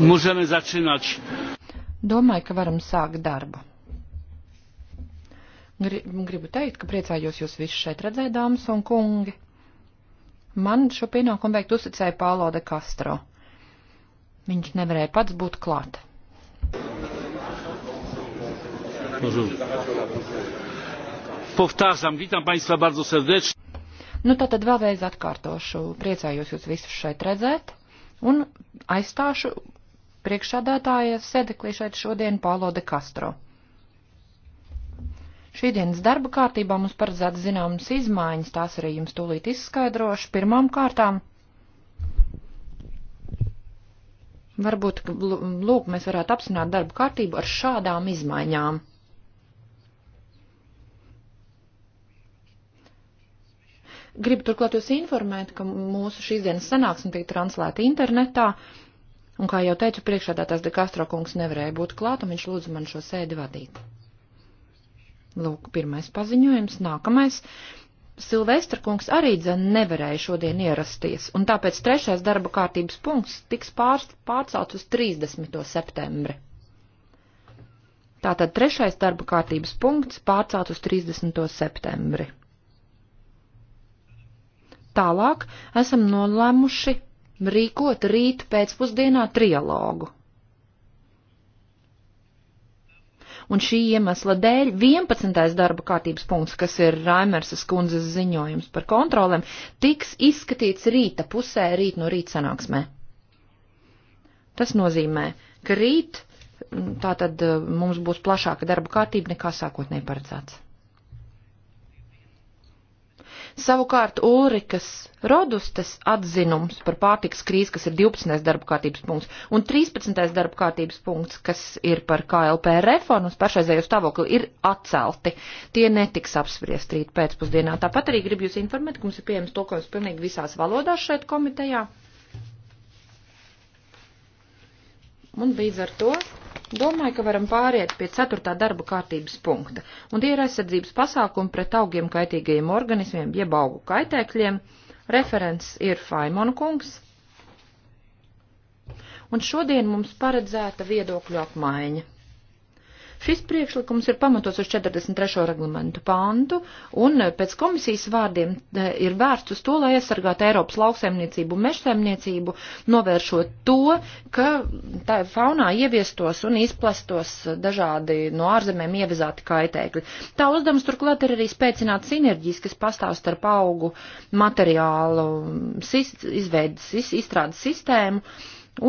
Możemy zaczynać. Domāju, ka varam sākt darbu. Gribu teikt, ka priecājos jūs visus šeit redzēt, dāmas un kungi. Man šo pienākumu veikt uzticēja Pālo de Castro. Viņš nevarēja pats būt klāt. Powtarzam, witam Państwa bardzo serdecznie. Nu, tātad vēlreiz atkārtošu. Priecājos jūs visus šeit redzēt un aizstāšu priekšādātāja sedeklī šeit šodien Paulo de Castro. Šīdienas darba kārtībā mums paredzēts zināmas izmaiņas, tās arī jums tūlīt izskaidrošu. Pirmām kārtām varbūt, lūk, mēs varētu apsināt darba kārtību ar šādām izmaiņām. Gribu turklāt jūs informēt, ka mūsu šīs dienas sanāksme tiek translēta internetā, Un, kā jau teicu, priekšādātās de Castro kungs nevarēja būt klāt, un viņš lūdza man šo sēdi vadīt. Lūk, pirmais paziņojums, nākamais. Silvestra kungs arī dzen nevarēja šodien ierasties, un tāpēc trešais darba kārtības punkts tiks pār, pārcelts uz 30. septembri. Tātad trešais darba kārtības punkts pārcelts uz 30. septembri. Tālāk esam nolēmuši rīkot rīt pēcpusdienā trialogu. Un šī iemesla dēļ 11. darba kārtības punkts, kas ir Raimersas kundzes ziņojums par kontrolēm, tiks izskatīts rīta pusē, rīt no rīta sanāksmē. Tas nozīmē, ka rīt tātad mums būs plašāka darba kārtība nekā sākotnēji paredzēts. Savukārt Ulrikas Rodustes atzinums par pārtikas krīzi, kas ir 12. darba kārtības punkts, un 13. darba kārtības punkts, kas ir par KLP reformu uz pašreizējo stāvokli, ir atcelti. Tie netiks apspriest rīt pēcpusdienā. Tāpat arī gribu jūs informēt, ka mums ir pieejams tulkojums pilnīgi visās valodās šeit komitejā. Un līdz ar to domāju, ka varam pāriet pie ceturtā darba kārtības punkta. Un tie ir aizsardzības pasākumi pret augiem kaitīgajiem organismiem, jeb augu kaitēkļiem. Referents ir Faimon kungs. Un šodien mums paredzēta viedokļu apmaiņa. Šis priekšlikums ir pamatos uz 43. reglamentu pāntu un eh, pēc komisijas vārdiem eh, ir vērsts uz to, lai aizsargātu Eiropas lauksaimniecību un mežsaimniecību, novēršot to, ka tā faunā ieviestos un izplastos dažādi no ārzemēm ievizāti kaitēkļi. Tā uzdevums turklāt ir arī spēcināt sinerģijas, kas pastāv starp augu materiālu izveidas, izstrādes sistēmu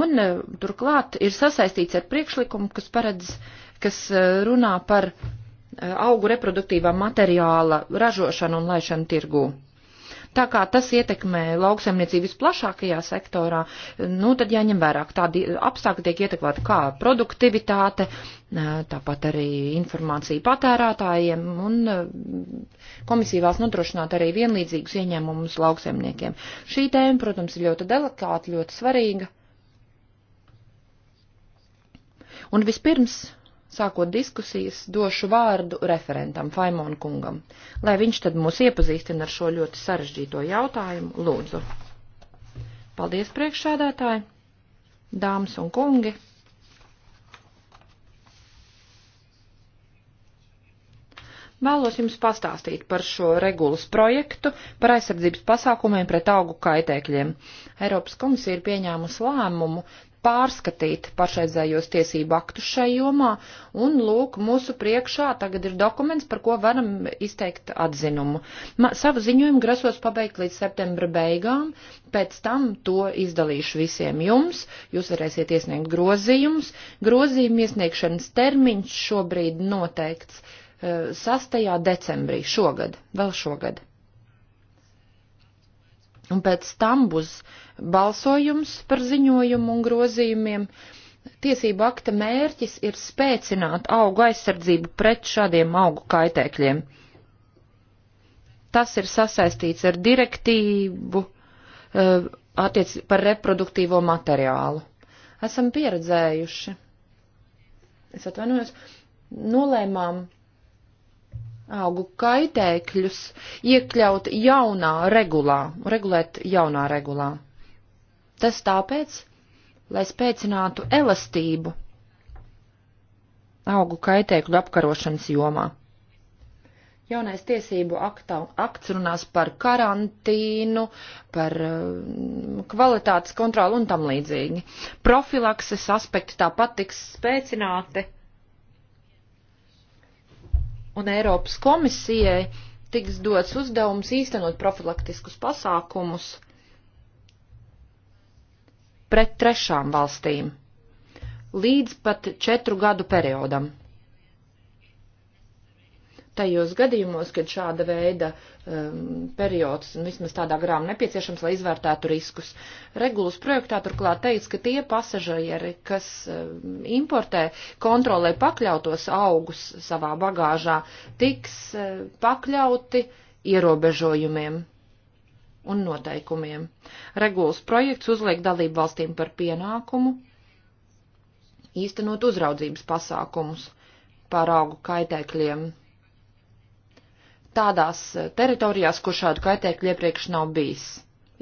un eh, turklāt ir sasaistīts ar priekšlikumu, kas paredz uh, kas eh, runā par eh, augu reproduktīvā materiāla ražošanu un laišanu tirgū. Tā kā tas ietekmē lauksaimniecības plašākajā sektorā, nu tad jāņem vērā, ka tādi apstākļi tiek ietekmēti kā produktivitāte, eh, tāpat arī informācija patērētājiem un komisija vēlas nodrošināt arī vienlīdzīgus ieņēmumus lauksaimniekiem. Šī tēma, protams, ir ļoti delikāta, ļoti svarīga. Un vispirms sākot diskusijas, došu vārdu referentam Faimon kungam, lai viņš tad mūs iepazīstina ar šo ļoti sarežģīto jautājumu. Lūdzu. Paldies priekšsādātāji, dāmas un kungi. Vēlos jums pastāstīt par šo regulas projektu par aizsardzības pasākumiem pret augu kaitēkļiem. Eiropas komisija ir pieņēmusi lēmumu pārskatīt pašreizējos tiesību aktus šai jomā, un lūk, mūsu priekšā tagad ir dokuments, par ko varam izteikt atzinumu. Ma, savu ziņojumu grasos pabeigt līdz septembra beigām, pēc tam to izdalīšu visiem jums, jūs varēsiet iesniegt grozījumus, grozījumu iesniegšanas termiņš šobrīd noteikts 6. Eh, decembrī šogad, vēl šogad un pēc tam būs balsojums par ziņojumu un grozījumiem. Tiesību akta mērķis ir spēcināt augu aizsardzību pret šādiem augu kaitēkļiem. Tas ir sasaistīts ar direktīvu eh, attiec par reproduktīvo materiālu. Esam pieredzējuši, es atvainojos, nolēmām augu kaitēkļus iekļaut jaunā regulā, regulēt jaunā regulā. Tas tāpēc, lai spēcinātu elastību augu kaitēkļu apkarošanas jomā. Jaunais tiesību akta, akts runās par karantīnu, par mm, kvalitātes kontroli un tam līdzīgi. Profilakses aspekti tāpat tiks spēcināti un Eiropas komisijai tiks dots uzdevums īstenot profilaktiskus pasākumus pret trešām valstīm līdz pat četru gadu periodam tajos gadījumos, kad šāda veida um, periods nu, vismaz tādā grām nepieciešams, lai izvērtētu riskus. Regulas projektā turklāt teica, ka tie pasažieri, kas um, importē kontrolē pakļautos augus savā bagāžā, tiks uh, pakļauti ierobežojumiem un noteikumiem. Regulas projekts uzliek dalību valstīm par pienākumu īstenot uzraudzības pasākumus pār augu kaitēkļiem tādās eh, teritorijās, kur šādu kaitēkļu iepriekš nav bijis.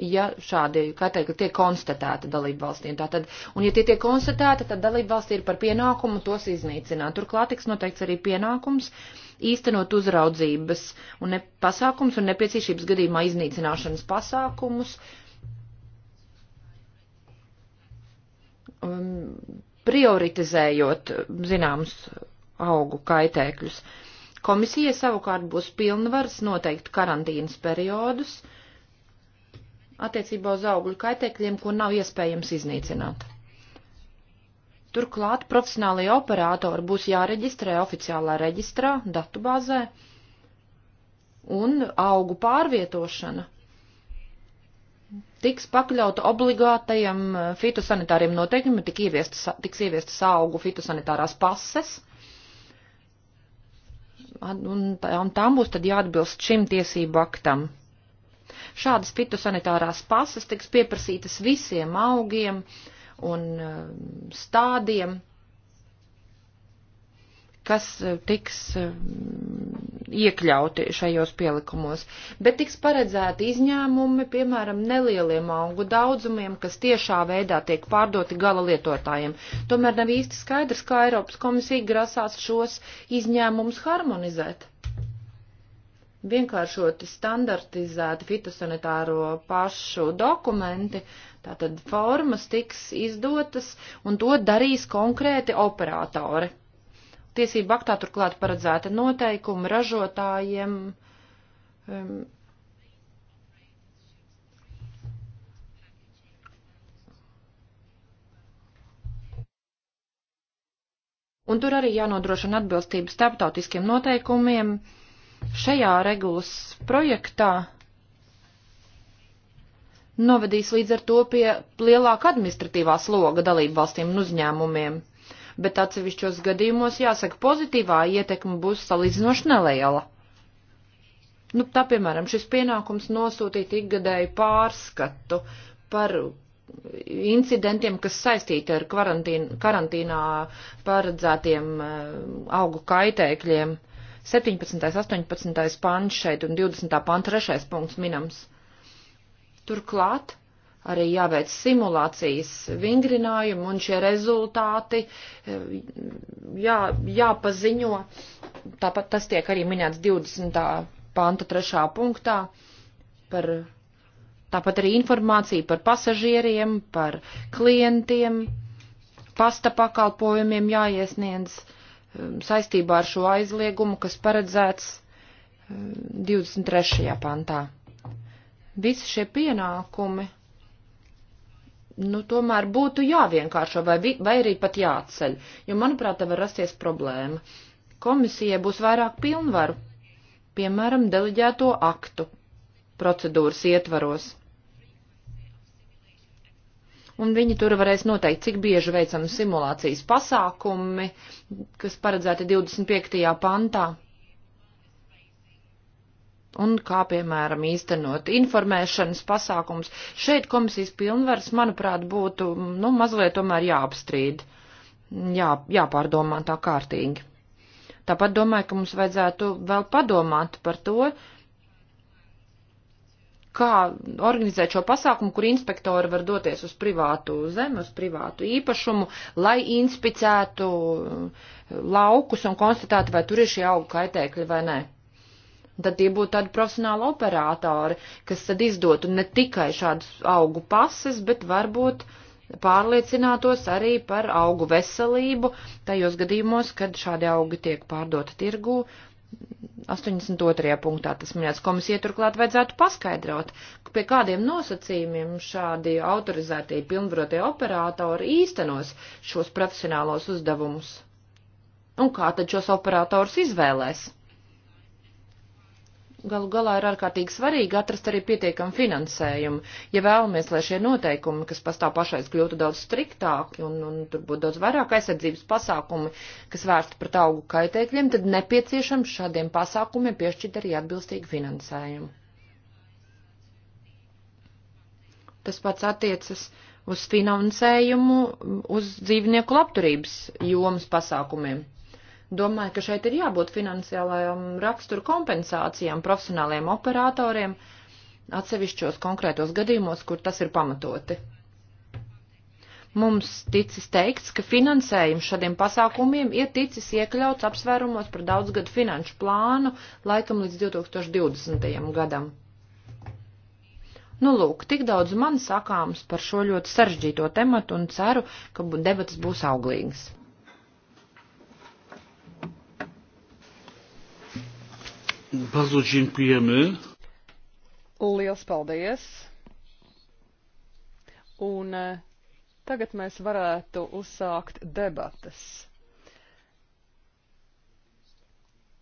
Ja šādi kaitēkļi tiek konstatēti dalību valstīm, tātad, un ja tie tiek konstatēti, tad dalību valstī ir par pienākumu tos iznīcināt. Turklāt tiks noteikts arī pienākums īstenot uzraudzības un ne, pasākums un nepieciešības gadījumā iznīcināšanas pasākumus. Um, prioritizējot zināmus augu kaitēkļus. Uh, Komisija savukārt būs pilnvaras noteikt karantīnas periodus attiecībā uz augļu kaitēkļiem, ko nav iespējams iznīcināt. Turklāt profesionālajie operatori būs jāreģistrē oficiālā reģistrā, datubāzē, un augu pārvietošana tiks pakļauta obligātajiem fitosanitāriem noteikumiem, tik ieviestas, tiks ieviestas augu fitosanitārās pases, un, un tām būs tad jāatbilst šim tiesību aktam. Šādas fitosanitārās pases tiks pieprasītas visiem augiem un eh, stādiem kas eh, tiks eh, iekļauti šajos pielikumos, bet tiks paredzēti izņēmumi, piemēram, nelieliem augu daudzumiem, kas tiešā veidā tiek pārdoti gala lietotājiem. Tomēr nav īsti skaidrs, kā Eiropas komisija grasās šos izņēmumus harmonizēt. Vienkāršoti standartizēti fitosanitāro pašu dokumenti, tātad formas tiks izdotas, un to darīs konkrēti operatori Tiesība aktā turklāt paredzēta noteikumi ražotājiem. Um, un tur arī jānodrošina atbilstība starptautiskiem noteikumiem. Šajā regulas projektā novedīs līdz ar to pie lielāka administratīvā sloga dalību valstīm un uzņēmumiem bet atsevišķos gadījumos jāsaka pozitīvā ietekme būs salīdzinoši neliela. Nu, tā, piemēram, šis pienākums nosūtīt ikgadēju pārskatu par incidentiem, kas saistīti ar karantīn, karantīnā paredzētiem eh, augu kaitēkļiem. 17. 18. pants šeit un 20. pants 3. punkts minams. Turklāt arī jāveic simulācijas vingrinājumu un šie rezultāti e, jā, jāpaziņo. Tāpat tas tiek arī minēts 20. panta 3. punktā par tāpat arī informāciju par pasažieriem, par klientiem, pasta pakalpojumiem jāiesniedz e, saistībā ar šo aizliegumu, kas paredzēts 23. E, pantā. Visi šie pienākumi nu, tomēr būtu jāvienkāršo vai, vai arī pat jāatceļ, jo, manuprāt, te var rasties problēma. Komisijai būs vairāk pilnvaru, piemēram, deleģēto aktu procedūras ietvaros. Un viņi tur varēs noteikt, cik bieži veicam simulācijas pasākumi, kas paredzēti 25. pantā un kā, piemēram, īstenot informēšanas pasākums. Šeit komisijas pilnvaras, manuprāt, būtu, nu, mazliet tomēr jāapstrīd, jā, jāpārdomā tā kārtīgi. Tāpat domāju, ka mums vajadzētu vēl padomāt par to, kā organizēt šo pasākumu, kur inspektori var doties uz privātu zemi, uz privātu īpašumu, lai inspicētu laukus un konstatētu, vai tur ir šie augu kaitēkļi vai nē. Tad tie būtu tādi profesionāli operatori, kas tad izdotu ne tikai šādus augu pases, bet varbūt pārliecinātos arī par augu veselību tajos gadījumos, kad šādi augi tiek pārdota tirgū. 82. punktā tas minēts komisija turklāt vajadzētu paskaidrot, pie kādiem nosacījumiem šādi autorizētie pilnvarotie operatori īstenos šos profesionālos uzdevumus. Un kā tad šos operators izvēlēs? Galu galā ir ārkārtīgi svarīgi atrast arī pietiekamu finansējumu. Ja vēlamies, lai šie noteikumi, kas pastāv pašais, kļūtu daudz striktāki un, un tur būtu daudz vairāk aizsardzības pasākumi, kas vērsti pret augu kaitēkļiem, tad nepieciešams šādiem pasākumiem piešķirt arī atbilstīgu finansējumu. Tas pats attiecas uz finansējumu, uz dzīvnieku labturības jomas pasākumiem. Domāju, ka šeit ir jābūt finansiālajām rakstura kompensācijām profesionāliem operatoriem atsevišķos konkrētos gadījumos, kur tas ir pamatoti mums ticis teikts, ka finansējums šādiem pasākumiem ir ticis iekļauts apsvērumos par daudzgadu finanšu plānu laikam līdz 2020. gadam. Nu, lūk, tik daudz man sakāms par šo ļoti sarežģīto tematu un ceru, ka debatas būs auglīgas. Bardzo dziękujemy. Liels paldies! Un eh, tagad mēs varētu uzsākt debatas.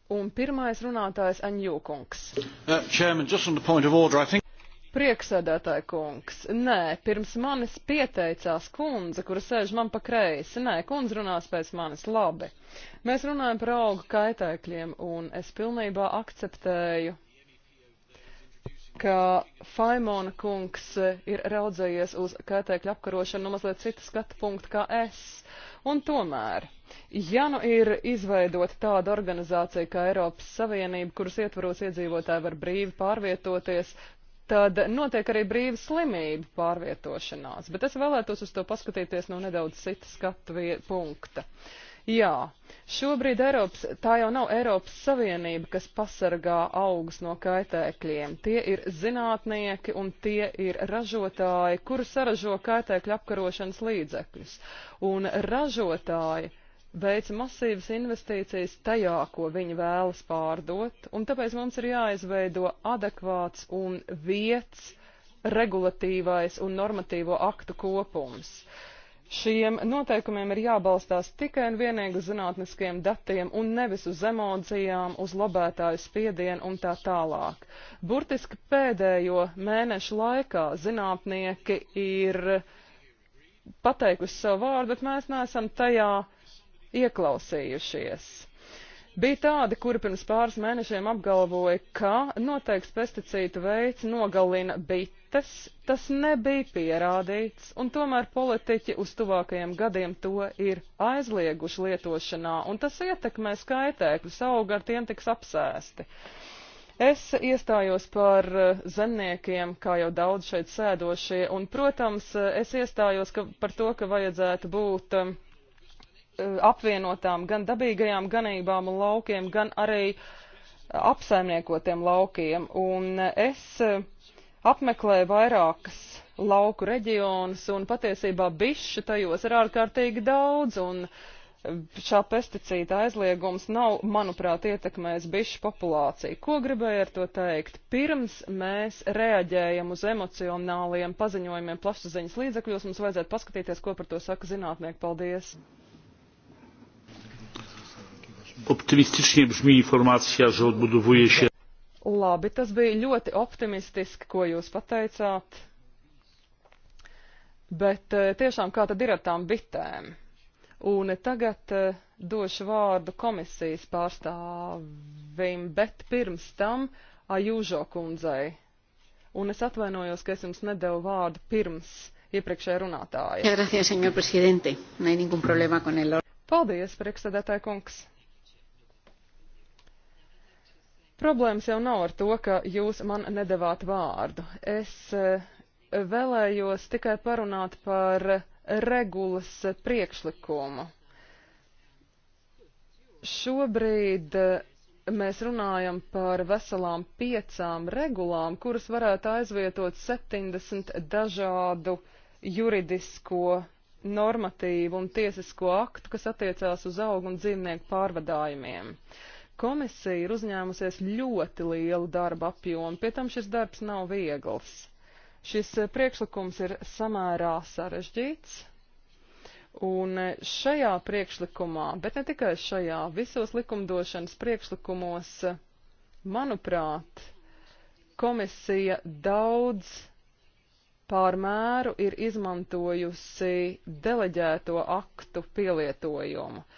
Un pirmais runātājs Anjūkungs. Uh, chairman, just on the point of order, I think... Prieksēdētāja kungs, nē, pirms manis pieteicās kundze, kura sēž man pa kreisi. Nē, kundze runās pēc manis labi. Mēs runājam par augu kaitēkļiem, un es pilnībā akceptēju, ka Faimona kungs ir raudzējies uz kaitēkļu apkarošanu no mazliet citu skatu punktu kā es. Un tomēr, ja nu ir izveidota tāda organizācija kā Eiropas Savienība, kuras ietvaros iedzīvotāji var brīvi pārvietoties, tad notiek arī brīva slimība pārvietošanās. Bet es vēlētos uz to paskatīties no nedaudz cita skatu punkta. Jā, šobrīd Eiropas, tā jau nav Eiropas Savienība, kas pasargā augus no kaitēkļiem. Tie ir zinātnieki un tie ir ražotāji, kuri saražo kaitēkļu apkarošanas līdzekļus. Un ražotāji veica masīvas investīcijas tajā, ko viņi vēlas pārdot, un tāpēc mums ir jāizveido adekvāts un vietas regulatīvais un normatīvo aktu kopums. Šiem noteikumiem ir jābalstās tikai un vienīgi uz zinātniskiem datiem un nevis uz emocijām, uz lobētāju spiedienu un tā tālāk. Burtiski pēdējo mēnešu laikā zinātnieki ir pateikusi savu vārdu, bet mēs neesam tajā uh, ieklausījušies. Bija tādi, kuri pirms pāris mēnešiem apgalvoja, ka noteikts pesticītu veids nogalina bites, tas nebija pierādīts, un tomēr politiķi uz tuvākajiem gadiem to ir aizlieguši lietošanā, un tas ietekmē skaitēkļus, auga ar tiem tiks apsēsti. Es iestājos par eh, zemniekiem, kā jau daudz šeit sēdošie, un, protams, eh, es iestājos ka, par to, ka vajadzētu būt uh, Eh, apvienotām gan dabīgajām ganībām un laukiem, gan arī eh, apsaimniekotiem laukiem. Un eh, es apmeklēju vairākas lauku reģionus, un patiesībā bišu tajos ir ārkārtīgi daudz, un šā pesticīta aizliegums nav, manuprāt, ietekmējis bišu populāciju. Ko gribēju ar to teikt? Pirms mēs reaģējam uz emocionāliem paziņojumiem plašsaziņas līdzekļos, mums vajadzētu paskatīties, ko par to saka zinātnieki. Paldies! Optimistiski brzmi informācijā, ka atbudovuje šie. Labi, tas bija ļoti optimistiski, ko jūs pateicāt. Bet eh, tiešām kā tad ir ar tām bitēm? Un tagad eh, došu vārdu komisijas pārstāvim, bet pirms tam Ajūžo kundzei. Un es atvainojos, ka es jums nedevu vārdu pirms iepriekšējā runātāja. Paldies, priekšsēdētāja kungs! Problēmas jau nav ar to, ka jūs man nedavāt vārdu. Es eh, vēlējos tikai parunāt par regulas priekšlikumu. Šobrīd eh, mēs runājam par veselām piecām regulām, kuras varētu aizvietot 70 dažādu juridisko normatīvu un tiesisko aktu, kas attiecās uz augu un dzīvnieku pārvadājumiem. Uh, Komisija ir uzņēmusies ļoti lielu darba apjomu, pie tam šis darbs nav viegls. Šis eh, priekšlikums ir samērā sarežģīts, un eh, šajā priekšlikumā, bet ne tikai šajā, visos likumdošanas priekšlikumos, manuprāt, komisija daudz pārmēru ir izmantojusi deleģēto aktu pielietojumu. Uh,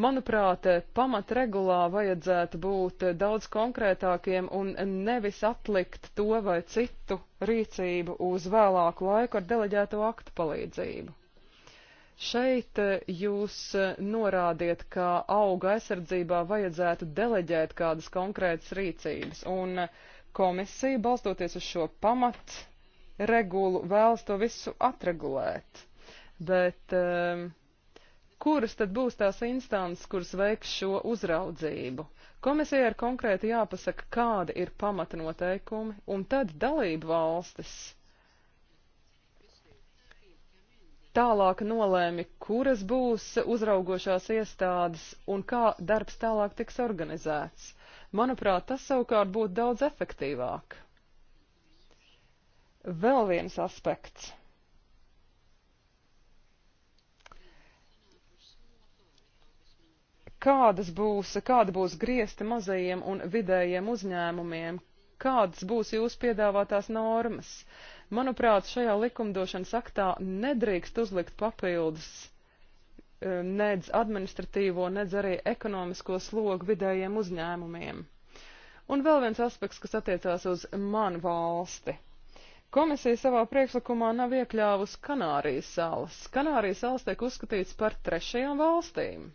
Manuprāt, eh, pamatregulā vajadzētu būt eh, daudz konkrētākiem un nevis atlikt to vai citu rīcību uz vēlāku laiku ar deleģēto aktu palīdzību. Šeit eh, jūs norādiet, ka auga aizsardzībā vajadzētu deleģēt kādas konkrētas rīcības, un komisija, balstoties uz šo pamat regulu, vēlas to visu atregulēt. Bet, um, kuras tad būs tās instances, kuras veiks šo uzraudzību. Komisija ir konkrēti jāpasaka, kāda ir pamatnoteikumi, un tad dalību valstis tālāk nolēmi, kuras būs uzraugošās iestādes un kā darbs tālāk tiks organizēts. Manuprāt, tas savukārt būtu daudz efektīvāk. Vēl viens aspekts. kādas būs, kāda būs griezti mazajiem un vidējiem uzņēmumiem, kādas būs jūsu piedāvātās normas. Manuprāt, šajā likumdošanas aktā nedrīkst uzlikt papildus eh, nedz administratīvo, nedz arī ekonomisko slogu vidējiem uzņēmumiem. Un vēl viens aspekts, kas attiecās uz manu valsti. Komisija savā priekšlikumā nav iekļāvusi Kanārijas salas. Kanārijas salas tiek uzskatīts par trešajām valstīm.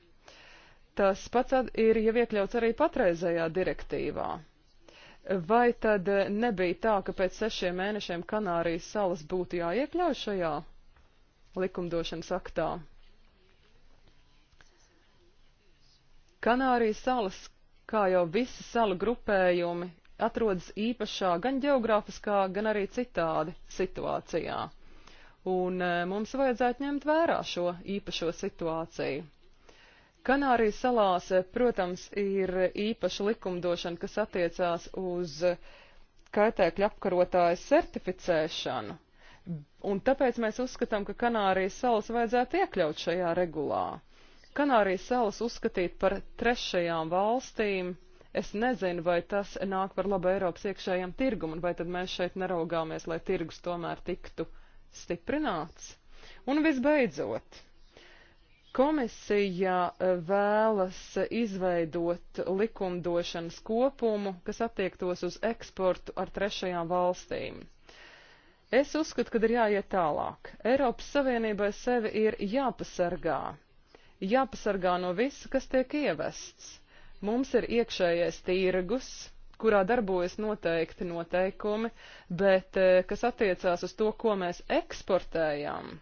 Tas pats ir jau iekļauts arī patreizējā direktīvā. Vai tad nebija tā, ka pēc sešiem mēnešiem Kanārijas salas būtu jāiekļauj šajā likumdošanas aktā? Kanārijas salas, kā jau visi salu grupējumi, atrodas īpašā gan geogrāfiskā, gan arī citādi situācijā. Un eh, mums vajadzētu ņemt vērā šo īpašo situāciju. Kanārijas salās, eh, protams, ir īpaša likumdošana, kas attiecās uz kaitēkļu apkarotāju certificēšanu, un tāpēc mēs uzskatām, ka Kanārijas salas vajadzētu iekļaut šajā regulā. Kanārijas salas uzskatīt par trešajām valstīm, es nezinu, vai tas nāk par labu Eiropas iekšējiem tirgumam, vai tad mēs šeit neraugāmies, lai tirgus tomēr tiktu stiprināts. Un visbeidzot, Komisija eh, vēlas izveidot likumdošanas kopumu, kas attiektos uz eksportu ar trešajām valstīm. Es uzskatu, ka ir jāiet tālāk. Eiropas Savienībai sevi ir jāpasargā. Jāpasargā no visa, kas tiek ievests. Mums ir iekšējais tirgus, kurā darbojas noteikti noteikumi, bet eh, kas attiecās uz to, ko mēs eksportējam,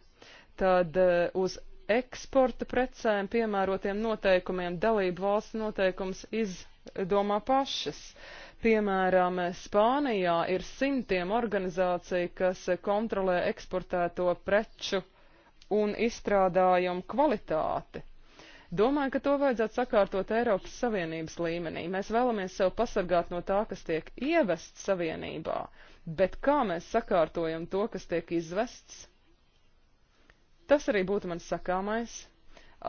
tad eh, uz eksporta precēm piemērotiem noteikumiem dalību valsts noteikums izdomā pašas. Piemēram, Spānijā ir simtiem organizāciju, kas kontrolē eksportēto preču un izstrādājumu kvalitāti. Domāju, ka to vajadzētu sakārtot Eiropas Savienības līmenī. Mēs vēlamies sev pasargāt no tā, kas tiek ievests Savienībā, bet kā mēs sakārtojam to, kas tiek izvests? Tas arī būtu mans sakāmais.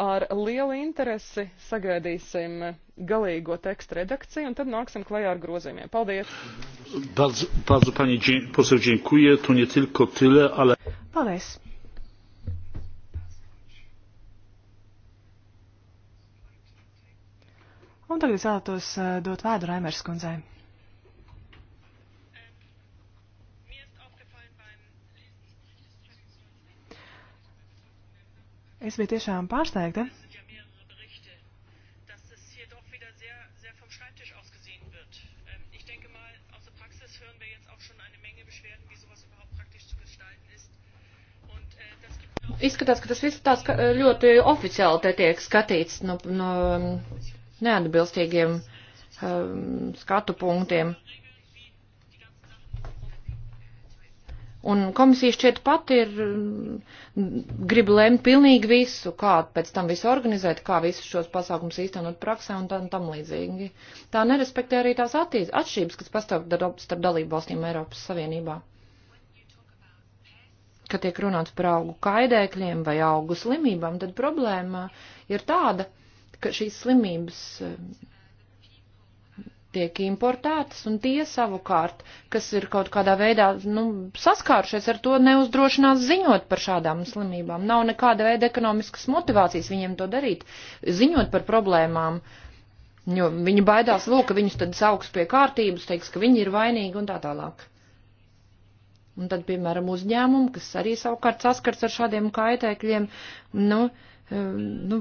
Ar lielu interesi sagaidīsim galīgo tekstu redakciju un tad nāksim klajā ar grozījumiem. Paldies! Bardzo, bardzo pani poseł dziękuję. To nie tylko tyle, ale... Paldies! Un tagad es vēlētos eh, dot vārdu Raimers kundzei. Es biju tiešām pārsteigta. Izskatās, ka tas viss tās eh, ļoti oficiāli te tiek skatīts no, no neatbilstīgiem um, skatu punktiem. Uh, Un komisija šķiet pati ir, mm, grib lēmt pilnīgi visu, kā pēc tam visu organizēt, kā visus šos pasākums īstenot praksē un tam, tam līdzīgi. Tā nerespektē arī tās attīz, atšķības, kas pastāv starp dalību valstīm Eiropas Savienībā. Kad tiek runāts par augu kaidēkļiem vai augu slimībām, tad problēma ir tāda, ka šīs slimības tiek importētas, un tie savukārt, kas ir kaut kādā veidā nu, saskārušies ar to, neuzdrošinās ziņot par šādām slimībām. Nav nekāda veida ekonomiskas motivācijas viņiem to darīt, ziņot par problēmām. Jo viņi baidās, lūk, ka viņus tad sauks pie kārtības, teiks, ka viņi ir vainīgi un tā tālāk. Un tad, piemēram, uzņēmumu, kas arī savukārt saskars ar šādiem kaitēkļiem, nu, uh, nu,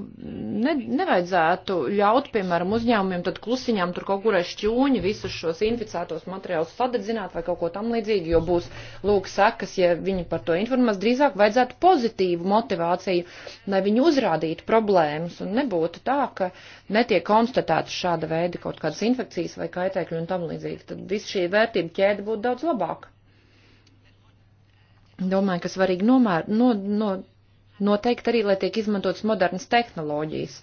ne, nevajadzētu ļaut, piemēram, uzņēmumiem tad klusiņām tur kaut kurai šķūņi visus šos inficētos materiālus sadedzināt vai kaut ko tam līdzīgi, jo būs lūk sekas, ja viņi par to informās, drīzāk vajadzētu pozitīvu motivāciju, lai viņi uzrādītu problēmas un nebūtu tā, ka netiek konstatētas šāda veida kaut kādas infekcijas vai kaitēkļi un tam līdzīgi. Tad viss šī vērtība ķēde būtu daudz labāka. Domāju, ka svarīgi nomēr, no, no, noteikti arī, lai tiek izmantotas modernas tehnoloģijas.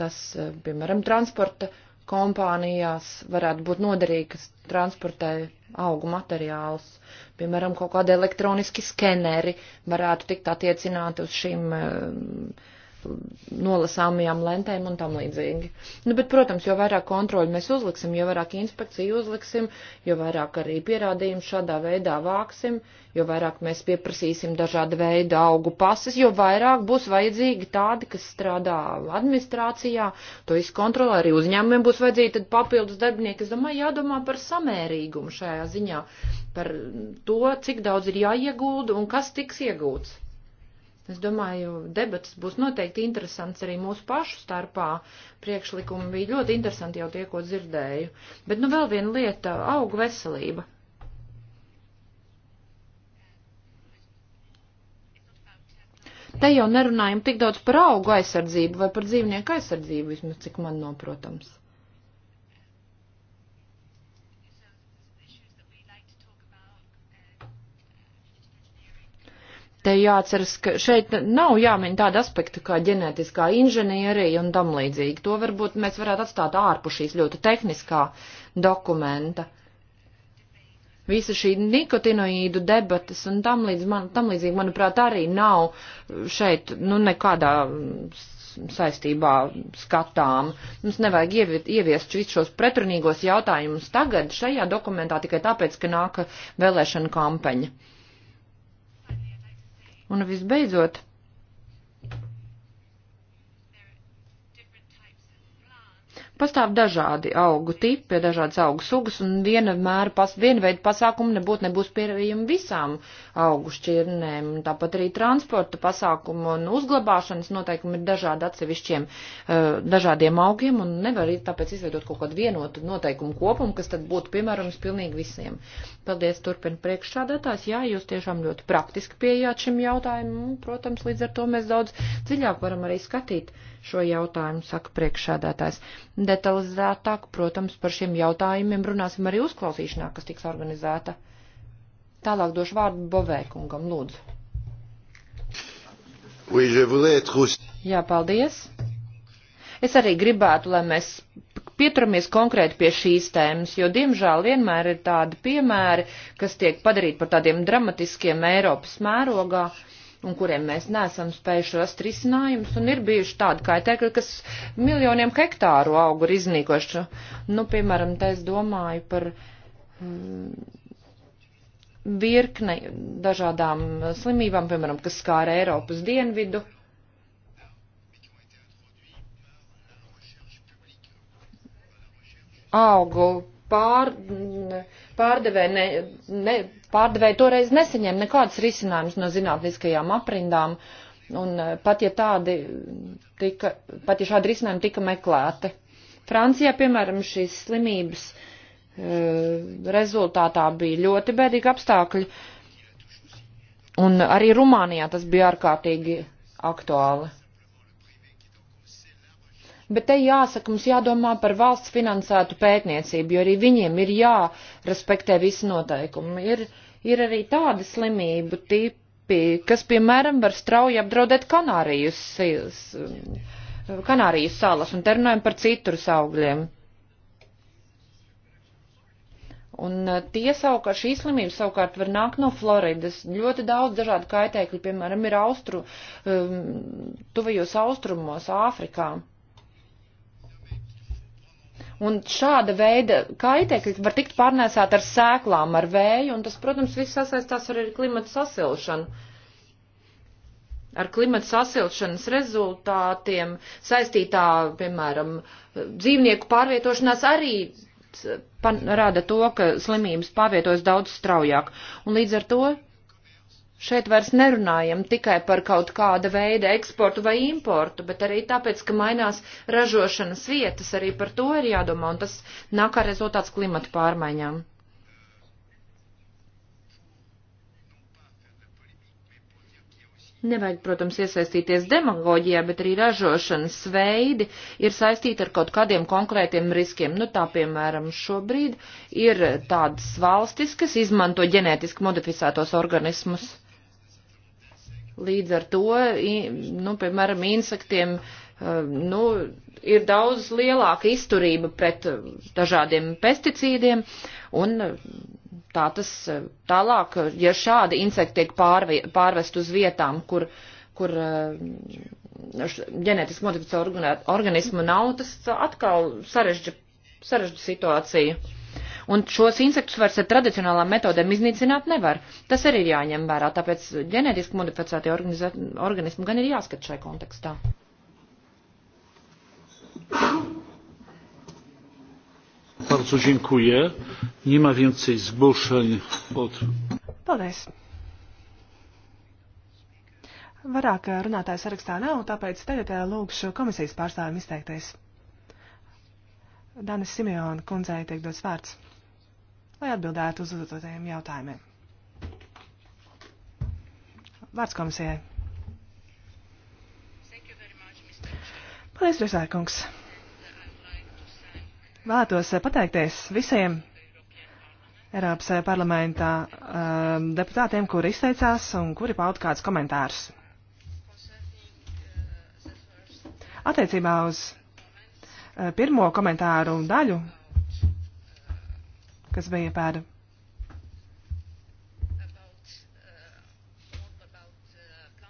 Tas, eh, piemēram, transporta kompānijās varētu būt noderīgi, kas transportē augu materiālus. Piemēram, kaut kādi elektroniski skeneri varētu tikt attiecināti uz šīm uh, nolasāmajām lentēm un tam līdzīgi. Nu, bet, protams, jo vairāk kontroļu mēs uzliksim, jo vairāk inspekciju uzliksim, jo vairāk arī pierādījumu šādā veidā vāksim, jo vairāk mēs pieprasīsim dažāda veida augu pases, jo vairāk būs vajadzīgi tādi, kas strādā administrācijā, to izkontrolē arī uzņēmumiem būs vajadzīgi tad papildus darbinieki. Es domāju, jādomā par samērīgumu šajā ziņā, par to, cik daudz ir jāiegulda un kas tiks iegūts. Es domāju, debats būs noteikti interesants arī mūsu pašu starpā. Priekšlikumi bija ļoti interesanti jau tie, ko dzirdēju. Bet nu vēl viena lieta - auga veselība. Te jau nerunājam tik daudz par augu aizsardzību vai par dzīvnieku aizsardzību, vismaz cik man noprotams. Te jāatceras, ka šeit nav jāmin tāda aspekta kā ģenētiskā inženierija un tam līdzīgi. To varbūt mēs varētu atstāt ārpus šīs ļoti tehniskā dokumenta. Visa šī nikotinoīdu debatas un tam, līdz man, tam līdzīgi, manuprāt, arī nav šeit nu, nekādā saistībā skatām. Mums nevajag ieviet, ieviest visus šos pretrunīgos jautājumus tagad šajā dokumentā tikai tāpēc, ka nāk vēlēšana kampaņa. Un visbeidzot, Pastāv dažādi augu tipi, dažādas augu sugas, un viena mēra, pas, viena veida pasākumi nebūtu nebūs pieejami visām augu šķirnēm. Tāpat arī transporta pasākumu un uzglabāšanas noteikumi ir dažādi atsevišķiem eh, dažādiem augiem, un nevar tāpēc izveidot kaut kādu vienotu noteikumu kopumu, kas tad būtu piemērams pilnīgi visiem. Paldies, turpin priekšsādātājs. Jā, jūs tiešām ļoti praktiski pieejāt šim jautājumam, un, protams, līdz ar to mēs daudz dziļāk varam arī skatīt šo jautājumu, saka priekšsēdētājs. Detalizētāk, protams, par šiem jautājumiem runāsim arī uzklausīšanā, kas tiks organizēta. Tālāk došu vārdu Bovēkungam, lūdzu. Oui, Jā, paldies. Es arī gribētu, lai mēs pieturamies konkrēti pie šīs tēmas, jo, diemžēl, vienmēr ir tādi piemēri, kas tiek padarīti par tādiem dramatiskiem Eiropas mērogā. Uh, un kuriem mēs nesam spējuši rast risinājumus, un ir bijuši tādi kaitēkļi, kas miljoniem hektāru augu ir iznīkoši. Nu, piemēram, te es domāju par mm, virkne dažādām slimībām, piemēram, kas skāra Eiropas dienvidu. Augu pār, pārdevēji ne, ne, pārdevē toreiz nesaņēma nekādas risinājumas no zinātniskajām aprindām, un eh, pat ja tādi tika, pat ja šādi risinājumi tika meklēti. Francijā, piemēram, šīs slimības eh, rezultātā bija ļoti bēdīgi apstākļi, un arī Rumānijā tas bija ārkārtīgi aktuāli bet te jāsaka, mums jādomā par valsts finansētu pētniecību, jo arī viņiem ir jārespektē visi noteikumi. Ir, ir arī tādi slimību tipi, kas, piemēram, var strauji apdraudēt Kanārijas, Kanārijas salas, un te runājam par citrus augļiem. Un e, tie savukārt, šī slimība savukārt var nākt no Floridas. Ļoti daudz dažādu kaitēkļu, piemēram, ir austru, um, tuvajos austrumos, Āfrikā. Un šāda veida kaitēkļi var tikt pārnēsāt ar sēklām, ar vēju, un tas, protams, viss sasaistās arī ar klimatu sasilšanu. Ar klimatu sasilšanas rezultātiem saistītā, piemēram, dzīvnieku pārvietošanās arī rada to, ka slimības pārvietojas daudz straujāk. Un līdz ar to Šeit vairs nerunājam tikai par kaut kāda veida eksportu vai importu, bet arī tāpēc, ka mainās ražošanas vietas, arī par to ir jādomā, un tas nāk kā rezultāts klimata pārmaiņām. Nevajag, protams, iesaistīties demagoģijā, bet arī ražošanas veidi ir saistīti ar kaut kādiem konkrētiem riskiem. Nu, tā, piemēram, šobrīd ir tādas valstis, kas izmanto ģenētiski modificētos organismus. Līdz ar to, nu, piemēram, insektiem e, nu, ir daudz lielāka izturība pret e, dažādiem pesticīdiem, un e, tā tas tālāk, ja šādi insekti tiek pārvi, pārvest uz vietām, kur, kur ģenētiski modificēta organisma nav, tas atkal sarežģa, sarežģa situāciju. Un šos insektus vairs ar tradicionālām metodēm iznīcināt nevar. Tas arī ir jāņem vērā, tāpēc ģenētiski modificētie organismi gan ir jāskat šai kontekstā. Bardzo dziękuję. Nie ma więcej zgłoszeń od. Paldies. Vairāk runātāju sarakstā nav, tāpēc tagad eh, lūgšu komisijas pārstāvim izteikties. Danis Simeona kundzei tiek dots vārds lai atbildētu uz uzdotajiem jautājumiem. Vārds komisijai. Paldies, Risārkungs. Vēlētos eh, pateikties visiem Eiropas eh, parlamentā um, deputātiem, kuri izteicās un kuri pauda kādus komentārus. Attiecībā uz uh, pirmo komentāru daļu kas bija par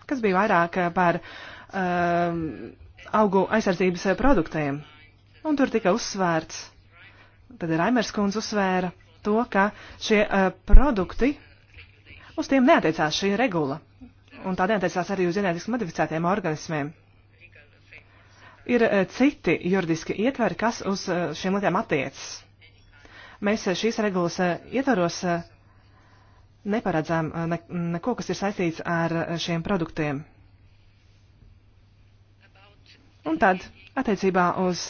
kas bija vairāk par um, augu aizsardzības produktiem. Un tur tika uzsvērts, tad Raimers kundze uzsvēra to, ka šie uh, produkti, uz tiem neatiecās šī regula, un tā neatiecās arī uz ģenētiski modificētiem organismiem. Ir uh, citi juridiski ietveri, kas uz uh, šiem lietām attiecas. Mēs eh, šīs regulas eh, ietvaros eh, neparedzām ne, neko, kas ir saistīts ar šiem produktiem. Un tad attiecībā uz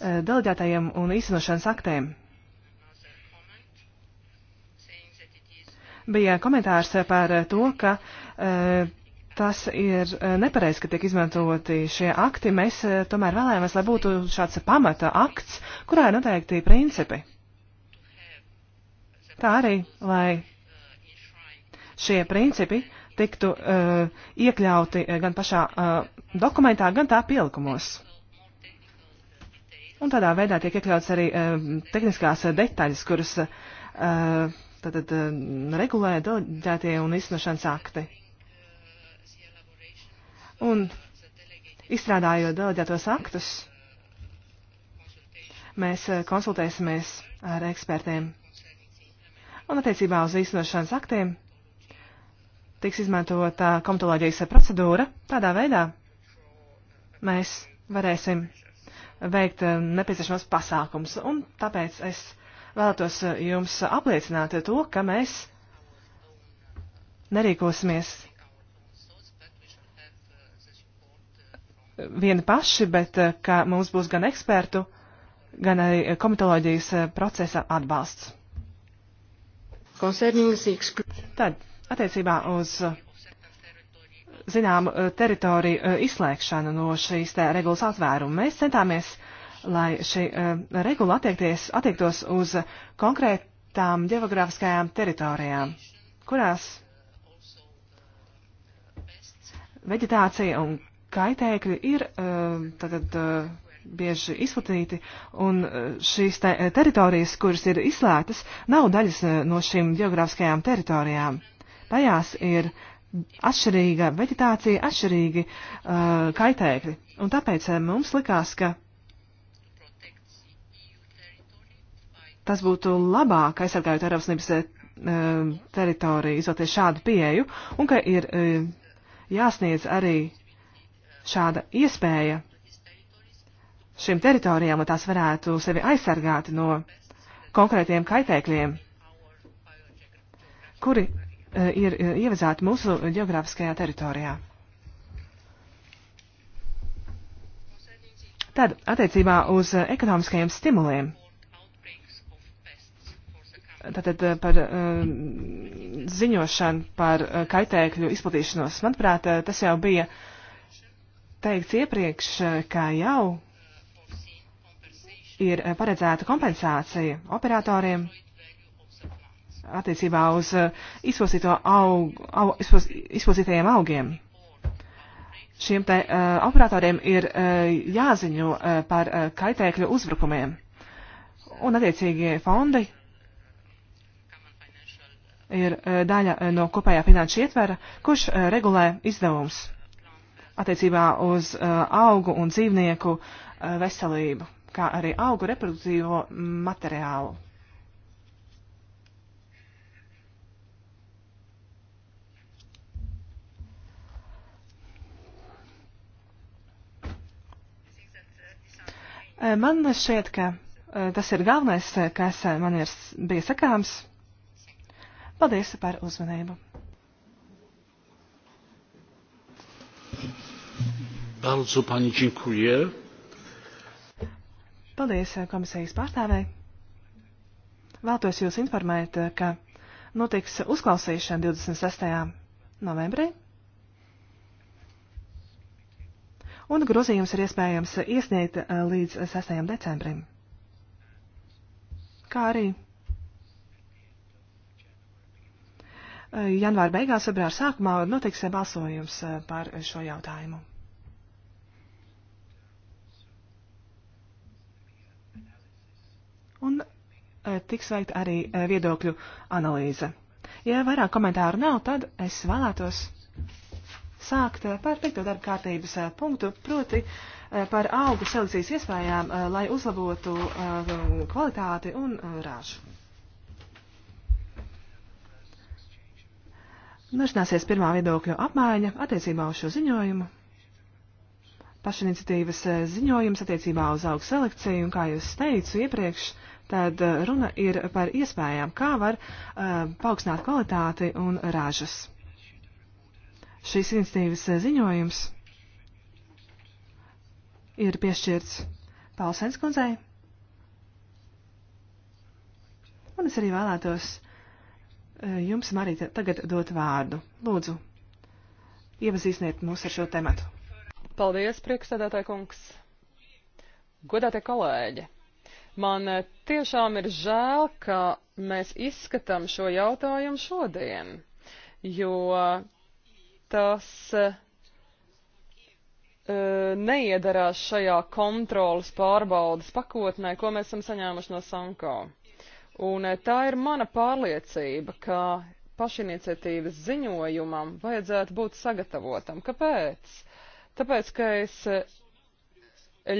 deleģētajiem un īstenošanas aktiem. Bija komentārs par to, ka tas ir nepareizi, ka tiek izmantoti šie akti. Mēs tomēr vēlējāmies, lai būtu šāds pamata akts, kurā ir noteikti principi kā arī, lai šie principi tiktu uh, iekļauti eh, gan pašā uh, dokumentā, gan tā pielikumos. Un tādā veidā tiek iekļauts arī uh, tehniskās uh, detaļas, kuras uh, tātad, uh, regulē deleģētie un izsnošanas akti. Un izstrādājot deleģētos aktus, mēs uh, konsultēsimies ar ekspertiem un attiecībā uz īstenošanas aktiem tiks izmantota komitoloģijas procedūra. Tādā veidā mēs varēsim veikt eh, nepieciešamos pasākums, un tāpēc es vēlētos eh, jums apliecināt to, ka mēs nerīkosimies vieni paši, bet eh, ka mums būs gan ekspertu, gan arī komitoloģijas procesa atbalsts. Tad, attiecībā uz zināmu teritoriju eh, izslēgšanu no šīs te regulas atvērumu, mēs centāmies, lai šī eh, regula attiektos uz konkrētām geogrāfiskajām teritorijām, kurās veģetācija un kaitēkļi ir tātad eh, bieži izplatīti, un e, šīs te e, teritorijas, kuras ir izslēgtas, nav daļas e, no šīm geogrāfiskajām teritorijām. Tajās ir atšķirīga veģetācija, atšķirīgi uh, kaitēkļi, un tāpēc mums likās, ka tas būtu labāk aizsargājot Eiropas Savienības uh, teritoriju, izvēlēties šādu pieeju, un ka ir uh, jāsniedz arī šāda iespēja šīm teritorijām, lai tās varētu sevi aizsargāt no konkrētiem kaitēkļiem, kuri e, ir e, ievazāti mūsu geogrāfiskajā teritorijā. Tad attiecībā uz e, ekonomiskajiem stimuliem. Tātad par ziņošanu par kaitēkļu izplatīšanos. Manuprāt, tas jau bija teikts iepriekš, ka jau ir eh, paredzēta kompensācija operatoriem attiecībā uz eh, aug, au, izpos, izposītajiem augiem. Šiem te uh, operatoriem ir uh, jāziņo uh, par uh, kaitēkļu uzbrukumiem, un attiecīgie fondi ir uh, daļa uh, no kopējā finanšu ietvera, kurš uh, regulē izdevums attiecībā uz uh, augu un dzīvnieku uh, veselību kā arī augu reproduktīvo materiālu. Eh, man šķiet, ka eh, tas ir galvenais, eh, kas man ir bija sakāms. Paldies par uzmanību. Bardzo pani dziękuję. Paldies eh, komisijas pārstāvēji. Vēltos jūs informēt, eh, ka notiks uzklausīšana 26. novembrī. Un grozījums ir iespējams iesniegt eh, līdz 6. decembrim. Kā arī janvāra beigās, februāra sākumā notiks balsojums par šo jautājumu. un e, tiks veikt arī e, viedokļu analīze. Ja vairāk komentāru nav, tad es vēlētos sākt e, par piekto darba kārtības punktu, proti par augu selekcijas iespējām, lai uzlabotu kvalitāti un rāžu. Norisināsies pirmā viedokļa apmaiņa attiecībā uz šo ziņojumu pašiniciatīvas eh, ziņojums attiecībā uz augu selekciju, un kā jūs teicu iepriekš, tad eh, runa ir par iespējām, kā var uh, paaugstināt kvalitāti un ražas. Šīs iniciatīvas ziņojums ir piešķirts Paulsens kundzei, un es arī vēlētos uh, jums, Marīte, tagad dot vārdu. Lūdzu, iepazīstiniet mūs ar šo tematu. Paldies, priekšsēdētāji kungs. Godātie kolēģi! Man eh, tiešām ir žēl, ka mēs izskatām šo jautājumu šodien, jo tas eh, neiedarās šajā kontrolas pārbaudas pakotnē, ko mēs esam saņēmuši no Sanko. Un eh, tā ir mana pārliecība, ka pašiniciatīvas ziņojumam vajadzētu būt sagatavotam. Kāpēc? Tāpēc, ka es e,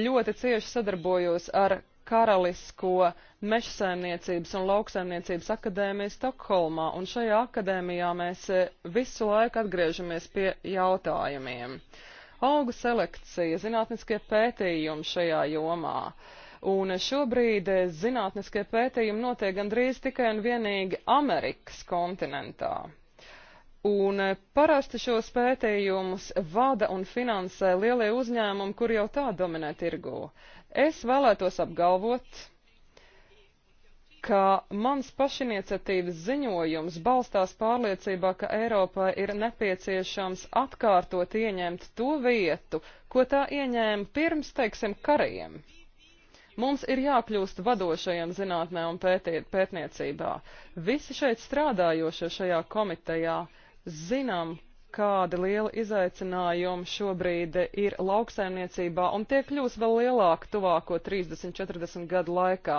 ļoti cieši sadarbojos ar Karalisko mežsaimniecības un lauksaimniecības akadēmiju Stokholmā, un šajā akadēmijā mēs e, visu laiku atgriežamies pie jautājumiem. Augu selekcija, zinātniskie pētījumi šajā jomā. Un šobrīd e, zinātniskie pētījumi notiek gandrīz tikai un vienīgi Amerikas kontinentā. Un eh, parasti šos pētījumus vada un finansē lielie uzņēmumi, kur jau tā dominē tirgū. Es vēlētos apgalvot, ka mans pašiniciatīvas ziņojums balstās pārliecībā, ka Eiropai ir nepieciešams atkārtot ieņemt to vietu, ko tā ieņēma pirms, teiksim, kariem. Mums ir jākļūst vadošajiem zinātnē un pētī, pētniecībā. Visi šeit strādājošie šajā komitejā zinām, kādi lieli izaicinājumi šobrīd ir lauksaimniecībā, un tie kļūs vēl lielāki tuvāko 30-40 gadu laikā.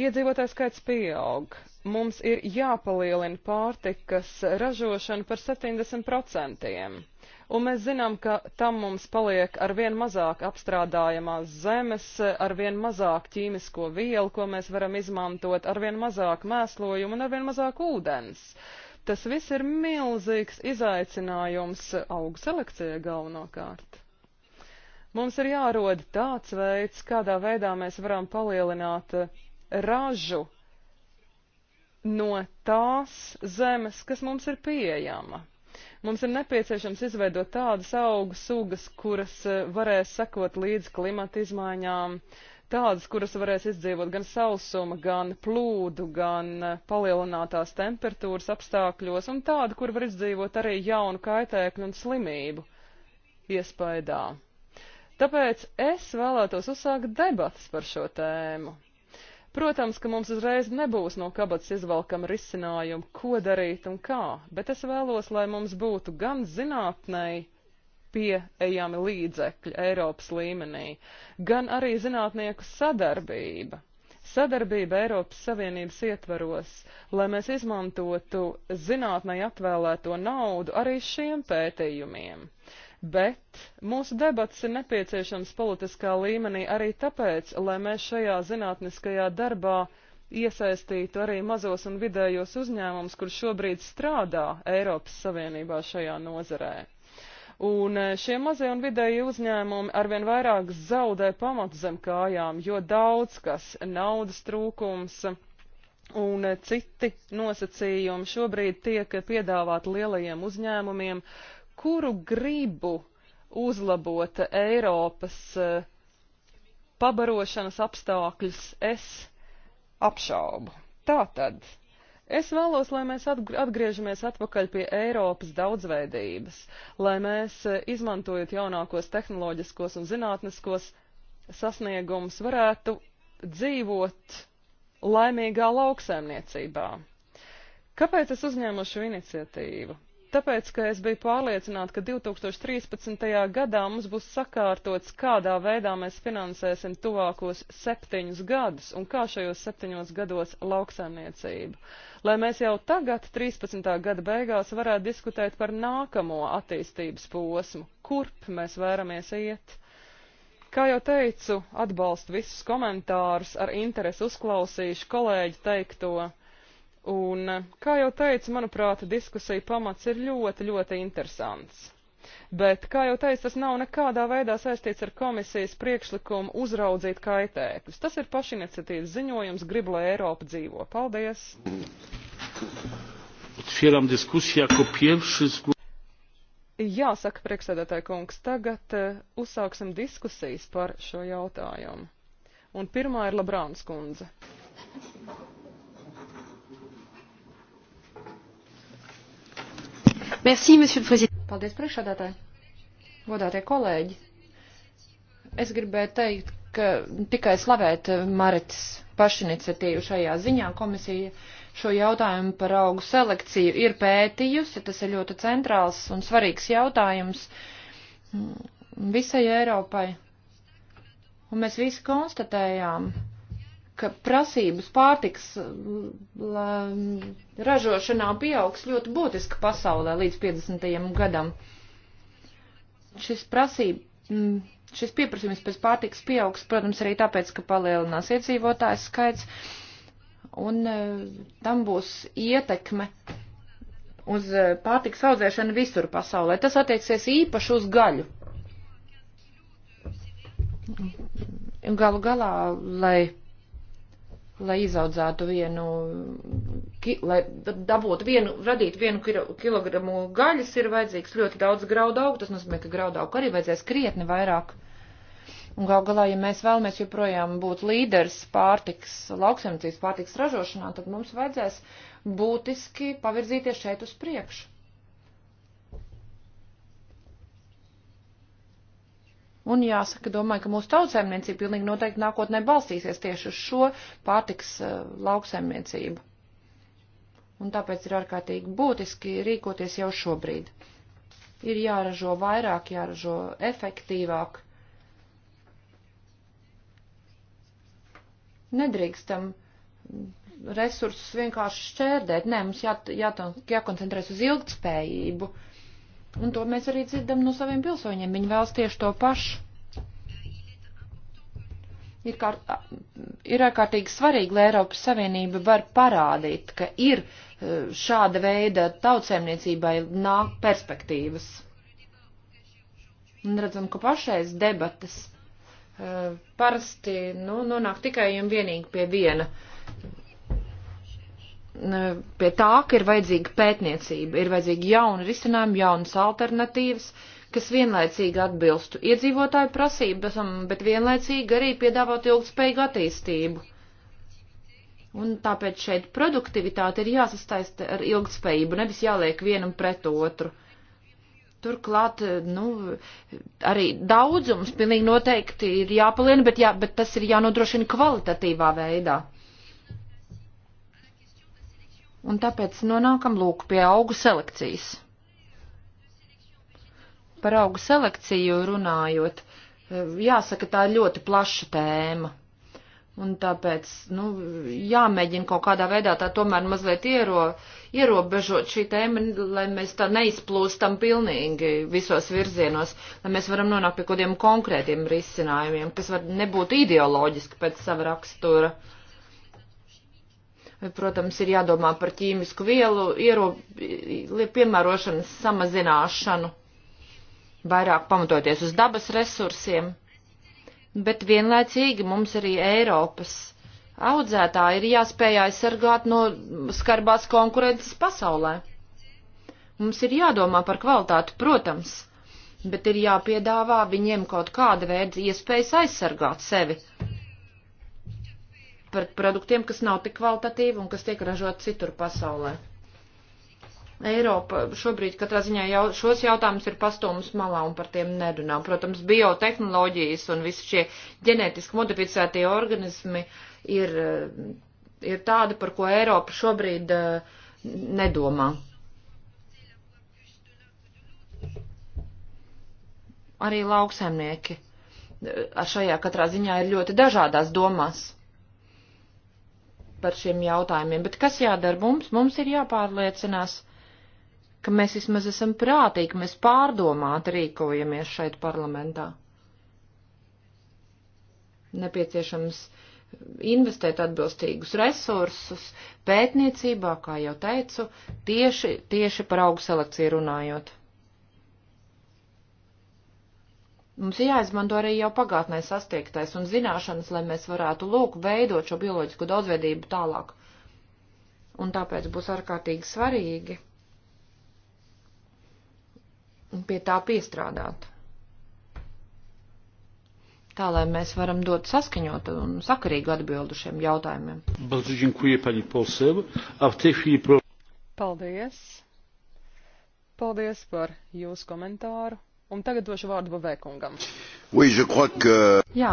Iedzīvotājs skaits pieaug. Mums ir jāpalielina pārtikas ražošana par 70%, un mēs zinām, ka tam mums paliek arvien mazāk apstrādājamās zemes, arvien mazāk ķīmisko vielu, ko mēs varam izmantot, arvien mazāk mēslojumu un arvien mazāk ūdens. Uh, Tas viss ir milzīgs izaicinājums augselekcijai galvenokārt. Mums ir jāroda tāds veids, kādā veidā mēs varam palielināt ražu no tās zemes, kas mums ir pieejama. Mums ir nepieciešams izveidot tādas augu sugas, kuras varēs sekot līdz klimata izmaiņām, uh, tādas, kuras varēs izdzīvot gan sausuma, gan plūdu, gan eh, palielinātās temperatūras apstākļos, un tādu, kur var izdzīvot arī jaunu kaitēkļu un slimību iespaidā. Tāpēc es vēlētos uzsākt debatas par šo tēmu. Protams, ka mums uzreiz nebūs no kabatas izvalkama risinājuma, ko darīt un kā, bet es vēlos, lai mums būtu gan zinātnēji, pieejami līdzekļi Eiropas līmenī, gan arī zinātnieku sadarbība. Sadarbība Eiropas Savienības ietvaros, lai mēs izmantotu zinātnē atvēlēto naudu arī šiem pētījumiem. Bet mūsu debats ir nepieciešams politiskā līmenī arī tāpēc, lai mēs šajā zinātniskajā darbā iesaistītu arī mazos un vidējos uzņēmumus, kur šobrīd strādā Eiropas Savienībā šajā nozarē. Un e, šie mazie un vidēji uzņēmumi arvien vairāk zaudē pamatu zem kājām, jo daudz kas naudas trūkums un e, citi nosacījumi šobrīd tiek piedāvāti lielajiem uzņēmumiem, kuru gribu uzlabot Eiropas e, pabarošanas apstākļus, es apšaubu. Tātad Es vēlos, lai mēs atgriežamies atpakaļ pie Eiropas daudzveidības, lai mēs, e, izmantojot jaunākos tehnoloģiskos un zinātniskos sasniegumus, varētu dzīvot laimīgā lauksēmniecībā. Kāpēc es uzņēmu šo iniciatīvu? Tāpēc, ka es biju pārliecināta, ka 2013. gadā mums būs sakārtots, kādā veidā mēs finansēsim tuvākos septiņus gadus un kā šajos septiņos gados lauksaimniecību. Lai mēs jau tagad, 13. gada beigās, varētu diskutēt par nākamo attīstības posmu, kurp mēs vēramies iet. Kā jau teicu, atbalstu visus komentārus, ar interesi uzklausīšu kolēģi teikto Un, kā jau teicu, manuprāt, diskusija pamats ir ļoti, ļoti interesants. Bet, kā jau teicu, tas nav nekādā veidā saistīts ar komisijas priekšlikumu uzraudzīt kaitēkļus. Tas ir pašiniciatīvas ziņojums, grib, lai Eiropa dzīvo. Paldies! Otvieram diskusiju, ko pirmšis. Jā, saka priekšsēdētāja kungs, tagad uh, uzsāksim diskusijas par šo jautājumu. Un pirmā ir Labrāns kundze. Merci, monsieur le président. Paldies, priekšādātāji. Godātie kolēģi. Es gribēju teikt, ka tikai slavēt Maritas pašiniciatīvu šajā ziņā komisija šo jautājumu par augu selekciju ir pētījusi. Tas ir ļoti centrāls un svarīgs jautājums visai Eiropai. Un mēs visi konstatējām, ka prasības pārtiks mm, mm, ražošanā pieaugs ļoti būtiski pasaulē līdz 50. gadam. Šis prasība. Mm, šis pieprasījums pēc pārtikas pieaugs, protams, arī tāpēc, ka palielinās iedzīvotājs skaits, un e, tam būs ietekme uz e, pārtikas audzēšanu visur pasaulē. Tas attieksies īpaši uz gaļu. Galu galā, lai lai izaudzētu vienu, ki, lai dabūtu vienu, radītu vienu kilogramu gaļas, ir vajadzīgs ļoti daudz graudu augu. Tas nozīmē, ka graudu augu arī vajadzēs krietni vairāk. Un gal galā, ja mēs vēlamies joprojām būt līderis pārtiks, lauksemcības pārtiks ražošanā, tad mums vajadzēs būtiski pavirzīties šeit uz priekšu. Un jāsaka, domāju, ka mūsu tautsēmniecība pilnīgi noteikti nākotnē balstīsies tieši uz šo pārtiks uh, lauksēmniecību. Un tāpēc ir ārkārtīgi būtiski rīkoties jau šobrīd. Ir jāražo vairāk, jāražo efektīvāk. Nedrīkstam resursus vienkārši šķērdēt. Nē, mums jā, jā, jākoncentrēs uz ilgtspējību. Uh, Un to mēs arī dzirdam no saviem pilsoņiem. Viņi vēlas tieši to pašu. Ir, kā, ir ārkārtīgi svarīgi, lai Eiropas Savienība var parādīt, ka ir e, šāda veida tautsēmniecībai nāk perspektīvas. Un redzam, ka pašais debatas e, parasti nu, nonāk tikai un vienīgi pie viena pie tā, ka ir vajadzīga pētniecība, ir vajadzīga jauna risinājuma, jaunas alternatīvas, kas vienlaicīgi atbilstu iedzīvotāju prasībām, bet vienlaicīgi arī piedāvāt ilgspējīgu attīstību. Un tāpēc šeit produktivitāte ir jāsastaista ar ilgspējību, nevis jāliek vienam pret otru. Turklāt, nu, arī daudzums pilnīgi noteikti ir jāpaliena, bet, jā, bet tas ir jānodrošina kvalitatīvā veidā. Un tāpēc nonākam lūk pie augu selekcijas. Par augu selekciju runājot, eh, jāsaka, tā ir ļoti plaša tēma. Un tāpēc, nu, jāmēģina kaut kādā veidā tā tomēr mazliet iero, ierobežot šī tēma, lai mēs tā neizplūstam pilnīgi visos virzienos, lai mēs varam nonākt pie kādiem konkrētiem risinājumiem, kas var nebūt ideoloģiski pēc sava rakstura. Uh, Protams, ir jādomā par ķīmisku vielu iero, piemērošanas samazināšanu, vairāk pamatoties uz dabas resursiem, bet vienlaicīgi mums arī Eiropas audzētāji ir jāspēj aizsargāt no skarbās konkurences pasaulē. Mums ir jādomā par kvalitāti, protams, bet ir jāpiedāvā viņiem kaut kāda veida iespējas aizsargāt sevi par produktiem, kas nav tik kvalitatīvi un kas tiek ražot citur pasaulē. Eiropa šobrīd katrā ziņā jau, šos jautājumus ir pastūmus malā un par tiem nerunā. Protams, biotehnoloģijas un visi šie ģenētiski modificētie organismi ir, ir tādi, par ko Eiropa šobrīd uh, nedomā. Arī lauksaimnieki ar eh, šajā katrā ziņā ir ļoti dažādās domās par šiem jautājumiem, bet kas jādara mums? Mums ir jāpārliecinās, ka mēs vismaz esam prātīgi, ka mēs pārdomāti rīkojamies šeit parlamentā. Nepieciešams investēt atbilstīgus resursus pētniecībā, kā jau teicu, tieši, tieši par augu selekciju runājot. Mums jāizmanto arī jau pagātnē sastiektais un zināšanas, lai mēs varētu lūk veidot šo bioloģisko daudzveidību tālāk. Un tāpēc būs ārkārtīgi svarīgi pie tā piestrādāt. Tā, lai mēs varam dot saskaņot un sakarīgu atbildu šiem jautājumiem. Paldies! Paldies par jūsu komentāru! Un tagad došu vārdu Bavēkungam. Oui, que... Jā.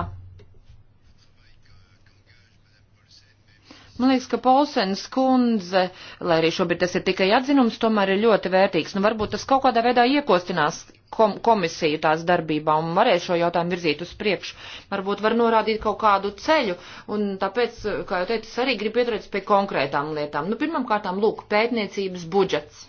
Man liekas, ka Polsens kundze, lai arī šobrīd tas ir tikai atzinums, tomēr ir ļoti vērtīgs. Nu, varbūt tas kaut kādā veidā iekostinās kom komisiju tās darbībā un varēs šo jautājumu virzīt uz priekšu. Varbūt var norādīt kaut kādu ceļu, un tāpēc, kā jau teicu, es arī gribu pieturēties pie konkrētām lietām. Nu, pirmkārtām, lūk, pētniecības budžets.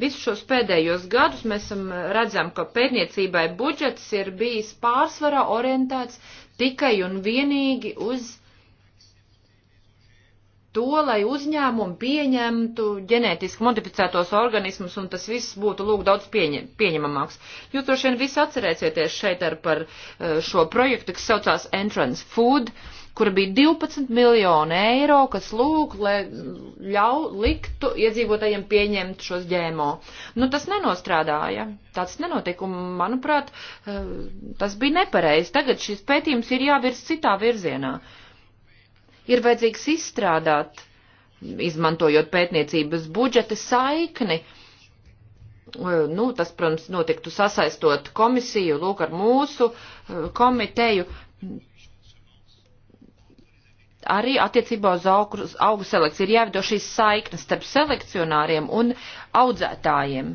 Visus šos pēdējos gadus mēs eh, redzam, ka pētniecībai budžets ir bijis pārsvarā orientēts tikai un vienīgi uz to, lai uzņēmumi pieņemtu ģenētiski modificētos organismus, un tas viss būtu lūk daudz pieņem, pieņemamāks. Jūs droši vien visi atcerēsieties šeit ar par eh, šo projektu, kas saucās Entrance Food. Uh, kura bija 12 miljoni eiro, kas lūk, lai ļau, liktu iedzīvotājiem pieņemt šos ģēmo. Nu, tas nenostrādāja. Tāds nenotika, un, manuprāt, eh, tas bija nepareizi. Tagad šis pētījums ir jāvirs citā virzienā. Ir vajadzīgs izstrādāt, izmantojot pētniecības budžeti, saikni eh, nu, tas, protams, notiktu sasaistot komisiju, lūk, ar mūsu eh, komiteju arī attiecībā uz augu, augu selekciju ir jāveido šīs saiknes starp selekcionāriem un audzētājiem.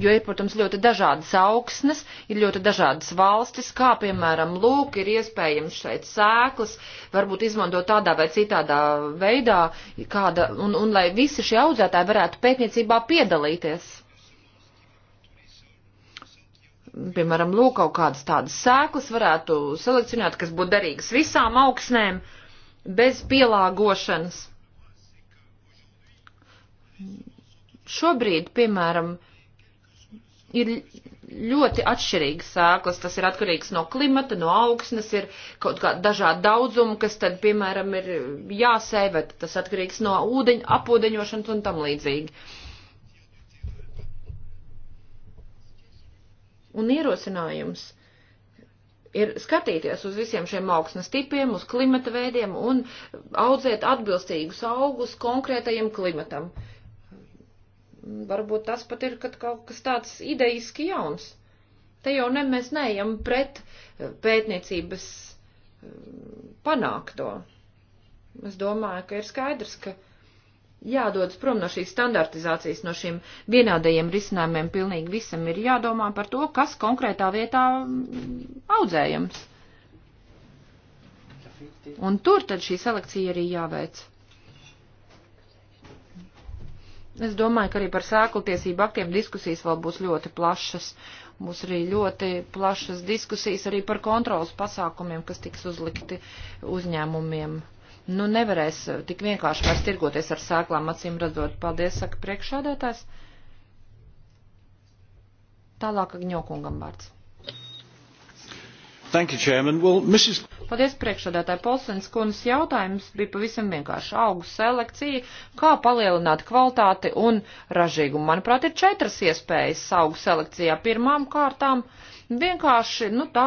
Jo ir, protams, ļoti dažādas augsnes, ir ļoti dažādas valstis, kā piemēram lūk, ir iespējams šeit sēklas, varbūt izmantot tādā vai citādā veidā, kāda, un, un lai visi šie audzētāji varētu pētniecībā piedalīties piemēram, lūk, kaut kādas tādas sēklas varētu selekcionēt, kas būtu derīgas visām augsnēm, bez pielāgošanas. Šobrīd, piemēram, ir ļoti atšķirīgas sēklas. Tas ir atkarīgs no klimata, no augsnes, ir kaut kāda dažāda daudzuma, kas tad, piemēram, ir jāsēvē, tas atkarīgs no ūdeņa, apūdeņošanas un tam līdzīgi. un ierosinājums ir skatīties uz visiem šiem augsnes tipiem, uz klimata veidiem un audzēt atbilstīgus augus konkrētajam klimatam. Varbūt tas pat ir kaut kas tāds idejiski jauns. Te jau ne mēs neejam pret eh, pētniecības eh, panākto. Es domāju, ka ir skaidrs, ka jādodas prom no šīs standartizācijas, no šiem vienādajiem risinājumiem. Pilnīgi visam ir jādomā par to, kas konkrētā vietā mm, audzējams. Un tur tad šī selekcija arī jāveic. Es domāju, ka arī par sēklu tiesību aktiem diskusijas vēl būs ļoti plašas. Būs arī ļoti plašas diskusijas arī par kontrolas pasākumiem, kas tiks uzlikti uzņēmumiem nu nevarēs eh, tik vienkārši vairs tirgoties ar sēklām, acīm redzot. Paldies, saka priekšādātājs. Tālāk Agņokungam vārds. Thank you, Chairman. Well, Mrs. Paldies priekšādātāji Polsens kundas jautājums bija pavisam vienkārši augu selekcija, kā palielināt kvalitāti un ražīgumu. Manuprāt, ir četras iespējas augu selekcijā. Pirmām kārtām. Uh, vienkārši, nu tā,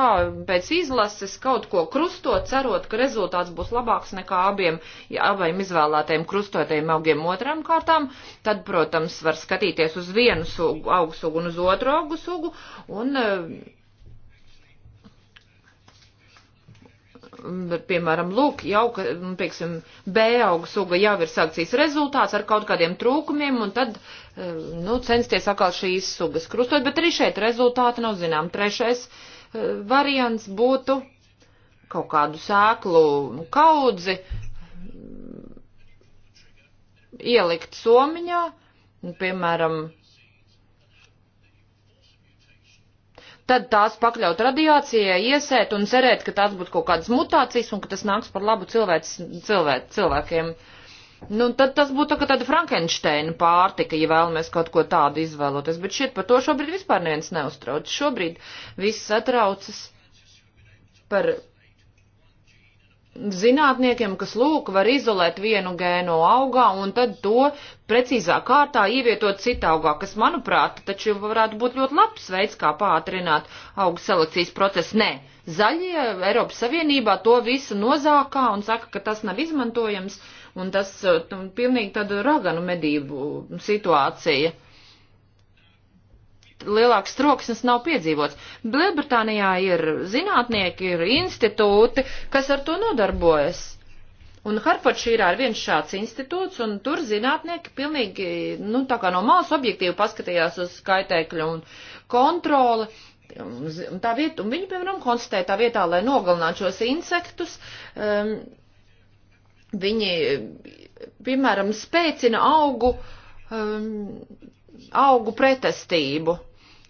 pēc izlases kaut ko krustot, cerot, ka rezultāts būs labāks nekā abiem, ja abiem izvēlētajiem krustotiem augiem otram kārtām, tad, protams, var skatīties uz vienu sugu, augsugu un uz otru augusugu, un eh, piemēram, lūk, jau, pieksim, nu, B auga suga jau ir sankcijas rezultāts ar kaut kādiem trūkumiem, un tad, eh, nu, censties atkal šīs sugas krustot, bet arī šeit rezultāti nav zinām. Trešais eh, variants būtu kaut kādu sēklu kaudzi mm, ielikt somiņā, piemēram, tad tās pakļaut radiācijai, iesēt un cerēt, ka tās būtu kaut kādas mutācijas un ka tas nāks par labu cilvēks, cilvēk, cilvēkiem. Nu, tad tas būtu tā, tāda Frankensteina pārtika, ja vēlamies kaut ko tādu izvēloties, bet šeit par to šobrīd vispār neviens neuztrauc. Šobrīd viss satraucas par zinātniekiem, kas lūk var izolēt vienu gēnu augā un tad to precīzā kārtā ievietot citā augā, kas, manuprāt, taču varētu būt ļoti labs veids, kā pātrināt augu selekcijas procesu. Nē, zaļie Eiropas Savienībā to visu nozākā un saka, ka tas nav izmantojams un tas un, uh, pilnīgi tādu raganu medību situācija lielāks troksnis nav piedzīvots. Lielbritānijā ir zinātnieki, ir institūti, kas ar to nodarbojas. Un Harfordšīrā ir viens šāds institūts, un tur zinātnieki pilnīgi, nu, tā kā no malas objektīvi paskatījās uz skaitēkļu un kontroli. Un tā vieta, un viņi, piemēram, konstatē tā vietā, lai nogalinātu šos insektus, um, viņi, piemēram, spēcina augu, um, augu pretestību.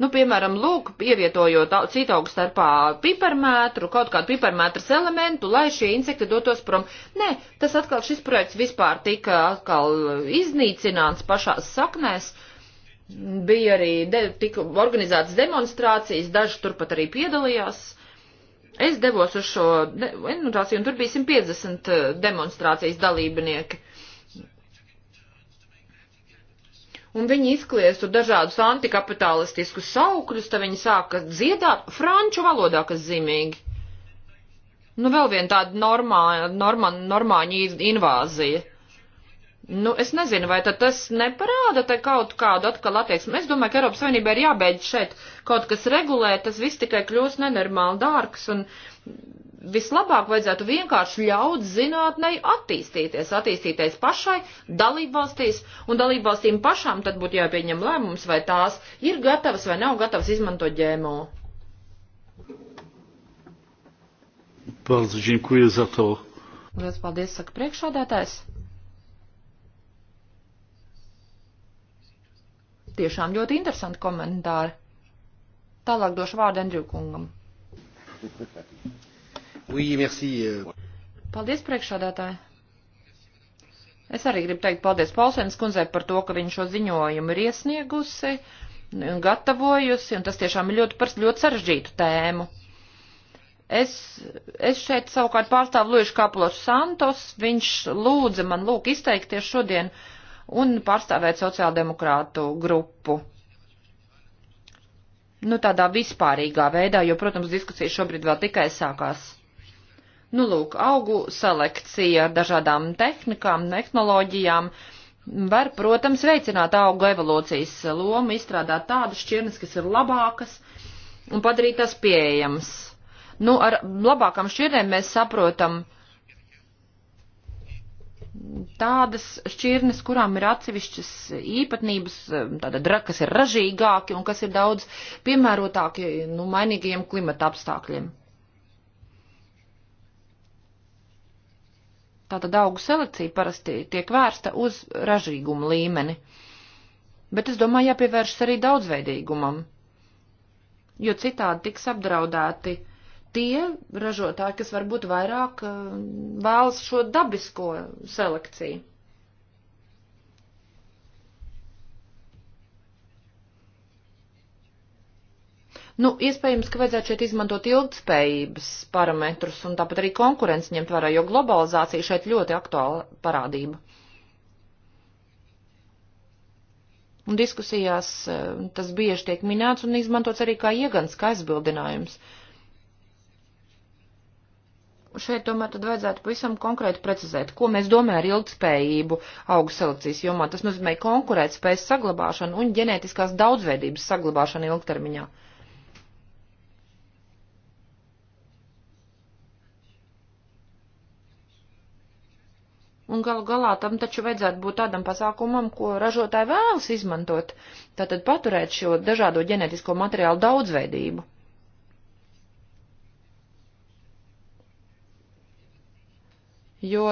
Nu, piemēram, lūk, ievietojot citu augu starpā pipermētru, kaut kādu pipermētras elementu, lai šie insekti dotos prom. Nē, tas atkal šis projekts vispār tika atkal iznīcināts pašās saknēs. Bija arī de, tika organizētas demonstrācijas, daži turpat arī piedalījās. Es devos uz šo demonstrāciju, un tur bija 150 eh, demonstrācijas dalībnieki. un viņi izkliestu dažādus antikapitalistiskus saukļus, tad viņi sāka dziedāt franču valodā, kas zīmīgi. Nu, vēl viena tāda normā, normā, normāņa invāzija. Nu, es nezinu, vai tas neparāda te kaut kādu atkal attieksmi. Es domāju, ka Eiropas Savienībai ir jābeidz šeit kaut kas regulēt, tas viss tikai kļūst nenormāli dārgs un vislabāk vajadzētu vienkārši ļaut zinātnei attīstīties, attīstīties pašai dalībvalstīs, un dalībvalstīm pašām tad būtu jāpieņem lēmums, vai tās ir gatavas vai nav gatavas izmantot ģēmo. Bardzo dziękuję za to. Lielas paldies, saka priekšādātājs. Tiešām ļoti interesanti komentāri. Tālāk došu vārdu Andriju kungam. Oui, merci. Euh. Paldies, priekšādātāji. Es arī gribu teikt paldies Paulsenes kundzei par to, ka viņa šo ziņojumu ir iesniegusi un gatavojusi, un tas tiešām ir ļoti par ļoti sarežģītu tēmu. Es, es šeit savukārt pārstāvu Lujušu Kapulošu Santos, viņš lūdza man lūk izteikties šodien un pārstāvēt sociāldemokrātu grupu. Nu, tādā vispārīgā veidā, jo, protams, diskusija šobrīd vēl tikai sākās. Nu, lūk, augu selekcija ar dažādām tehnikām, tehnoloģijām var, protams, veicināt augu evolūcijas lomu, izstrādāt tādas šķirnes, kas ir labākas un padarīt tās pieejamas. Nu, ar labākām šķirnēm mēs saprotam tādas šķirnes, kurām ir atsevišķas īpatnības, tātad, kas ir ražīgāki un kas ir daudz piemērotāki, nu, mainīgajiem klimata apstākļiem. Tātad augu selekcija parasti tiek vērsta uz ražīgumu līmeni. Bet es domāju, jāpievēršas arī daudzveidīgumam, jo citādi tiks apdraudēti tie ražotāji, kas varbūt vairāk eh, vēlas šo dabisko selekciju. Nu, iespējams, ka vajadzētu šeit izmantot ilgtspējības parametrus un tāpat arī konkurenci ņemt vērā, jo globalizācija šeit ļoti aktuāla parādība. Un diskusijās eh, tas bieži tiek minēts un izmantots arī kā iegans, kā aizbildinājums. Šeit tomēr tad vajadzētu pavisam konkrēti precizēt, ko mēs domājam ar ilgspējību augu selekcijas jomā. Tas nozīmē konkurētspējas saglabāšanu un ģenētiskās daudzveidības saglabāšanu ilgtermiņā. Un gal galā tam taču vajadzētu būt tādam pasākumam, ko ražotāji vēlas izmantot, tātad paturēt šo dažādo ģenetisko materiālu daudzveidību. Jo,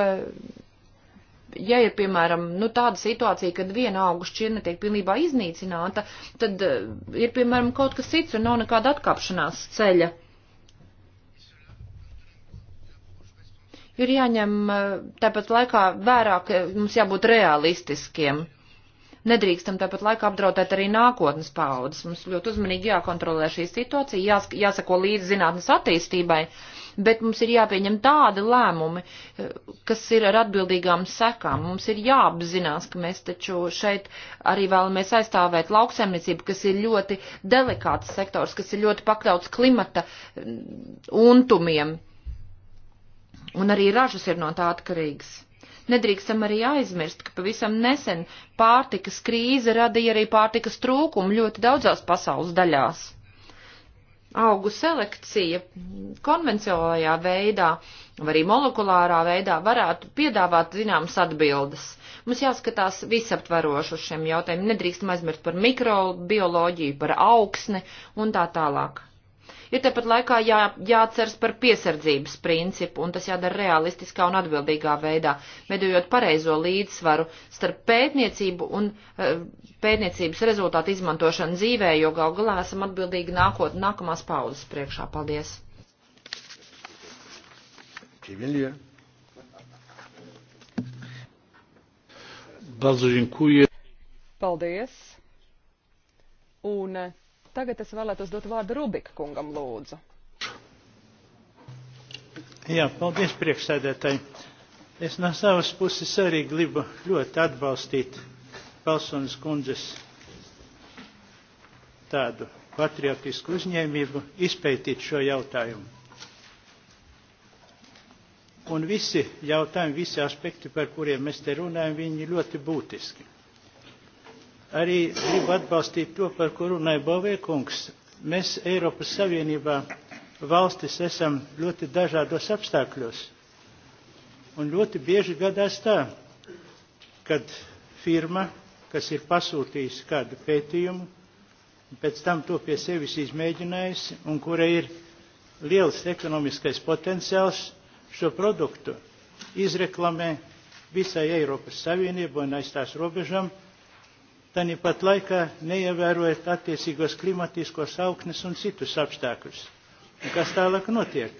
ja ir, piemēram, nu, tāda situācija, kad viena auga šķirne tiek pilnībā iznīcināta, tad eh, ir, piemēram, kaut kas cits un nav nekāda atkāpšanās ceļa. ir jāņem eh, tāpat laikā vērā, ka eh, mums jābūt realistiskiem. Nedrīkstam tāpat laikā apdraudēt arī nākotnes paudzes. Mums ļoti uzmanīgi jākontrolē šī situācija, jās, jāsako līdz zinātnes attīstībai, bet mums ir jāpieņem tādi lēmumi, eh, kas ir ar atbildīgām sekām. Mums ir jāapzinās, ka mēs taču šeit arī vēlamies aizstāvēt lauksaimniecību, kas ir ļoti delikāts sektors, kas ir ļoti pakļauts klimata mm, untumiem un arī ražas ir no tā atkarīgas. Nedrīkstam arī aizmirst, ka pavisam nesen pārtikas krīze radīja arī pārtikas trūkumu ļoti daudzās pasaules daļās. Augu selekcija konvencionālajā veidā, arī molekulārā veidā varētu piedāvāt zināmas atbildes. Mums jāskatās visaptvarošu šiem jautājumiem, nedrīkstam aizmirst par mikrobioloģiju, par augsni un tā tālāk ir tepat laikā jā, jāceras par piesardzības principu, un tas jādara realistiskā un atbildīgā veidā, medojot pareizo līdzsvaru starp pētniecību un eh, pētniecības rezultātu izmantošanu dzīvē, jo gal galā esam atbildīgi nākot, nākamās paudzes priekšā. Paldies! Bardzo dziękuję. Paldies. Un eh, Tagad es vēlētos dot vārdu Rubika kungam lūdzu. Jā, paldies priekšsēdētāji. Es no savas puses arī gribu ļoti atbalstīt Palsonas kundzes tādu patriotisku uzņēmību izpētīt šo jautājumu. Un visi jautājumi, visi aspekti, par kuriem mēs te runājam, viņi ļoti būtiski arī gribu atbalstīt to, par ko runāja Bovē kungs. Mēs Eiropas Savienībā valstis esam ļoti dažādos apstākļos. Un ļoti bieži gadās tā, kad firma, kas ir pasūtījusi kādu pētījumu, pēc tam to pie sevis izmēģinājusi un kura ir liels ekonomiskais potenciāls šo produktu izreklamē visai Eiropas Savienībai un aiz tās robežām – tani pat laikā neievērojot attiecīgos klimatiskos augnes un citus apstākļus. Un kas tālāk notiek?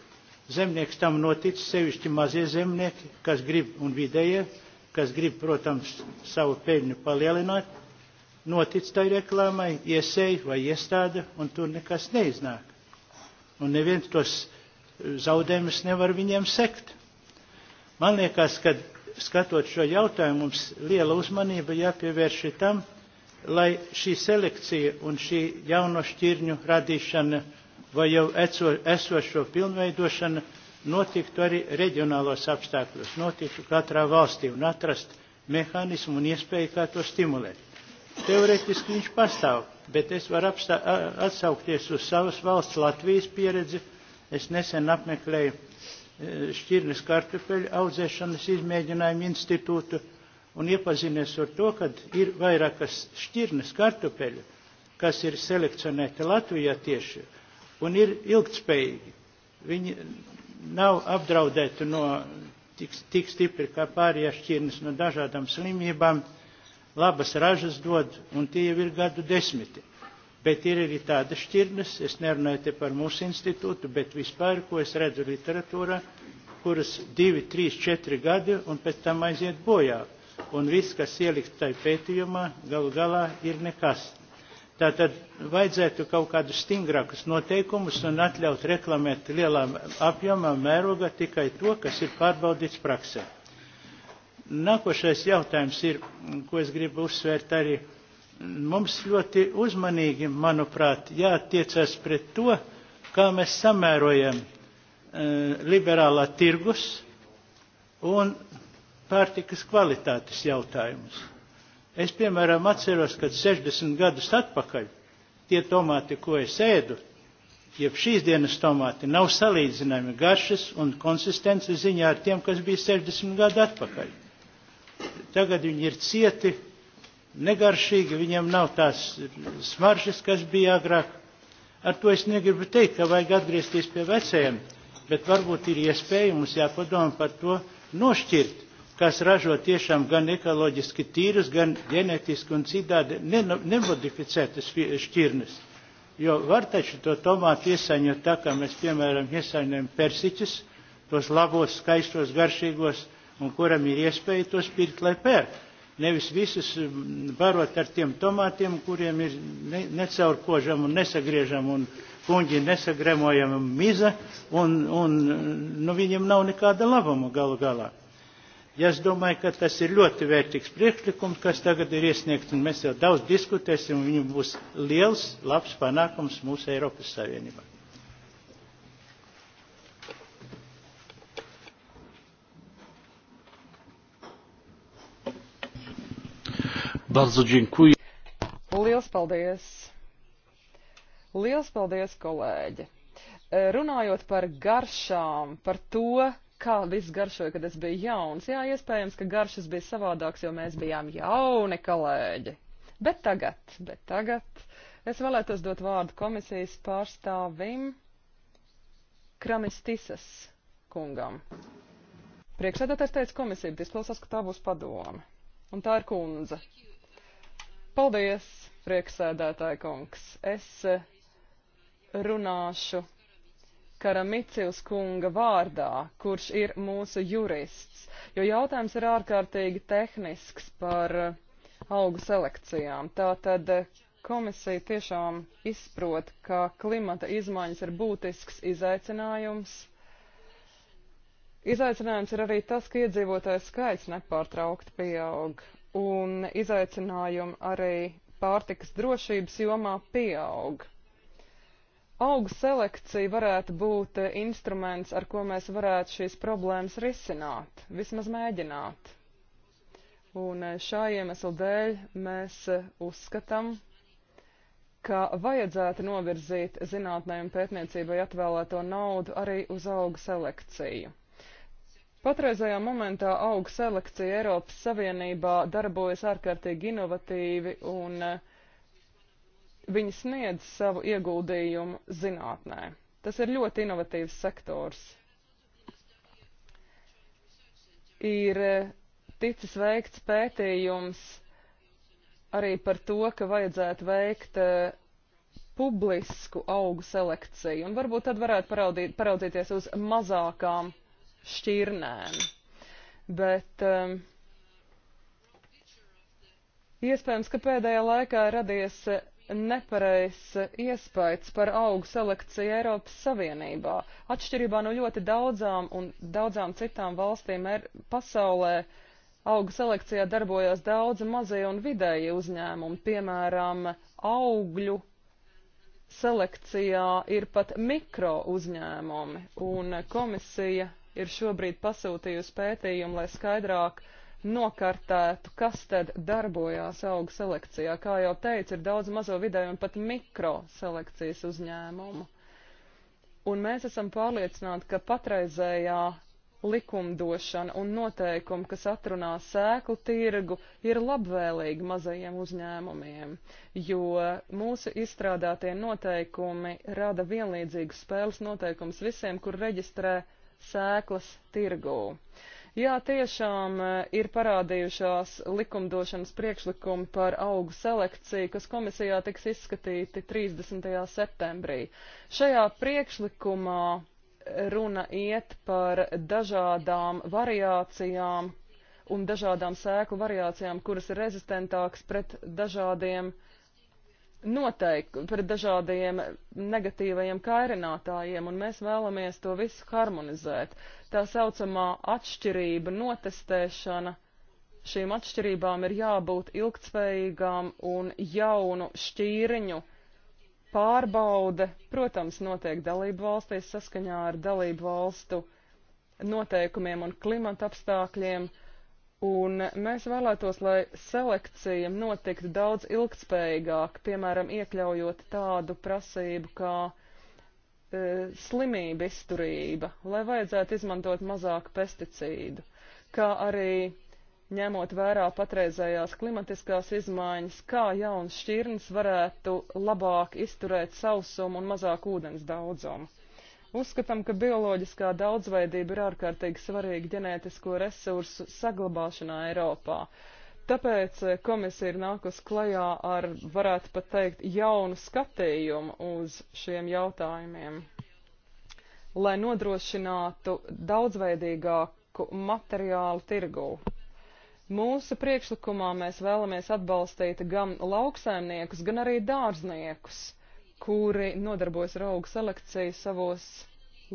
Zemnieks tam notic, sevišķi mazie zemnieki, kas grib un vidējie, kas grib, protams, savu peļņu palielināt, notic tai reklāmai, iesēja vai iestāda, un tur nekas neiznāk. Un neviens tos e, zaudējumus nevar viņiem sekt. Man liekas, ka skatot šo jautājumu, mums liela uzmanība jāpievērš tam, lai šī selekcija un šī jauno šķirņu radīšana vai jau esošo pilnveidošana notiktu arī reģionālos apstākļos, notiktu katrā valstī un atrast mehānismu un iespēju, kā to stimulēt. Teoretiski viņš pastāv, bet es varu atsaukties uz savas valsts Latvijas pieredzi. Es nesen apmeklēju e, šķirnes kartupeļu audzēšanas izmēģinājumu institūtu un iepazinies ar to, ka ir vairākas šķirnes kartupeļu, kas ir selekcionēti Latvijā tieši un ir ilgtspējīgi. Viņi nav apdraudēti no tik, tik stipri kā pārējās šķirnes no dažādām slimībām, labas ražas dod, un tie jau ir gadu desmiti. Bet ir arī tādas šķirnes, es nerunāju te par mūsu institūtu, bet vispār, ko es redzu literatūrā, kuras divi, trīs, četri gadi, un pēc tam aiziet bojā un viss, kas ielikt tai pētījumā, galu galā ir nekas. Tātad vajadzētu kaut kādus stingrākus noteikumus un atļaut reklamēt lielā apjomā mēroga tikai to, kas ir pārbaudīts praksē. Nākošais jautājums ir, ko es gribu uzsvērt arī. Mums ļoti uzmanīgi, manuprāt, jātiecas pret to, kā mēs samērojam e, liberālā tirgus un pārtikas kvalitātes jautājumus. Es, piemēram, atceros, kad 60 gadus atpakaļ tie tomāti, ko es ēdu, jeb šīs dienas tomāti, nav salīdzināmi garšas un konsistences ziņā ar tiem, kas bija 60 gadu atpakaļ. Tagad viņi ir cieti, negaršīgi, viņiem nav tās smaržas, kas bija agrāk. Ar to es negribu teikt, ka vajag atgriezties pie vecajiem, bet varbūt ir iespēja mums jāpadomā par to nošķirt kas ražo tiešām gan ekoloģiski tīrus, gan ģenētiski un citādi nemodificētas šķirnes. Jo var taču to tomātu iesaņot tā, kā mēs, piemēram, iesaņojam persiķus, tos labos, skaistos, garšīgos, un kuram ir iespēja tos pirkt, lai pērk. Nevis visus barot ar tiem tomātiem, kuriem ir ne, necaurkožam un nesagriežam un kuņģi nesagremojama miza, un, un nu, viņam nav nekāda labuma galu galā. Ja es domāju, ka tas ir ļoti vērtīgs priekšlikums, kas tagad ir iesniegts, un mēs jau daudz diskutēsim, un viņam būs liels, labs panākums mūsu Eiropas Savienībā. Bardzo dziękuję. Liels paldies! Liels paldies, kolēģi! Runājot par garšām, par to, kā viss garšoja, kad es biju jauns. Jā, iespējams, ka garšas bija savādāks, jo mēs bijām jauni kolēģi. Bet tagad, bet tagad es vēlētos dot vārdu komisijas pārstāvim Kramistisas kungam. Priekšsēdētājs teica komisija, bet izklausās, ka tā būs padome. Un tā ir kundze. Paldies, priekšsēdētāja kungs. Es runāšu Karamicils kunga vārdā, kurš ir mūsu jurists, jo jautājums ir ārkārtīgi tehnisks par uh, augu selekcijām. Tātad uh, komisija tiešām izprot, ka klimata izmaiņas ir būtisks izaicinājums. Izaicinājums ir arī tas, ka iedzīvotāju skaits nepārtraukti pieaug, un izaicinājumi arī pārtikas drošības jomā pieaug augu selekcija varētu būt eh, instruments, ar ko mēs varētu šīs problēmas risināt, vismaz mēģināt. Un eh, šā iemesla dēļ mēs eh, uzskatām, ka vajadzētu novirzīt zinātnē un pētniecībai atvēlēto naudu arī uz augu selekciju. Patreizajā momentā augu selekcija Eiropas Savienībā darbojas ārkārtīgi inovatīvi un uh, viņi sniedz savu ieguldījumu zinātnē. Tas ir ļoti inovatīvs sektors. Ir e, ticis veikts pētījums arī par to, ka vajadzētu veikt e, publisku augu selekciju, un varbūt tad varētu paraudīt, paraudzīties uz mazākām šķirnēm. Bet um, iespējams, ka pēdējā laikā radies nepareizs iespējas par augu selekciju Eiropas Savienībā. Atšķirībā no ļoti daudzām un daudzām citām valstīm er, pasaulē augu selekcijā darbojās daudzi mazie un vidēji uzņēmumi, piemēram, augļu selekcijā ir pat mikro uzņēmumi, un komisija ir šobrīd pasūtījusi pētījumu, lai skaidrāk uh, nokartētu, kas tad darbojās augu selekcijā. Kā jau teicu, ir daudz mazo vidēju un pat mikro selekcijas uzņēmumu. Un mēs esam pārliecināti, ka patreizējā likumdošana un noteikumi, kas atrunā sēklu tirgu, ir labvēlīgi mazajiem uzņēmumiem, jo mūsu izstrādātie noteikumi rada vienlīdzīgus spēles noteikumus visiem, kur reģistrē sēklas tirgū. Uh, Jā, tiešām e, ir parādījušās likumdošanas priekšlikumi par augu selekciju, kas komisijā tiks izskatīti 30. septembrī. Šajā priekšlikumā e, runa iet par dažādām variācijām un dažādām sēklu variācijām, kuras ir rezistentākas pret dažādiem uh, noteikti par dažādiem negatīvajiem kairinātājiem, un mēs vēlamies to visu harmonizēt. Tā saucamā atšķirība, notestēšana, šīm atšķirībām ir jābūt ilgtspējīgām un jaunu šķīriņu pārbaude, protams, notiek dalību valstīs saskaņā ar dalību valstu noteikumiem un klimata apstākļiem. Uh, Un mēs vēlētos, lai selekcija notiktu daudz ilgtspējīgāk, piemēram, iekļaujot tādu prasību kā e, slimība izturība, lai vajadzētu izmantot mazāk pesticīdu, kā arī ņemot vērā patreizējās klimatiskās izmaiņas, kā jauns šķirnis varētu labāk izturēt sausumu un mazāk ūdens daudzumu. Uzskatām, ka bioloģiskā daudzveidība ir ārkārtīgi svarīga ģenētisko resursu saglabāšanā Eiropā. Tāpēc eh, komisija ir nākus klajā ar, varētu pat teikt, jaunu skatījumu uz šiem jautājumiem, lai nodrošinātu daudzveidīgāku materiālu tirgū. Mūsu priekšlikumā mēs vēlamies atbalstīt gan lauksaimniekus, gan arī dārzniekus. Uh, kuri nodarbojas ar augu selekciju savos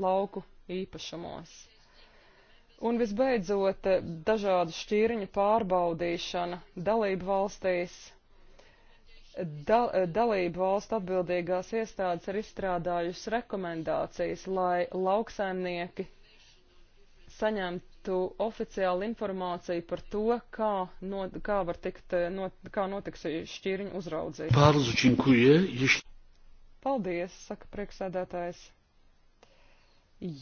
lauku īpašumos. Un visbeidzot, dažādu šķīriņu pārbaudīšana dalību valstīs. Da, dalību valstu atbildīgās iestādes ir izstrādājušas rekomendācijas, lai lauksaimnieki saņemtu oficiālu informāciju par to, kā, no, kā var tikt, no, kā notiks šķīriņu uzraudzība. Pārzu, činkuje, ješ... Paldies, saka priekšsēdētājs.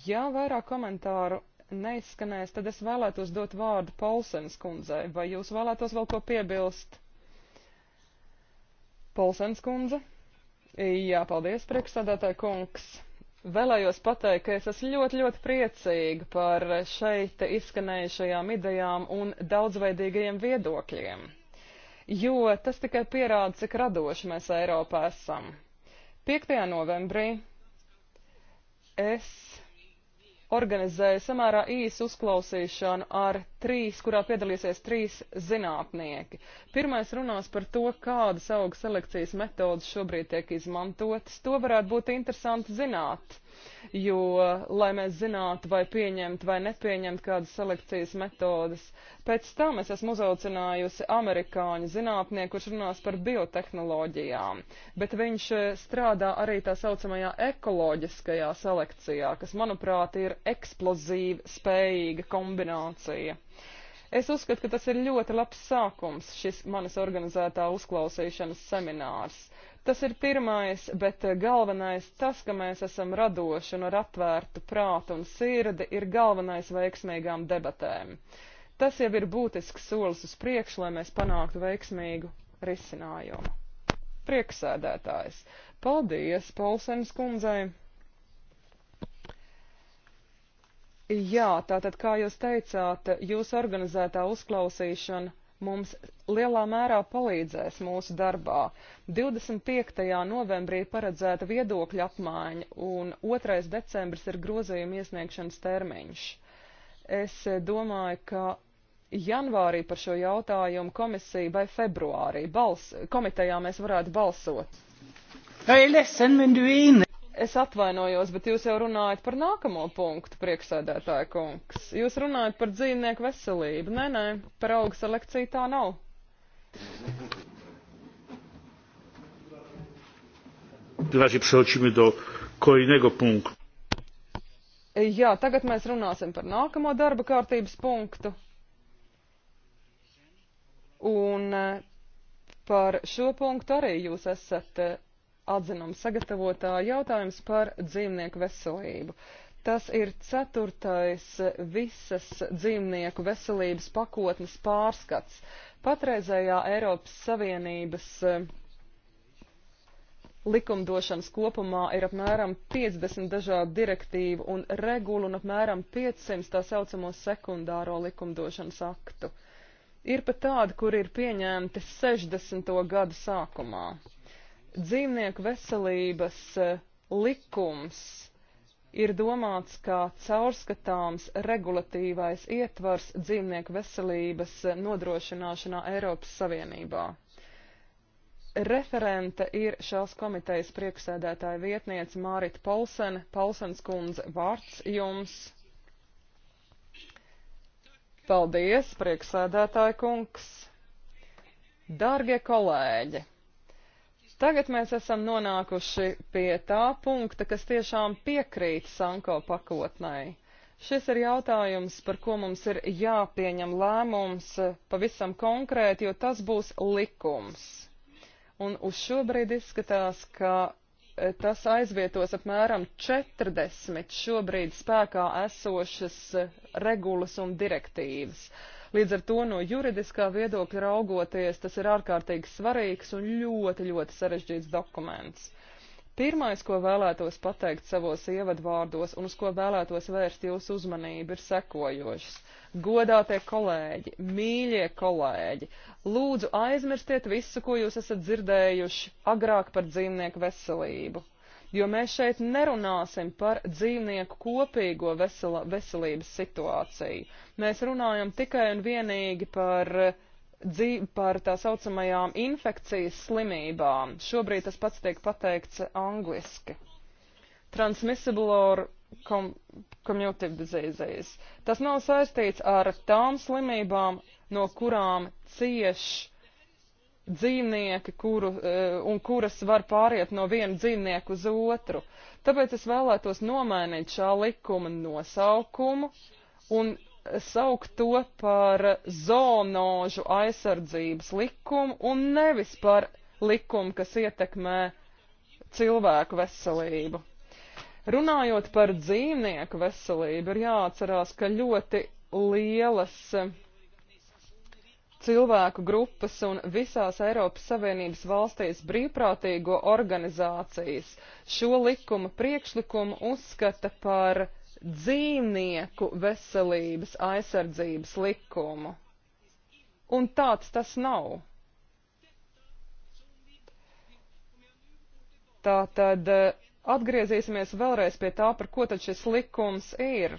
Ja vairāk komentāru neizskanēs, tad es vēlētos dot vārdu Polsens kundzei. Vai jūs vēlētos vēl ko piebilst? Polsens kundze? Jā, paldies, priekšsēdētāja kungs. Vēlējos pateikt, ka es esmu ļoti, ļoti priecīga par šeit izskanējušajām idejām un daudzveidīgajiem viedokļiem, jo tas tikai pierāda, cik radoši mēs Eiropā esam. 5. novembrī es organizēju samērā īsu uzklausīšanu ar trīs, kurā piedalīsies trīs zinātnieki. Pirmais runās par to, kādas auga selekcijas metodas šobrīd tiek izmantotas. To varētu būt interesanti zināt jo, lai mēs zinātu, vai pieņemt vai nepieņemt kādas selekcijas metodas. Pēc tam es esmu uzaucinājusi amerikāņu zinātnieku, kurš runās par biotehnoloģijām, bet viņš eh, strādā arī tā saucamajā ekoloģiskajā selekcijā, kas, manuprāt, ir eksplozīvi spējīga kombinācija. Es uzskatu, ka tas ir ļoti labs sākums, šis manas organizētā uzklausīšanas seminārs. Tas ir pirmais, bet galvenais tas, ka mēs esam radoši un ar atvērtu prātu un sirdi, ir galvenais veiksmīgām debatēm. Tas jau ir būtisks solis uz priekšu, lai mēs panāktu veiksmīgu risinājumu. Prieksēdētājs. Paldies, Polsenis kundzei! Jā, tātad, kā jūs teicāt, jūsu organizētā uzklausīšana mums lielā mērā palīdzēs mūsu darbā. 25. novembrī ir paredzēta viedokļa apmaiņa, un 2. decembris ir grozījuma iesniegšanas termiņš. Es domāju, ka janvārī par šo jautājumu komisija vai februārī bals, komitejā mēs varētu balsot. Hey, listen, Es atvainojos, bet jūs jau runājat par nākamo punktu, priekšsēdētāja kungs. Jūs runājat par dzīvnieku veselību. Nē, nē, par augu selekciju tā nav. Jā, tagad mēs runāsim par nākamo darba kārtības punktu. Un eh, par šo punktu arī jūs esat eh, atzinuma sagatavotāja jautājums par dzīvnieku veselību. Tas ir ceturtais visas dzīvnieku veselības pakotnes pārskats. Patreizējā Eiropas Savienības eh, likumdošanas kopumā ir apmēram 50 dažādu direktīvu un regulu un apmēram 500 tā saucamo sekundāro likumdošanas aktu. Ir pat tādi, kur ir pieņemti 60. gadu sākumā dzīvnieku veselības eh, likums ir domāts kā caurskatāms regulatīvais ietvars dzīvnieku veselības eh, nodrošināšanā Eiropas Savienībā. Referente ir šās komitejas priekšsēdētāja vietniece Mārita Polsene. Polsens kundze, vārds jums. Paldies, priekšsēdētāja kungs. Dargie kolēģi! Tagad mēs esam nonākuši pie tā punkta, kas tiešām piekrīt Sanko pakotnai. Šis ir jautājums, par ko mums ir jāpieņem lēmums eh, pavisam konkrēti, jo tas būs likums. Un uz šobrīd izskatās, ka eh, tas aizvietos apmēram 40 šobrīd spēkā esošas eh, regulas un direktīvas. Uh, Līdz ar to no juridiskā viedokļa raugoties, tas ir ārkārtīgi svarīgs un ļoti, ļoti sarežģīts dokuments. Pirmais, ko vēlētos pateikt savos ievadvārdos un uz ko vēlētos vērst jūsu uzmanību, ir sekojošs. Godātie kolēģi, mīļie kolēģi, lūdzu aizmirstiet visu, ko jūs esat dzirdējuši agrāk par dzīvnieku veselību jo mēs šeit nerunāsim par dzīvnieku kopīgo vesela, veselības situāciju. Mēs runājam tikai un vienīgi par dzīv, par tā saucamajām infekcijas slimībām. Šobrīd tas pats tiek pateikts angliski. Transmissible or com commutive diseases. Tas nav saistīts ar tām slimībām, no kurām cieš dzīvnieki, kuru, e, un kuras var pāriet no viena dzīvnieka uz otru. Tāpēc es vēlētos nomainīt šā likuma nosaukumu un saukt to par zoonožu aizsardzības likumu un nevis par likumu, kas ietekmē cilvēku veselību. Runājot par dzīvnieku veselību, ir jāatcerās, ka ļoti lielas cilvēku grupas un visās Eiropas Savienības valstīs brīvprātīgo organizācijas šo likuma priekšlikumu uzskata par dzīvnieku veselības aizsardzības likumu. Un tāds tas nav. Tātad eh, atgriezīsimies vēlreiz pie tā, par ko tad šis likums ir.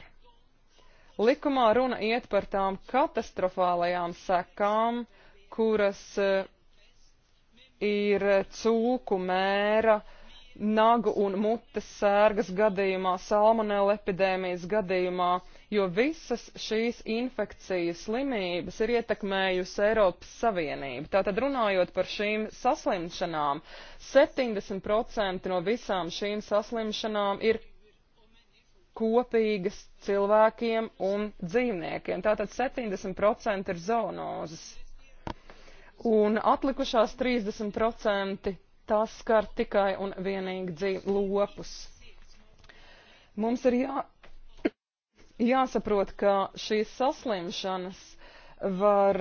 Likumā runa iet par tām katastrofālajām sekām, kuras eh, ir cūku mēra, nagu un mutes sērgas gadījumā, salmonella epidēmijas gadījumā, jo visas šīs infekcijas slimības ir ietekmējusi Eiropas Savienību. Tātad runājot par šīm saslimšanām, 70% no visām šīm saslimšanām ir kopīgas cilvēkiem un dzīvniekiem. Tātad 70% ir zoonozes. Un atlikušās 30% tās skar tikai un vienīgi dzīv lopus. Mums ir jā, jāsaprot, ka šīs saslimšanas var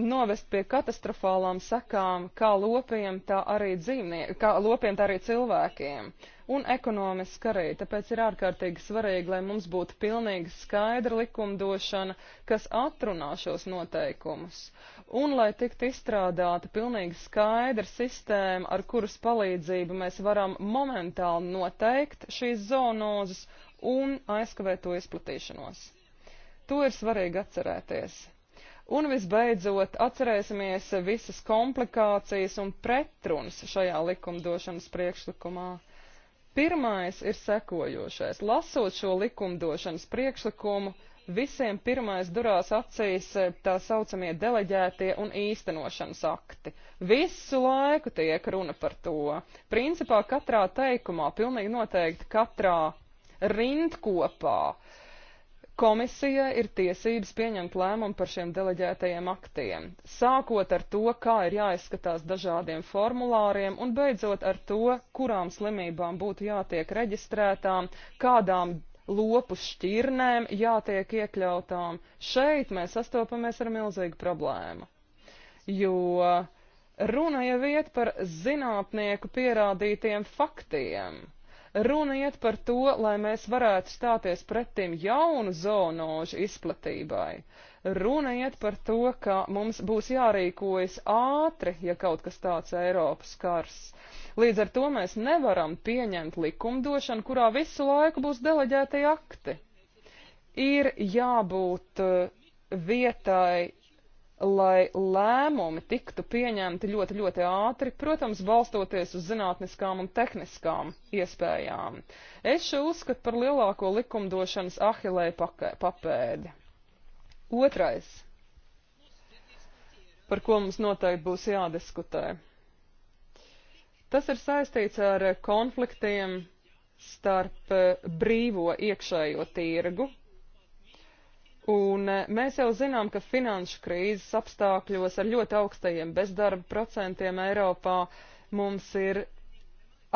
novest pie katastrofālām sekām kā lopiem, tā arī dzīvniekiem, kā lopiem, tā arī cilvēkiem. Un ekonomiski arī, tāpēc ir ārkārtīgi svarīgi, lai mums būtu pilnīgi skaidra likumdošana, kas atrunā šos noteikumus. Un lai tiktu izstrādāta pilnīgi skaidra sistēma, ar kuras palīdzību mēs varam momentāli noteikt šīs zonozes un aizkavēt to izplatīšanos. To ir svarīgi atcerēties. Un visbeidzot, atcerēsimies visas komplikācijas un pretrunas šajā likumdošanas priekšlikumā. Pirmais ir sekojošais. Lasot šo likumdošanas priekšlikumu, visiem pirmais durās acīs tā saucamie deleģētie un īstenošanas akti. Visu laiku tiek runa par to. Principā katrā teikumā, pilnīgi noteikti katrā rindkopā, Komisijai ir tiesības pieņemt lēmumu par šiem deleģētajiem aktiem, sākot ar to, kā ir jāizskatās dažādiem formulāriem un beidzot ar to, kurām slimībām būtu jātiek reģistrētām, kādām lopu šķirnēm jātiek iekļautām. Šeit mēs sastopamies ar milzīgu problēmu, jo runa jau iet par zinātnieku pierādītiem faktiem Runa iet par to, lai mēs varētu stāties pretim jaunu zoonožu izplatībai. Runa iet par to, ka mums būs jārīkojas ātri, ja kaut kas tāds Eiropas kars. Līdz ar to mēs nevaram pieņemt likumdošanu, kurā visu laiku būs deleģēti akti. Ir jābūt uh, vietai lai lēmumi tiktu pieņemti ļoti, ļoti ātri, protams, balstoties uz zinātniskām un tehniskām iespējām. Es šo uzskatu par lielāko likumdošanas ahilēju papēdi. Otrais, par ko mums noteikti būs jādiskutē. Tas ir saistīts ar konfliktiem starp brīvo iekšējo tirgu Un eh, mēs jau zinām, ka finanšu krīzes apstākļos ar ļoti augstajiem bezdarba procentiem Eiropā mums ir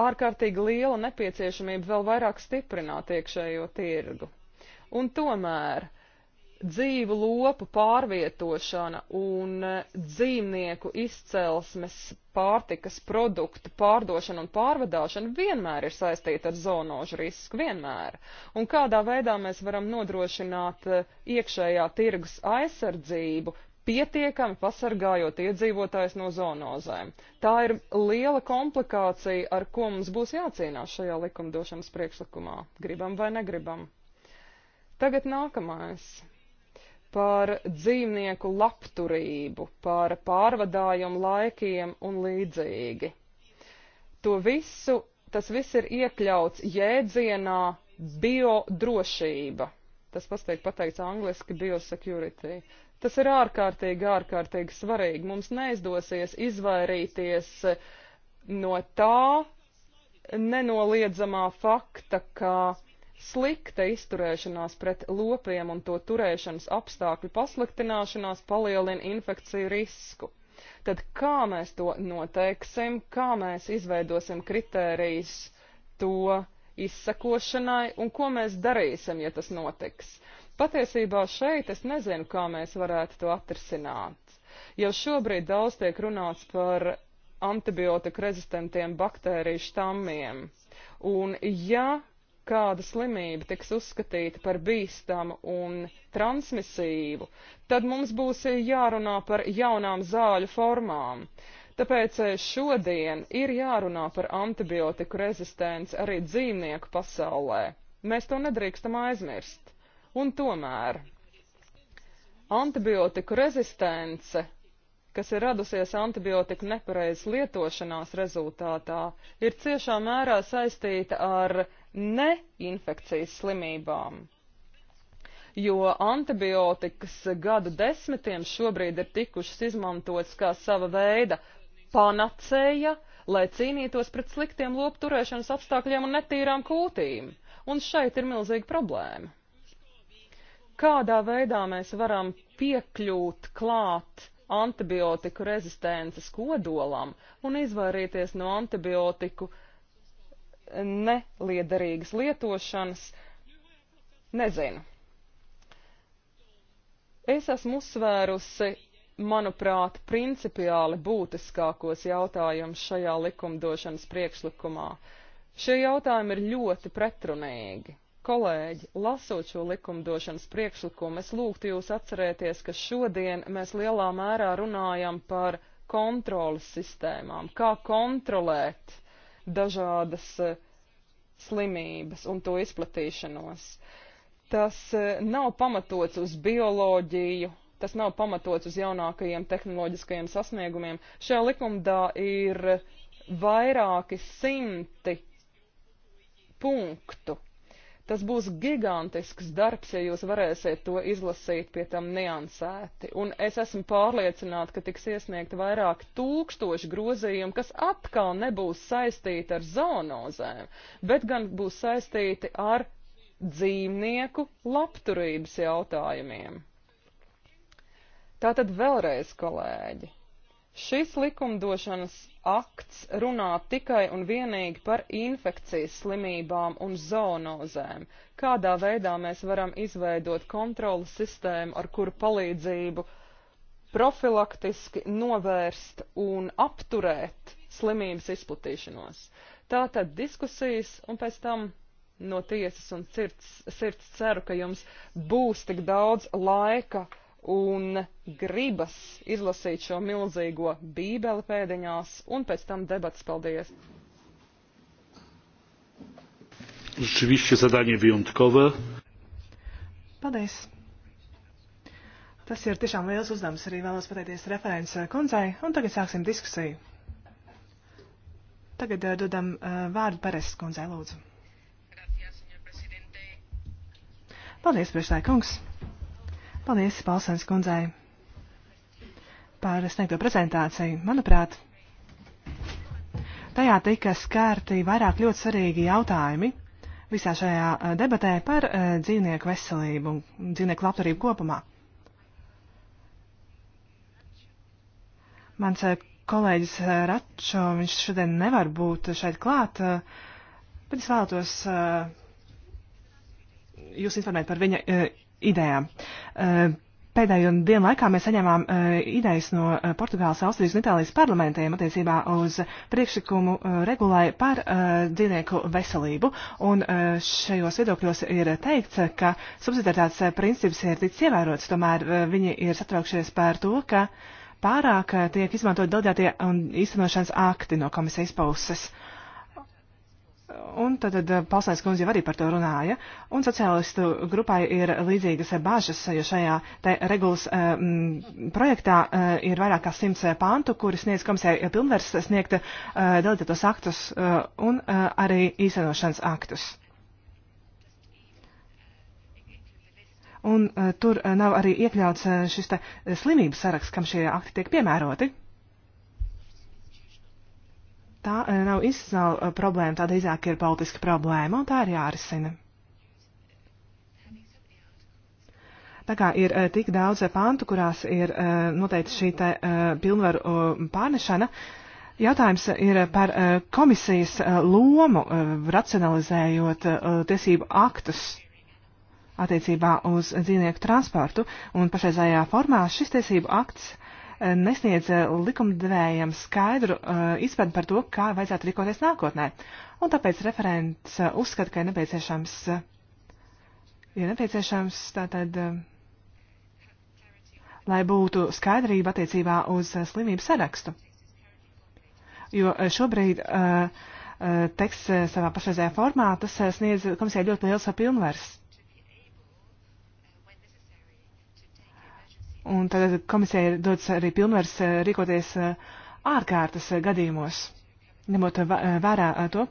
ārkārtīgi liela nepieciešamība vēl vairāk stiprināt iekšējo tirgu. Un tomēr dzīvu lopu pārvietošana un eh, dzīvnieku izcelsmes pārtikas produktu pārdošana un pārvadāšana vienmēr ir saistīta ar zonožu risku, vienmēr. Un kādā veidā mēs varam nodrošināt eh, iekšējā tirgus aizsardzību, pietiekami pasargājot iedzīvotājs no zonozēm. Tā ir liela komplikācija, ar ko mums būs jācīnās šajā likumdošanas priekšlikumā, gribam vai negribam. Tagad nākamais par dzīvnieku labturību, par pārvadājumu laikiem un līdzīgi. To visu, tas viss ir iekļauts jēdzienā biodrošība. Tas pasteik pateikts angliski biosecurity. Tas ir ārkārtīgi, ārkārtīgi svarīgi. Mums neizdosies izvairīties no tā nenoliedzamā fakta, ka Slikta izturēšanās pret lopiem un to turēšanas apstākļu pasliktināšanās palielina infekciju risku. Tad kā mēs to noteiksim, kā mēs izveidosim kritērijus to izsakošanai un ko mēs darīsim, ja tas notiks? Patiesībā šeit es nezinu, kā mēs varētu to atrisināt. Jau šobrīd daudz tiek runāts par antibiotiku rezistentiem baktēriju štammiem. Un ja kāda slimība tiks uzskatīta par bīstamu un transmisīvu, tad mums būs jārunā par jaunām zāļu formām. Tāpēc šodien ir jārunā par antibiotiku rezistenci arī dzīvnieku pasaulē. Mēs to nedrīkstam aizmirst. Un tomēr antibiotiku rezistence kas ir radusies antibiotiku nepareizas lietošanās rezultātā, ir ciešā mērā saistīta ar neinfekcijas slimībām. Jo antibiotikas gadu desmitiem šobrīd ir tikušas izmantotas kā sava veida panacēja, lai cīnītos pret sliktiem lopturēšanas apstākļiem un netīrām kūtīm. Un šeit ir milzīga problēma. Kādā veidā mēs varam piekļūt klāt antibiotiku rezistences kodolam un izvairīties no antibiotiku uh, neliederīgas lietošanas. Nezinu. Es esmu uzsvērusi, manuprāt, principiāli būtiskākos jautājumus šajā likumdošanas priekšlikumā. Šie jautājumi ir ļoti pretrunīgi. Kolēģi, lasot šo likumdošanas priekšlikumu, es lūgtu jūs atcerēties, ka šodien mēs lielā mērā runājam par kontrolas sistēmām, kā kontrolēt dažādas uh, slimības un to izplatīšanos. Tas e, nav pamatots uz bioloģiju, tas nav pamatots uz jaunākajiem tehnoloģiskajiem sasniegumiem. Šajā likumdā ir vairāki simti punktu, Tas būs gigantisks darbs, ja jūs varēsiet to izlasīt pie tam niansēti. Un es esmu pārliecināta, ka tiks iesniegt vairāk tūkstoši grozījumu, kas atkal nebūs saistīti ar zoonozēm, bet gan būs saistīti ar dzīvnieku labturības jautājumiem. Tātad vēlreiz, kolēģi, Šis likumdošanas akts runā tikai un vienīgi par infekcijas slimībām un zoonozēm. Kādā veidā mēs varam izveidot kontrolas sistēmu, ar kuru palīdzību profilaktiski novērst un apturēt slimības izplatīšanos. Tātad diskusijas un pēc tam no tiesas un sirds, sirds ceru, ka jums būs tik daudz laika un gribas izlasīt šo milzīgo bībeli pēdiņās, un pēc tam debats. Paldies! Rzeczywiście zadanie wyjątkowe. Paldies! Tas ir tiešām liels uzdevums. Arī vēlos pateikties referents kundzei. Un tagad sāksim diskusiju. Tagad uh, dodam uh, vārdu Pereses kundzei, lūdzu. Paldies, priekšstāja kungs. Paldies Balsēns kundzei par sniegto prezentāciju. Manuprāt, tajā tika skārti vairāk ļoti svarīgi jautājumi visā šajā eh, debatē par eh, dzīvnieku veselību un dzīvnieku labturību kopumā. Mans eh, kolēģis Račo, viņš šodien nevar būt šeit klāt, bet es vēlētos jūs informēt par viņa idejām. Eh, pēdējo dienu laikā mēs saņēmām eh, idejas no eh, Portugāles, Austrijas un Itālijas parlamentiem attiecībā uz priekšlikumu regulai par dzīvnieku veselību. Un šajos viedokļos ir teikts, ka subsidiaritātes princips ir ticis ievērots, tomēr viņi ir satraukšies par to, ka pārāk tiek izmantot daudzētie un īstenošanas akti no komisijas puses. Uh, Un tad, tad eh, Palsnēs kundze jau arī par to runāja, un sociālistu grupai ir līdzīgas bāžas, jo šajā te regulas um, projektā uh, ir vairāk kā simts pāntu, kuri sniedz komisijai pilnvers sniegt uh, delegētos aktus uh, un uh, arī īstenošanas aktus. Un uh, tur nav arī iekļauts uh, šis te slimības saraksts, kam šie akti tiek piemēroti tā e, nav izsala e, problēma, tā drīzāk ir politiska problēma, un tā ir jārisina. Tā kā ir e, tik daudz pantu, kurās ir noteikti šī te pilnvaru pārnešana, jautājums ir par komisijas lomu racionalizējot tiesību aktus attiecībā uz dzīvnieku transportu, un pašreizējā formā šis tiesību akts Eh, nesniedz eh, likumdevējiem skaidru eh, izpratni par to, kā vajadzētu rīkoties nākotnē. Un tāpēc referents uzskata, ka ir nepieciešams, ir nepieciešams tātad, lai būtu skaidrība attiecībā uz slimību sarakstu. Jo šobrīd teksts savā pašreizējā formā tas sniedz komisijai ļoti liels pilnvars Un tad komisija dodas arī pilnvars eh, rīkoties eh, ārkārtas eh, gadījumos, ņemot vērā to,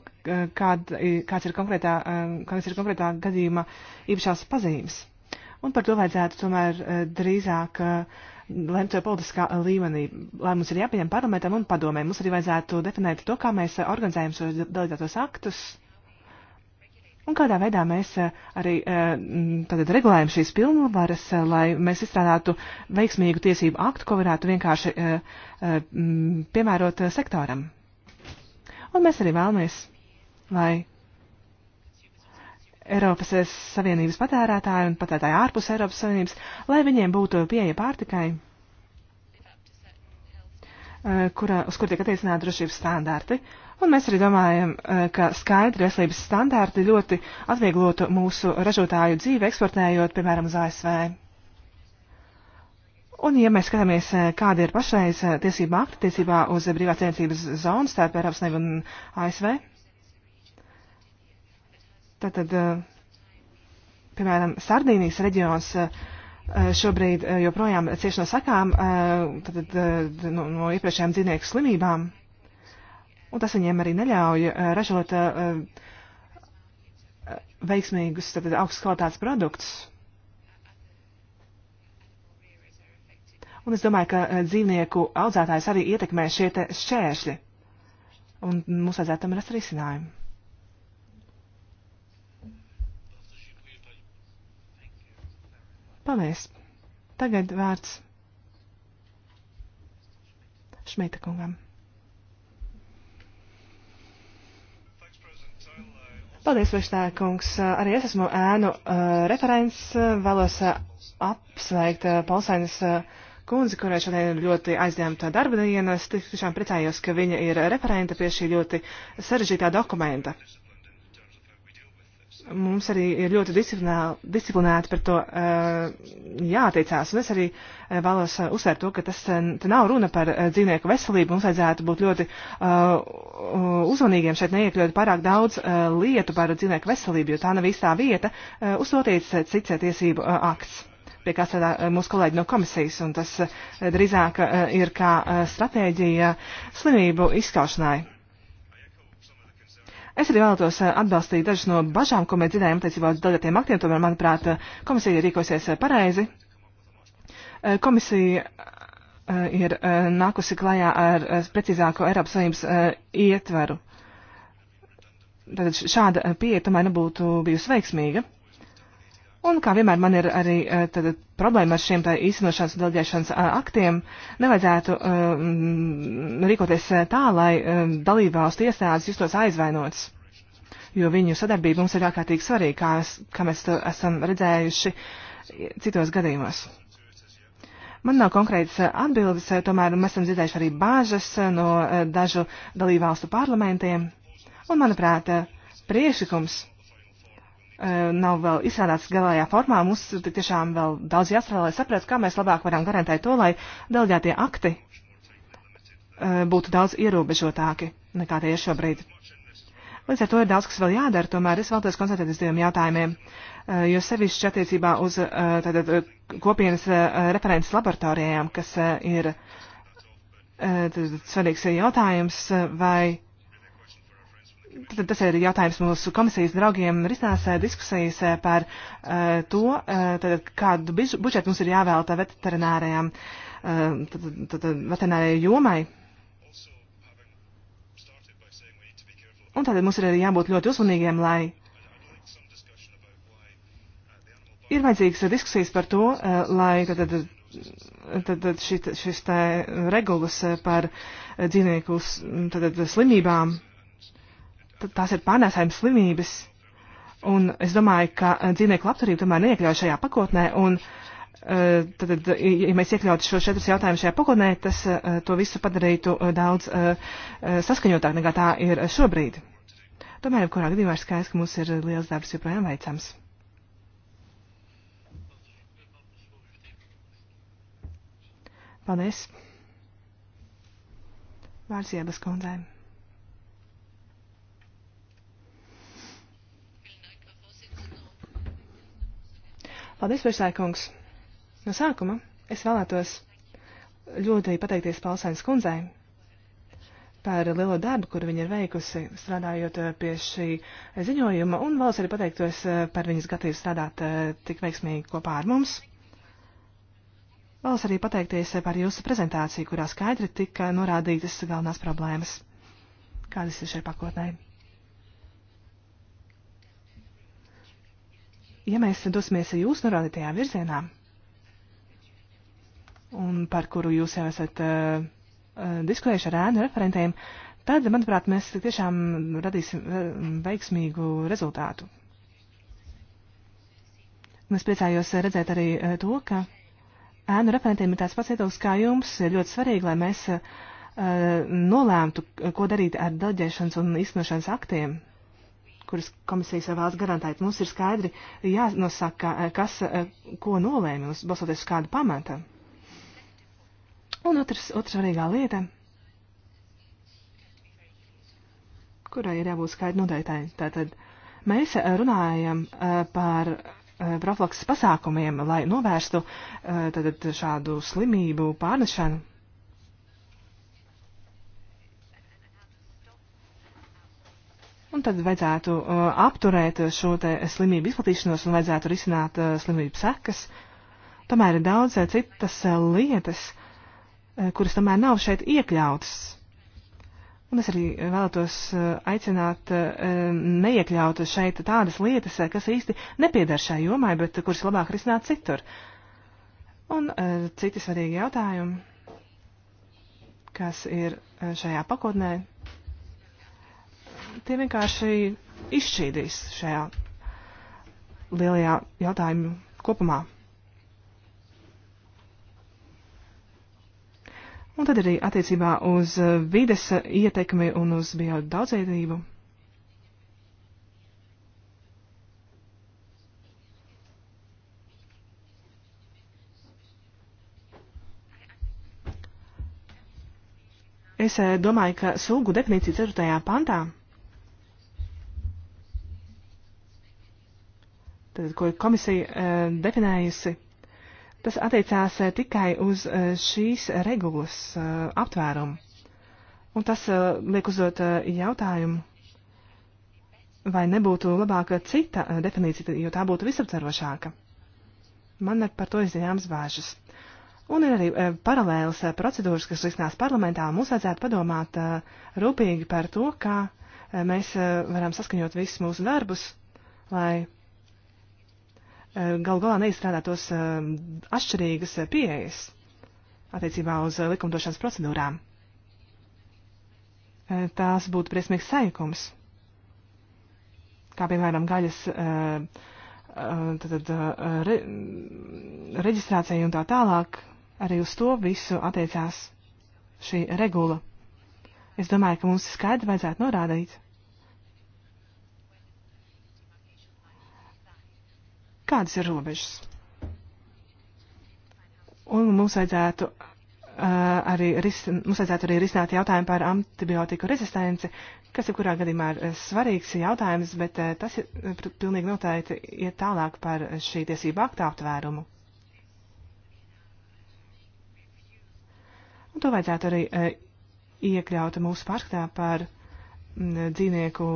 kād, kāds ir konkrētā, kāds ir konkrētā gadījuma īpašās pazīmes. Un par to vajadzētu tomēr drīzāk lemt politiskā līmenī, lai mums ir jāpieņem parlamentam un padomē. Mums arī vajadzētu definēt to, kā mēs organizējam šos delegētos aktus Un kādā veidā mēs eh, arī eh, tātad regulējam šīs pilnvaras, eh, lai mēs izstrādātu veiksmīgu tiesību aktu, ko varētu vienkārši piemērot sektoram. Un mēs arī vēlamies, lai Eiropas Savienības patērētāji un patērētāji ārpus Eiropas Savienības, lai viņiem būtu pieeja pārtikai, kura, uz kur tiek attiecināti drošības standarti, uh, Un mēs arī domājam, eh, ka skaidri veselības standārti ļoti atvieglotu mūsu ražotāju dzīvi eksportējot, piemēram, uz ASV. Un, ja mēs skatāmies, eh, kāda ir pašreiz eh, tiesība akta tiesībā uz brīvās tiesības zonu starp Eiropas Savienību un ASV, tad, piemēram, Sardīnijas reģions šobrīd joprojām cieši no sakām tad, no, no iepriekšējām dzīvnieku slimībām un tas viņiem arī neļauj eh, ražot eh, eh, veiksmīgus, tad augstas kvalitātes produktus. Un es domāju, ka dzīvnieku audzētājs arī ietekmē šie šķēršļi. Un mums vajadzētu tam rast risinājumu. Paldies. Tagad vārds Šmeita kungam. Paldies, priekšstākungs. Arī es esmu ēnu referents. Vēlos apsveikt Palsainas kundzi, kurai šodien ir ļoti aizņemta darba diena. Es tiešām priecājos, ka viņa ir referenta pie šī ļoti sarežģītā dokumenta mums arī ir ļoti disciplinēti par to eh, jāteicās. Un es arī eh, vēlos eh, uzsvērt to, ka tas te nav runa par dzīvnieku veselību. Mums vajadzētu būt ļoti uzmanīgiem šeit neiekļūt pārāk daudz lietu par dzīvnieku veselību, jo tā nav īstā vieta uzsotīts cits tiesību akts pie kā strādā mūsu kolēģi no komisijas, un tas drīzāk ir kā stratēģija slimību izskaušanai. Es arī vēlētos eh, atbalstīt dažas no bažām, ko mēs dzirdējām attiecībā uz delegātiem aktiem, tomēr, manuprāt, eh, komisija rīkosies eh, pareizi. Komisija ir nākusi klajā ar precīzāko Eiropas Savienības ietvaru. Tātad šāda pieeja tomēr nebūtu bijusi veiksmīga. Un kā vienmēr man ir arī eh, tad, problēma ar šiem tā, īstenošanas un delģēšanas eh, aktiem, nevajadzētu um, rīkoties tā, lai um, dalībvalstu iestādes justos aizvainots. Jo viņu sadarbība mums ir ārkārtīgi svarīga, kā, es, kā mēs to esam redzējuši citos gadījumos. Man nav konkrētas atbildes, tomēr mēs esam dzirdējuši arī bāžas no dažu dalībvalstu parlamentiem. Un, manuprāt, priekšlikums Eh, nav vēl izstrādāts galējā formā. Mums tiešām vēl daudz jāstrādā, lai saprastu, kā mēs labāk varam garantēt to, lai delģētie akti eh, būtu daudz ierobežotāki nekā tie ir šobrīd. Līdz ar to ir daudz, kas vēl jādara, tomēr es vēlties koncentrēties diviem jautājumiem, eh, jo sevišķi attiecībā uz tātad, kopienas references laboratorijām, kas ir tātad, svarīgs jautājums, vai Tad tas ir jautājums mūsu komisijas draugiem. Risinās eh, diskusijas eh, par eh, to, tad, kādu budžetu mums ir jāvēlta veterinārajām, tad, tad, veterinārajai jomai. Un tad mums ir arī jābūt ļoti uzmanīgiem, lai ir vajadzīgas diskusijas par to, lai tad, tad, tad, tad šit, šis tā regulas par dzīvnieku tad, slimībām tās ir pārnēsājums slimības. Un es domāju, ka eh, dzīvnieku labturība tomēr neiekļauj šajā pakotnē. Un, eh, Tad, ja mēs iekļautu šo četrus jautājumus šajā pakotnē, tas eh, to visu padarītu daudz saskaņotāk nekā tā ir šobrīd. Tomēr, kurā gadījumā ir skaidrs, ka mums ir liels darbs joprojām veicams. Paldies! Vārds Iebas kundzēm. Paldies, priekšsēkungs! No sākuma es vēlētos ļoti pateikties Palsēnas kundzei par lielo darbu, kur viņa ir veikusi, strādājot eh, pie šī ziņojuma, un vēlos arī pateiktos eh, par viņas gatavību strādāt eh, tik veiksmīgi kopā ar mums. Vēlos arī pateikties par jūsu prezentāciju, kurā skaidri tika norādītas galvenās problēmas. Kādas ir šai pakotnē? ja mēs dosimies jūs norādītajā virzienā, un par kuru jūs jau esat uh, diskutējuši ar ēnu referentiem, tad, manuprāt, mēs tiešām radīsim eh, veiksmīgu rezultātu. Un es priecājos redzēt arī to, ka ēnu referentiem ir tāds pats ietauks kā jums, ir ļoti svarīgi, lai mēs uh, nolēmtu, ko darīt ar daļģēšanas un izsnošanas aktiem, kuras komisija sev vēlas garantēt. Mums ir skaidri jānosaka, eh, kas eh, ko nolēma, uz balsoties uz kādu pamatu. Un otrs, otrs svarīgā lieta, kurai ir jābūt skaidri noteiktai. Tātad mēs eh, runājam par profilakses pasākumiem, lai novērstu tātad šādu slimību pārnešanu. Un tad vajadzētu uh, apturēt šo te slimību izplatīšanos un vajadzētu risināt uh, slimību sekas. Tomēr ir daudz uh, citas uh, lietas, uh, kuras tomēr nav šeit iekļautas. Un es arī vēlētos uh, aicināt uh, um, neiekļaut šeit tādas lietas, uh, kas īsti nepiedar šai jomai, bet uh, kuras labāk risināt citur. Un uh, citi svarīgi jautājumi, kas ir uh, šajā pakotnē tie vienkārši izšķīdīs šajā lielajā jautājumu kopumā. Un tad arī attiecībā uz vides ietekmi un uz biodaudzveidību. Es eh, domāju, ka sulgu definīcija 4. pantā tad, ko komisija e, definējusi, tas attiecās e, tikai uz e, šīs regulas aptvērumu. Un tas liek uzdot jautājumu, vai nebūtu labāka cita definīcija, jo tā būtu visaptverošāka. Man par to ir zināmas bāžas. Un ir arī paralēlas procedūras, kas risinās parlamentā, un mums vajadzētu padomāt rūpīgi par to, kā mēs varam saskaņot visus mūsu darbus, lai gal galā neizstrādātos um, atšķirīgas pieejas attiecībā uz uh, likumdošanas procedūrām. Uh, tās būtu briesmīgs saikums, kā piemēram gaļas uh, tad, re, reģistrācija un tā tālāk. Arī uz to visu attiecās šī regula. Es domāju, ka mums skaidri vajadzētu norādīt, Kādas ir robežas? Un mums vajadzētu, uh, arī, risin, mums vajadzētu arī risināt jautājumu par antibiotiku rezistenci, kas jebkurā gadījumā ir svarīgs jautājums, bet uh, tas ir, pilnīgi noteikti iet tālāk par šī tiesība akta aptvērumu. Un to vajadzētu arī uh, iekļaut mūsu pārskatā par dzīvnieku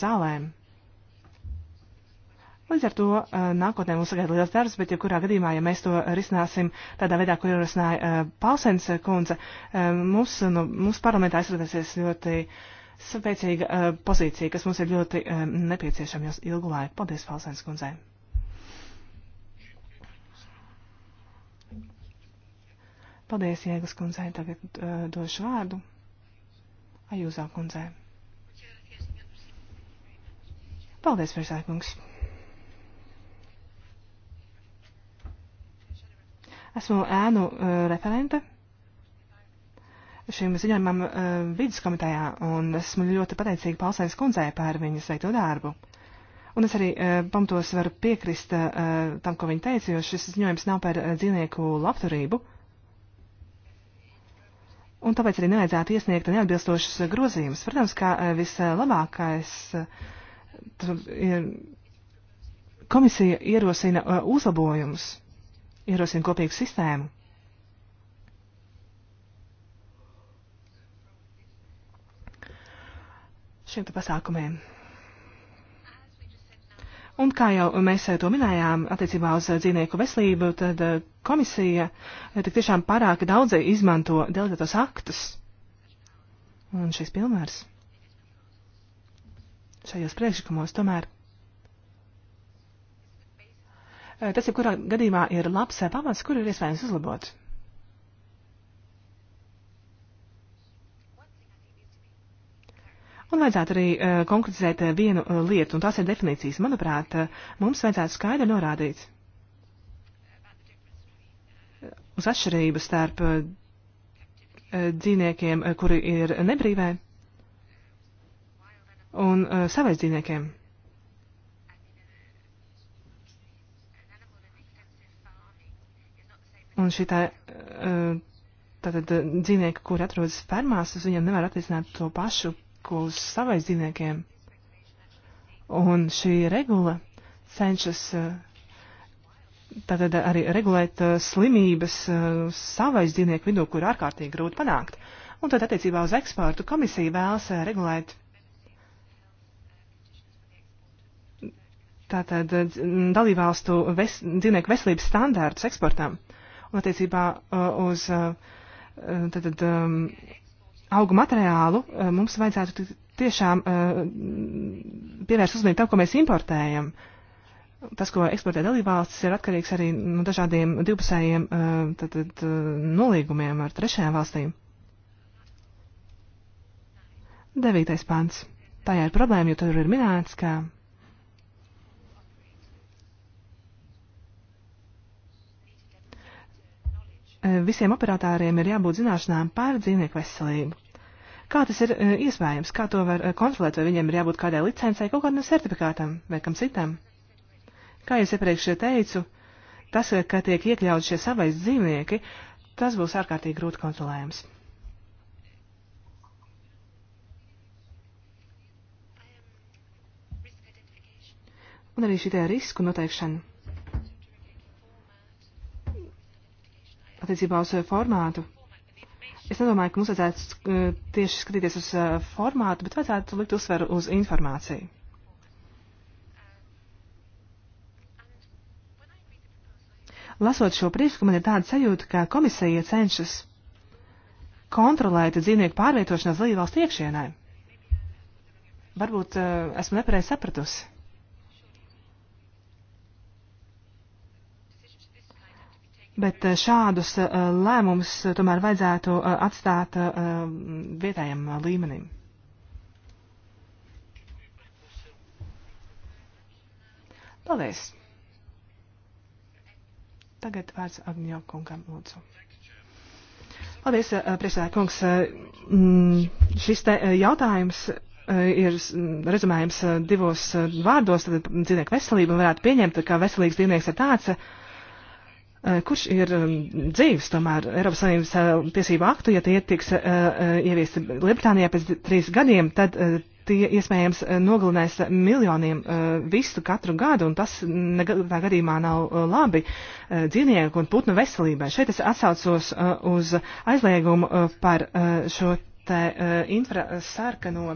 zālēm. Līdz ar to eh, nākotnē mums sagaida liels darbs, bet jebkurā gadījumā, ja mēs to risināsim tādā veidā, ko ierosināja eh, Palsens kundze, eh, mums, nu, mums parlamentā aizradēsies ļoti spēcīga pozīcija, kas mums ir ļoti nepieciešama jau ilgu laiku. Paldies, Palsens kundzei! Paldies, Jēgas kundzei. Tagad uh, došu vārdu Ajūzā kundzei. Paldies, priekšsēkungs. Esmu ēnu eh, referente šim ziņojumam eh, viduskomitejā, un esmu ļoti pateicīga Palsēnas kundzei par viņas veikto darbu. Un es arī eh, pamatos varu piekrist tam, ko viņa teica, jo šis ziņojums nav par dzīvnieku labturību. Un tāpēc arī nevajadzētu iesniegt neatbilstošus grozījumus. Protams, kā vislabākais komisija ierosina uzlabojumus ierosina kopīgu sistēmu. Šiem te pasākumiem. Un kā jau mēs eh, to minējām attiecībā uz eh, dzīvnieku veselību, tad eh, komisija tik tiešām pārāk daudz izmanto delegētos aktus. Un šis pilnvērs šajos priekšlikumos tomēr Eh, tas, ja kurā gadījumā ir labs eh, pamats, kur ir iespējams uzlabot. Un vajadzētu arī uh, konkretizēt vienu uh, lietu, un tās ir definīcijas. Manuprāt, uh, mums vajadzētu skaidri norādīt uz atšķirību starp uh, dzīvniekiem, kuri ir nebrīvē, un uh, savais dzīvniekiem. Un šī tā, eh, tātad eh, dzīvnieki, kur atrodas fermās, uz viņiem nevar attiecināt to pašu, ko uz savais dzīvniekiem. Un šī regula cenšas eh, tātad arī regulēt slimības savais dzīvnieku vidū, kur ārkārtīgi grūti panākt. Un tad attiecībā uz eksportu komisija vēlas regulēt tātad dalībvalstu ves, dzīvnieku veselības standārtus eksportam un attiecībā uh, uz tātad, uh, uh, um, augu materiālu mums vajadzētu tiešām pievērst uzmanību tam, ko mēs importējam. Tas, ko eksportē dalībvalstis, ir atkarīgs arī no dažādiem divpusējiem tātad, nolīgumiem ar trešajām valstīm. Devītais pants. Tā jau ir problēma, jo tur ir minēts, ka Eh, visiem operatoriem ir jābūt zināšanām par dzīvnieku veselību. Kā tas ir eh, iespējams? Kā to var eh, kontrolēt? Vai viņiem ir jābūt kādai licencei, kaut kādam certifikātam vai kam citam? Kā jau iepriekš teicu, tas, ka tiek iekļauts šie savais dzīvnieki, tas būs ārkārtīgi grūti kontrolējams. Un arī šī risku noteikšana. attiecībā uz eh, formātu. Es nedomāju, ka mums vajadzētu eh, tieši skatīties uz eh, formātu, bet vajadzētu likt uzsveru uz informāciju. Lasot šo priekšlikumu, man ir tāda sajūta, ka komisija cenšas kontrolēt dzīvnieku pārvietošanās dalībvalstu iekšienē. Varbūt uh, esmu nepareizi sapratusi. Bet eh, šādus eh, lēmumus eh, tomēr vajadzētu atstāt vietējiem līmenim. Paldies! Tagad vārds Agņokungam lūdzu. Paldies, priekšsēkungs. Mm, šis te jautājums ir mm, rezumējams divos vārdos, tad dzīvnieku veselība varētu pieņemt, ka veselīgs dzīvnieks ir tāds, Eh, kurš ir um, dzīves tomēr Eiropas Savienības eh, tiesību aktu, ja tie tiks eh, ieviesti Lielbritānijā pēc trīs gadiem, tad tie iespējams nogalinās miljoniem vistu katru gadu, un tas nekādā gadījumā nav labi dzīvnieku un putnu veselībai. Šeit es atsaucos uz aizliegumu par šo te infrasarkano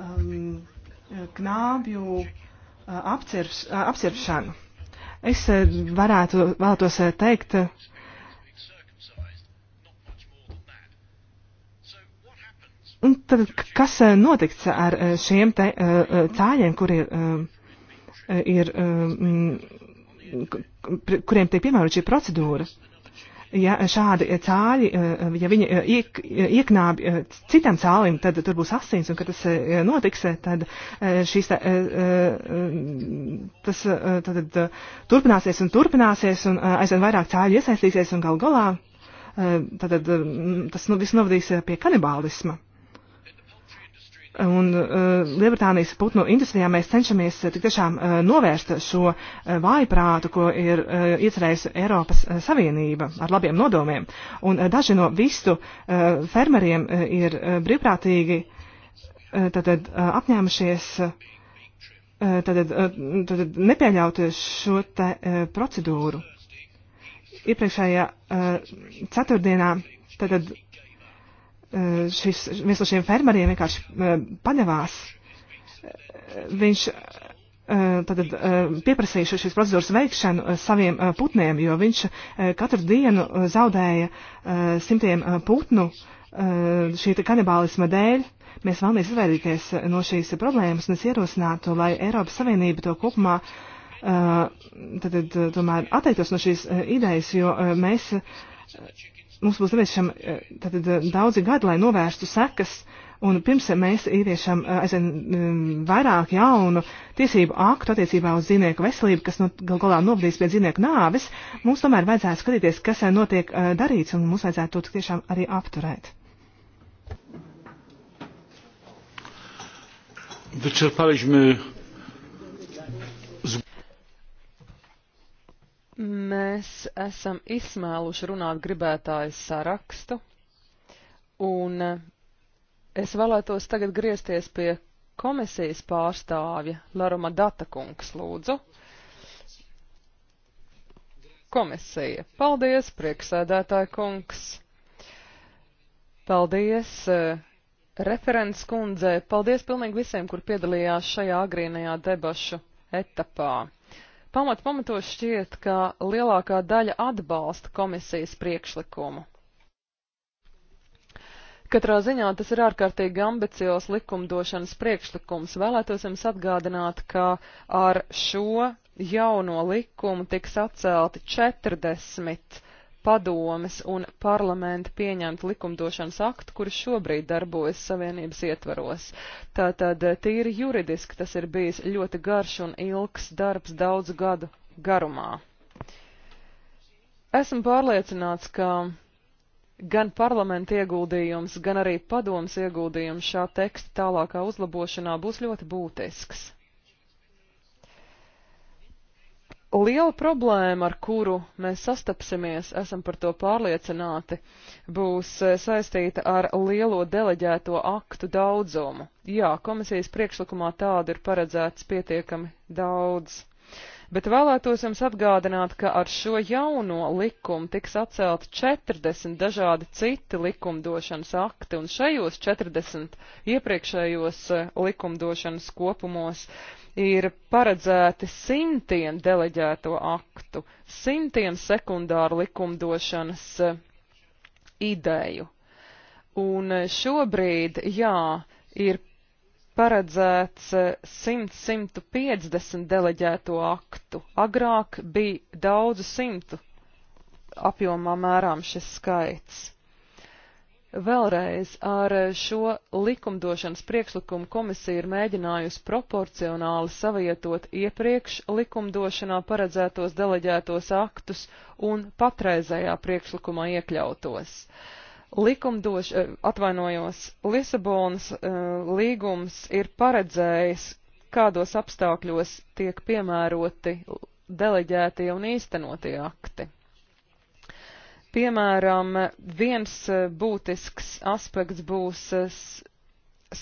um, knābju apcirpšanu. Es eh, varētu vēlētos eh, teikt, eh, Un tad, kas notiks ar šiem te, cāļiem, kuri ir, kuriem tiek piemērota šī procedūra? ja šādi cāļi, eh, ja viņi eh, iek, eh, ieknābi citam cālim, tad tur būs asins, un kad tas notiks, tad šīs, tā, tas tad, turpināsies un turpināsies, un aizvien vairāk cāļu iesaistīsies, un gal galā tad, mm, tas nu, viss novadīs pie kanibālisma. Un uh, Lielbritānijas putnu industrijā mēs cenšamies uh, tik tiešām uh, novērst šo uh, vājprātu, ko ir uh, iecerējusi Eiropas uh, Savienība ar labiem nodomiem. Un uh, daži no vistu uh, fermeriem uh, ir uh, brīvprātīgi uh, tātad, uh, apņēmušies uh, tātad, uh, tātad nepieļaut šo te, uh, procedūru. Iepriekšējā uh, ceturtdienā tātad, uh, Eh, šis, viens no šiem fermeriem vienkārši eh, padevās. Eh, viņš tad pieprasījuši šīs procedūras veikšanu saviem putniem, jo viņš katru dienu zaudēja simtiem putnu šī kanibālisma dēļ. Mēs vēlamies izvairīties no šīs problēmas un es ierosinātu, lai Eiropas Savienība to kopumā tad, tomēr atteiktos no šīs idejas, jo mēs mums būs nepieciešami eh, eh, daudzi gadi, lai novērstu sekas. Un pirms mēs ieviešam eh, aizvien mm, vairāk jaunu tiesību aktu attiecībā uz dzīvnieku veselību, kas nu, gal galā novadīs pie dzīvnieku nāves, mums tomēr vajadzētu skatīties, kas notiek darīts, un mums vajadzētu to tiešām arī apturēt. Wyczerpaliśmy Mēs esam izsmēluši runāt gribētāju sarakstu, un es vēlētos tagad griezties pie komisijas pārstāvja Laruma Datakungs, lūdzu. Komisija. Paldies, prieksēdētāja kungs. Paldies uh, referents kundzei. Paldies pilnīgi visiem, kur piedalījās šajā agrīnajā debašu etapā. Pamat pamatos šķiet, ka lielākā daļa atbalsta komisijas priekšlikumu. Katrā ziņā tas ir ārkārtīgi ambiciozs likumdošanas priekšlikums. Vēlētos jums atgādināt, ka ar šo jauno likumu tiks atcelti 40 padomes un parlamenta pieņemt likumdošanas aktu, kurš šobrīd darbojas Savienības ietvaros. Tātad eh, tīri juridiski tas ir bijis ļoti garš un ilgs darbs daudzu gadu garumā. Esmu pārliecināts, ka gan parlamenta ieguldījums, gan arī padomas ieguldījums šā teksta tālākā uzlabošanā būs ļoti būtisks. Liela problēma, ar kuru mēs sastapsimies, esam par to pārliecināti, būs eh, saistīta ar lielo deleģēto aktu daudzumu. Jā, komisijas priekšlikumā tādu ir paredzēts pietiekami daudz bet vēlētos jums atgādināt, ka ar šo jauno likumu tiks atcelt 40 dažādi citi likumdošanas akti, un šajos 40 iepriekšējos eh, likumdošanas kopumos ir paredzēti simtiem deleģēto aktu, simtiem sekundāru likumdošanas eh, ideju. Un eh, šobrīd, jā, ir paredzēts 100-150 eh, deleģēto aktu. Agrāk bija daudzu simtu apjomā mērām šis skaits. Vēlreiz ar šo likumdošanas priekšlikumu komisija ir mēģinājusi proporcionāli savietot iepriekš likumdošanā paredzētos deleģētos aktus un patreizējā priekšlikumā iekļautos. Uh, Likumdoš, eh, atvainojos, Lisabonas uh, līgums ir paredzējis, kādos apstākļos tiek piemēroti deleģētie un īstenotie akti. Piemēram, viens eh, būtisks aspekts būs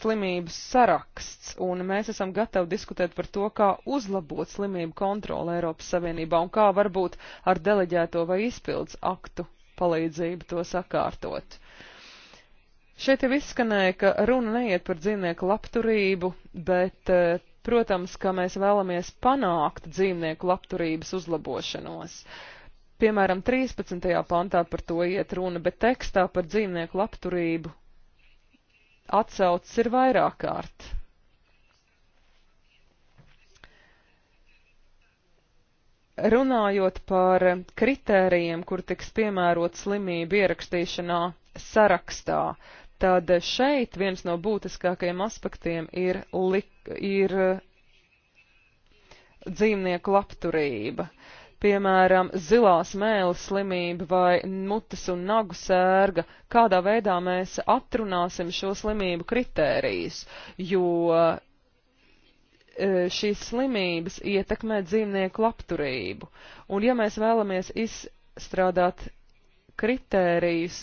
slimības saraksts, un mēs esam gatavi diskutēt par to, kā uzlabot slimību kontroli Eiropas Savienībā un kā varbūt ar deleģēto vai izpildus aktu palīdzību to sakārtot. Šeit jau izskanēja, ka runa neiet par dzīvnieku labturību, bet, eh, protams, ka mēs vēlamies panākt dzīvnieku labturības uzlabošanos. Piemēram, 13. pantā par to iet runa, bet tekstā par dzīvnieku labturību atsaucas ir vairāk kārt. Runājot par kritērijiem, kur tiks piemērot slimību ierakstīšanā sarakstā, tad šeit viens no būtiskākajiem aspektiem ir, li, ir dzīvnieku labturība. Piemēram, zilās mēles slimība vai mutes un nagu sērga, kādā veidā mēs atrunāsim šo slimību kritērijus, jo E, šīs slimības ietekmē dzīvnieku labturību. Un ja mēs vēlamies izstrādāt kritērijus,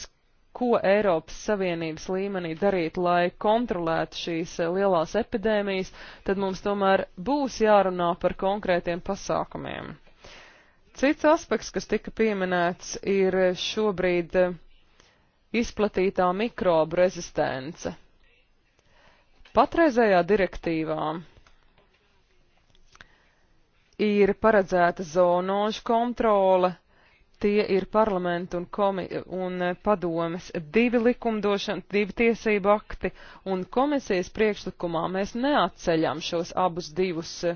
ko Eiropas Savienības līmenī darīt, lai kontrolētu šīs e, lielās epidēmijas, tad mums tomēr būs jārunā par konkrētiem pasākumiem. Cits aspekts, kas tika pieminēts, ir šobrīd e, izplatītā mikrobu rezistence. Patreizējā direktīvā ir paredzēta zonožu kontrole, tie ir parlamentu un, komi, un eh, padomes divi likumdošana, divi tiesību akti, un komisijas priekšlikumā mēs neatceļam šos abus divus eh,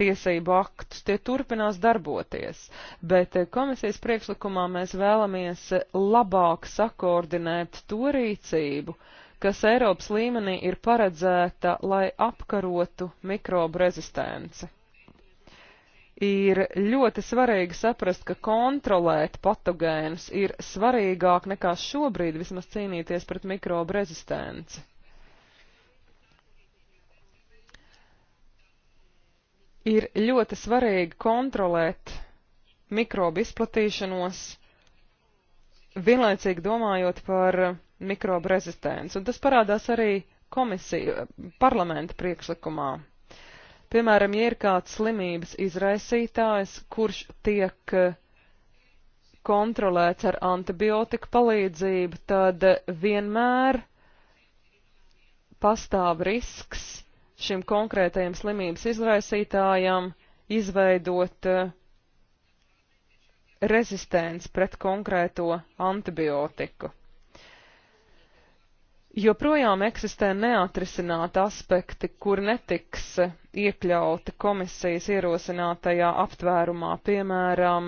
tiesību aktus, tie turpinās darboties, bet eh, komisijas priekšlikumā mēs vēlamies labāk sakoordinēt to rīcību, kas Eiropas līmenī ir paredzēta, lai apkarotu mikrobu rezistenci ir ļoti svarīgi saprast, ka kontrolēt patogēnus ir svarīgāk nekā šobrīd vismaz cīnīties pret mikrobu rezistenci. Ir ļoti svarīgi kontrolēt mikrobu izplatīšanos, vienlaicīgi domājot par mikrobu rezistenci, un tas parādās arī komisija parlamenta priekšlikumā. Piemēram, ja ir kāds slimības izraisītājs, kurš tiek eh, kontrolēts ar antibiotiku palīdzību, tad vienmēr pastāv risks šim konkrētajam slimības izraisītājam izveidot eh, rezistents pret konkrēto antibiotiku joprojām eksistē neatrisināti aspekti, kur netiks iekļauti komisijas ierosinātajā aptvērumā, piemēram,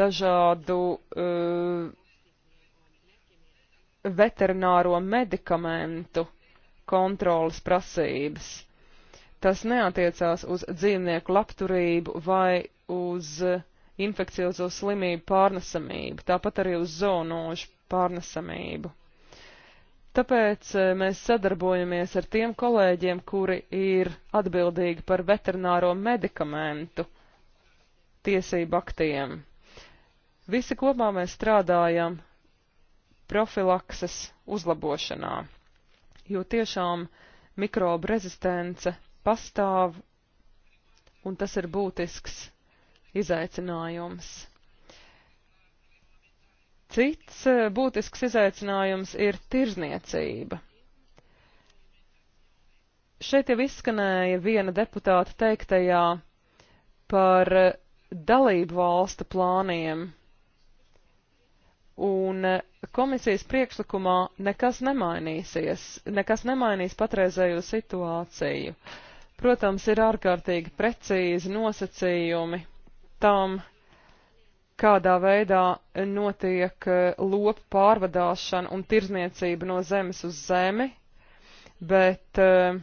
dažādu uh, veterināro medikamentu kontrolas prasības. Tas neatiecās uz dzīvnieku labturību vai uz infekciozo slimību pārnesamību, tāpat arī uz zoonožu pārnesamību. Tāpēc eh, mēs sadarbojamies ar tiem kolēģiem, kuri ir atbildīgi par veterināro medikamentu tiesību aktiem. Visi kopā mēs strādājam profilakses uzlabošanā, jo tiešām mikrobu rezistence pastāv, un tas ir būtisks izaicinājums. Cits eh, būtisks izaicinājums ir tirzniecība. Šeit jau izskanēja viena deputāta teiktajā par eh, dalību valstu plāniem, un eh, komisijas priekšlikumā nekas nemainīsies, nekas nemainīs patreizējo situāciju. Protams, ir ārkārtīgi precīzi nosacījumi tam, kādā veidā notiek eh, lopu pārvadāšana un tirzniecība no zemes uz zemi, bet eh,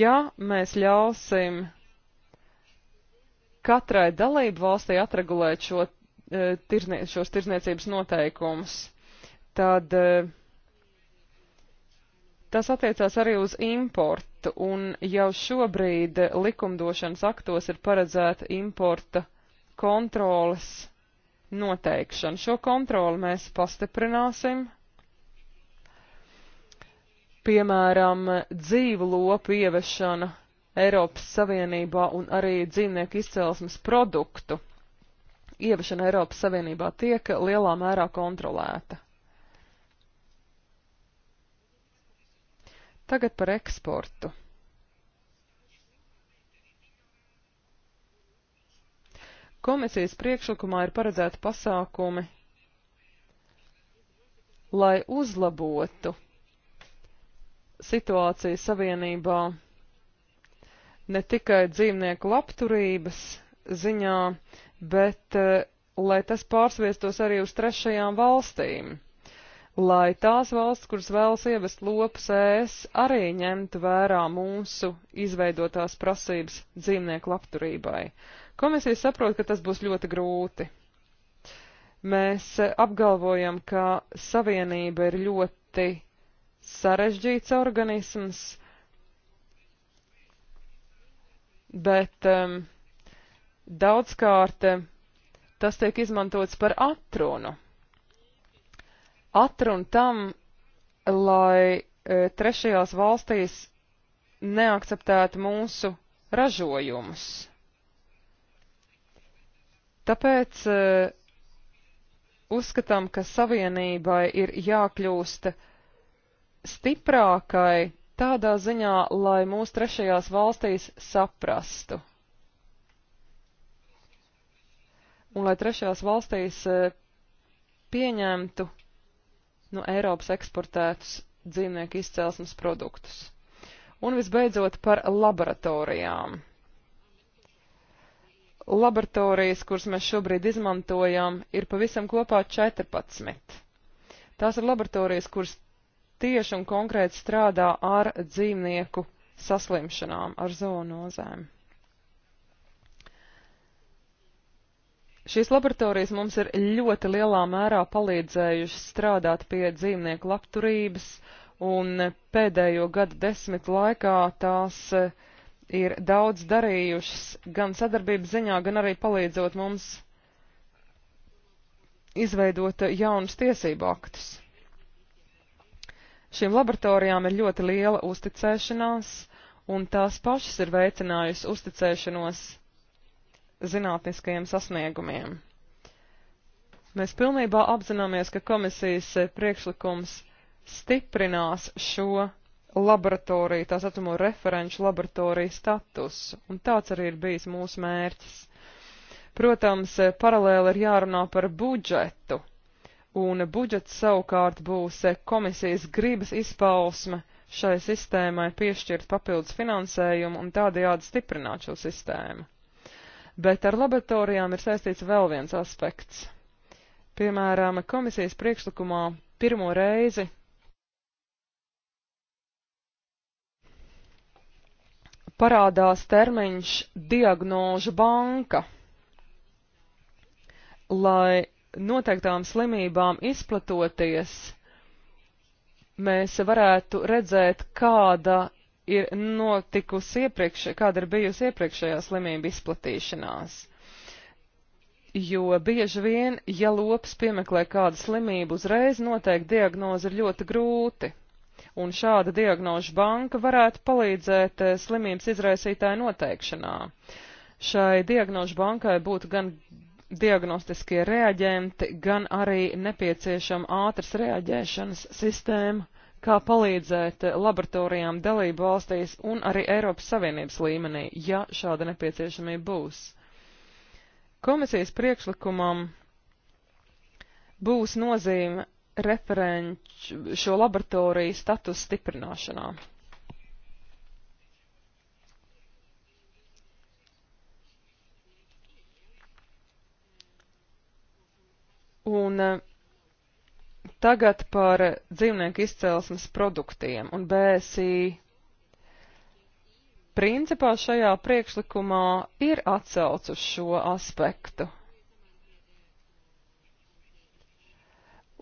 ja mēs ļausim katrai dalību valstī atregulēt šo, eh, tirznie, šos tirzniecības noteikumus, tad tas attiecās arī uz importu, un jau šobrīd likumdošanas aktos ir paredzēta importa kontrolas noteikšanu. Šo kontroli mēs pastiprināsim. Piemēram, dzīvu lopu ievešana Eiropas Savienībā un arī dzīvnieku izcelsmes produktu ieviešana Eiropas Savienībā tiek lielā mērā kontrolēta. Tagad par eksportu. Komisijas priekšlikumā ir paredzēti pasākumi, lai uzlabotu situāciju savienībā ne tikai dzīvnieku labturības ziņā, bet eh, lai tas pārsviestos arī uz trešajām valstīm lai tās valsts, kuras vēlas ievest lopus ēs, arī ņemtu vērā mūsu izveidotās prasības dzīvnieku labturībai. Komisija saprot, ka tas būs ļoti grūti. Mēs apgalvojam, ka savienība ir ļoti sarežģīts organisms, bet um, daudzkārt um, tas tiek izmantots par atrunu. Atrunu tam, lai e, trešajās valstīs neakceptētu mūsu ražojumus. Tāpēc eh, uzskatām, ka savienībai ir jākļūst stiprākai tādā ziņā, lai mūs trešajās valstīs saprastu. Un lai trešajās valstīs eh, pieņemtu no nu, Eiropas eksportētus dzīvnieku izcelsmes produktus. Un visbeidzot par laboratorijām laboratorijas, kuras mēs šobrīd izmantojam, ir pavisam kopā 14. Tās ir laboratorijas, kuras tieši un konkrēti strādā ar dzīvnieku saslimšanām, ar zoonozēm. Šīs laboratorijas mums ir ļoti lielā mērā palīdzējušas strādāt pie dzīvnieku labturības, un pēdējo gadu desmit laikā tās uh, ir daudz darījušas gan sadarbības ziņā, gan arī palīdzot mums izveidot jaunus tiesību aktus. Šīm laboratorijām ir ļoti liela uzticēšanās, un tās pašas ir veicinājusi uzticēšanos zinātniskajiem sasniegumiem. Mēs pilnībā apzināmies, ka komisijas priekšlikums stiprinās šo laboratoriju, tā saucamo referenču laboratoriju statusu, un tāds arī ir bijis mūsu mērķis. Protams, paralēli ir jārunā par budžetu, un budžets savukārt būs komisijas gribas izpausme šai sistēmai piešķirt papildus finansējumu un tādējādi stiprināt šo sistēmu. Bet ar laboratorijām ir saistīts vēl viens aspekts. Piemēram, komisijas priekšlikumā pirmo reizi parādās termiņš diagnožu banka, lai noteiktām slimībām izplatoties, mēs varētu redzēt, kāda ir notikusi iepriekš, kāda ir bijusi iepriekšējā slimība izplatīšanās. Jo bieži vien, ja lops piemeklē kādu slimību, uzreiz noteikt diagnozi ir ļoti grūti un šāda diagnožu banka varētu palīdzēt eh, slimības izraisītāju noteikšanā. Šai diagnožu bankai būtu gan diagnostiskie reaģenti, gan arī nepieciešama ātras reaģēšanas sistēma, kā palīdzēt eh, laboratorijām dalību valstīs un arī Eiropas Savienības līmenī, ja šāda nepieciešamība būs. Komisijas priekšlikumam būs nozīme referenču šo laboratoriju status stiprināšanā. Un eh, tagad par dzīvnieku izcelsmes produktiem un BSI. Principā šajā priekšlikumā ir atsauc uz šo aspektu.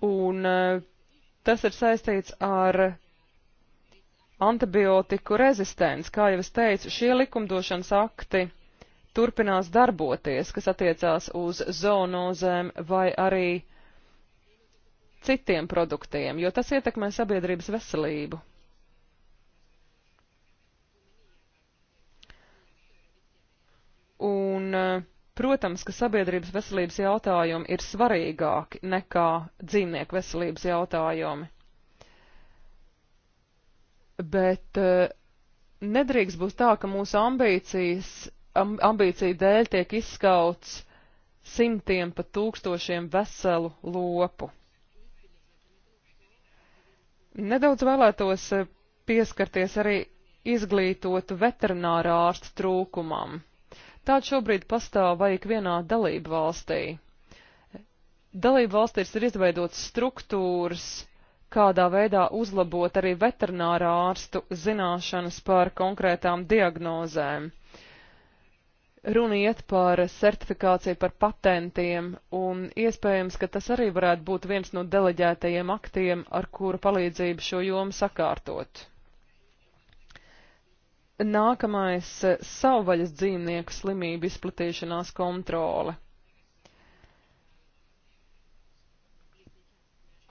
un eh, tas ir saistīts ar antibiotiku rezistents. Kā jau es teicu, šie likumdošanas akti turpinās darboties, kas attiecās uz zoonozēm vai arī citiem produktiem, jo tas ietekmē sabiedrības veselību. Un uh, Protams, ka sabiedrības veselības jautājumi ir svarīgāki nekā dzīvnieku veselības jautājumi. Bet eh, nedrīkst būt tā, ka mūsu ambīcijas, ambīcija dēļ tiek izskauts simtiem pat tūkstošiem veselu lopu. Nedaudz vēlētos eh, pieskarties arī izglītotu veterinārā ārstu trūkumam. Tāda šobrīd pastāv vai ikvienā dalību valstī. Dalību valstīs ir izveidotas struktūras, kādā veidā uzlabot arī veterinārā ārstu zināšanas par konkrētām diagnozēm. Runa iet par certifikāciju par patentiem, un iespējams, ka tas arī varētu būt viens no deleģētajiem aktiem, ar kuru palīdzību šo jomu sakārtot. Nākamais eh, - savvaļas dzīvnieku slimību izplatīšanās kontrole.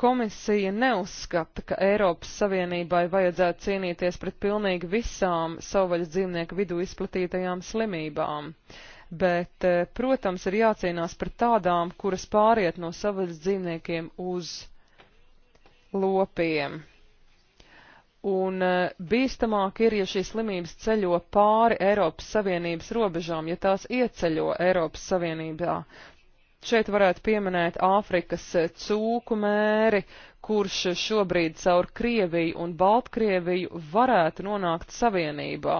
Komisija neuzskata, ka Eiropas Savienībai vajadzētu cīnīties pret pilnīgi visām savvaļas dzīvnieku vidū izplatītajām slimībām, bet, eh, protams, ir jācīnās pret tādām, kuras pāriet no savvaļas dzīvniekiem uz lopiem. Un eh, bīstamāk ir, ja šīs slimības ceļo pāri Eiropas Savienības robežām, ja tās ieceļo Eiropas Savienībā. Šeit varētu pieminēt Āfrikas eh, cūku mēri, kurš šobrīd caur Krieviju un Baltkrieviju varētu nonākt Savienībā.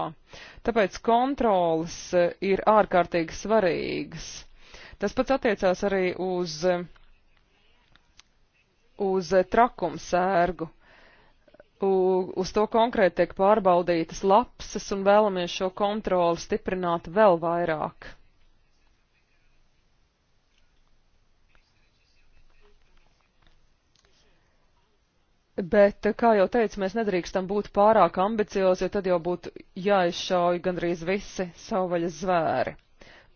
Tāpēc kontrolas eh, ir ārkārtīgi svarīgas. Tas pats attiecās arī uz, uz trakumsērgu uz to konkrēti tiek pārbaudītas lapses un vēlamies šo kontroli stiprināt vēl vairāk. Bet, kā jau teicu, mēs nedrīkstam būt pārāk ambiciozi, jo tad jau būtu jāizšauj gandrīz visi savvaļas zvēri.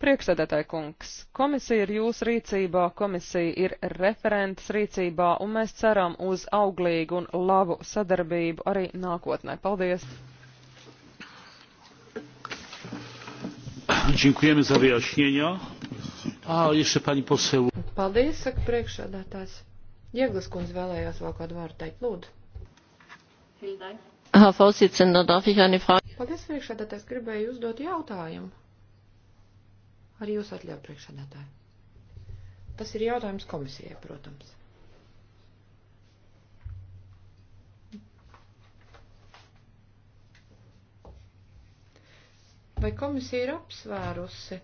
Priekšsēdētāji kungs, komisija ir jūsu rīcībā, komisija ir referents rīcībā, un mēs ceram uz auglīgu un labu sadarbību arī nākotnē. Paldies! Dziękujemy za wyjaśnienia. A jeszcze pani poseł. Paldies, saka priekšsādātājs. Ieglas kundze vēlējās vēl kādu vārdu teikt, lūdzu. Paldies, priekšsādātājs, gribēju uzdot jautājumu. Ar jūsu atļauju priekšsēdētāju. Tas ir jautājums komisijai, protams. Vai komisija ir apsvērusi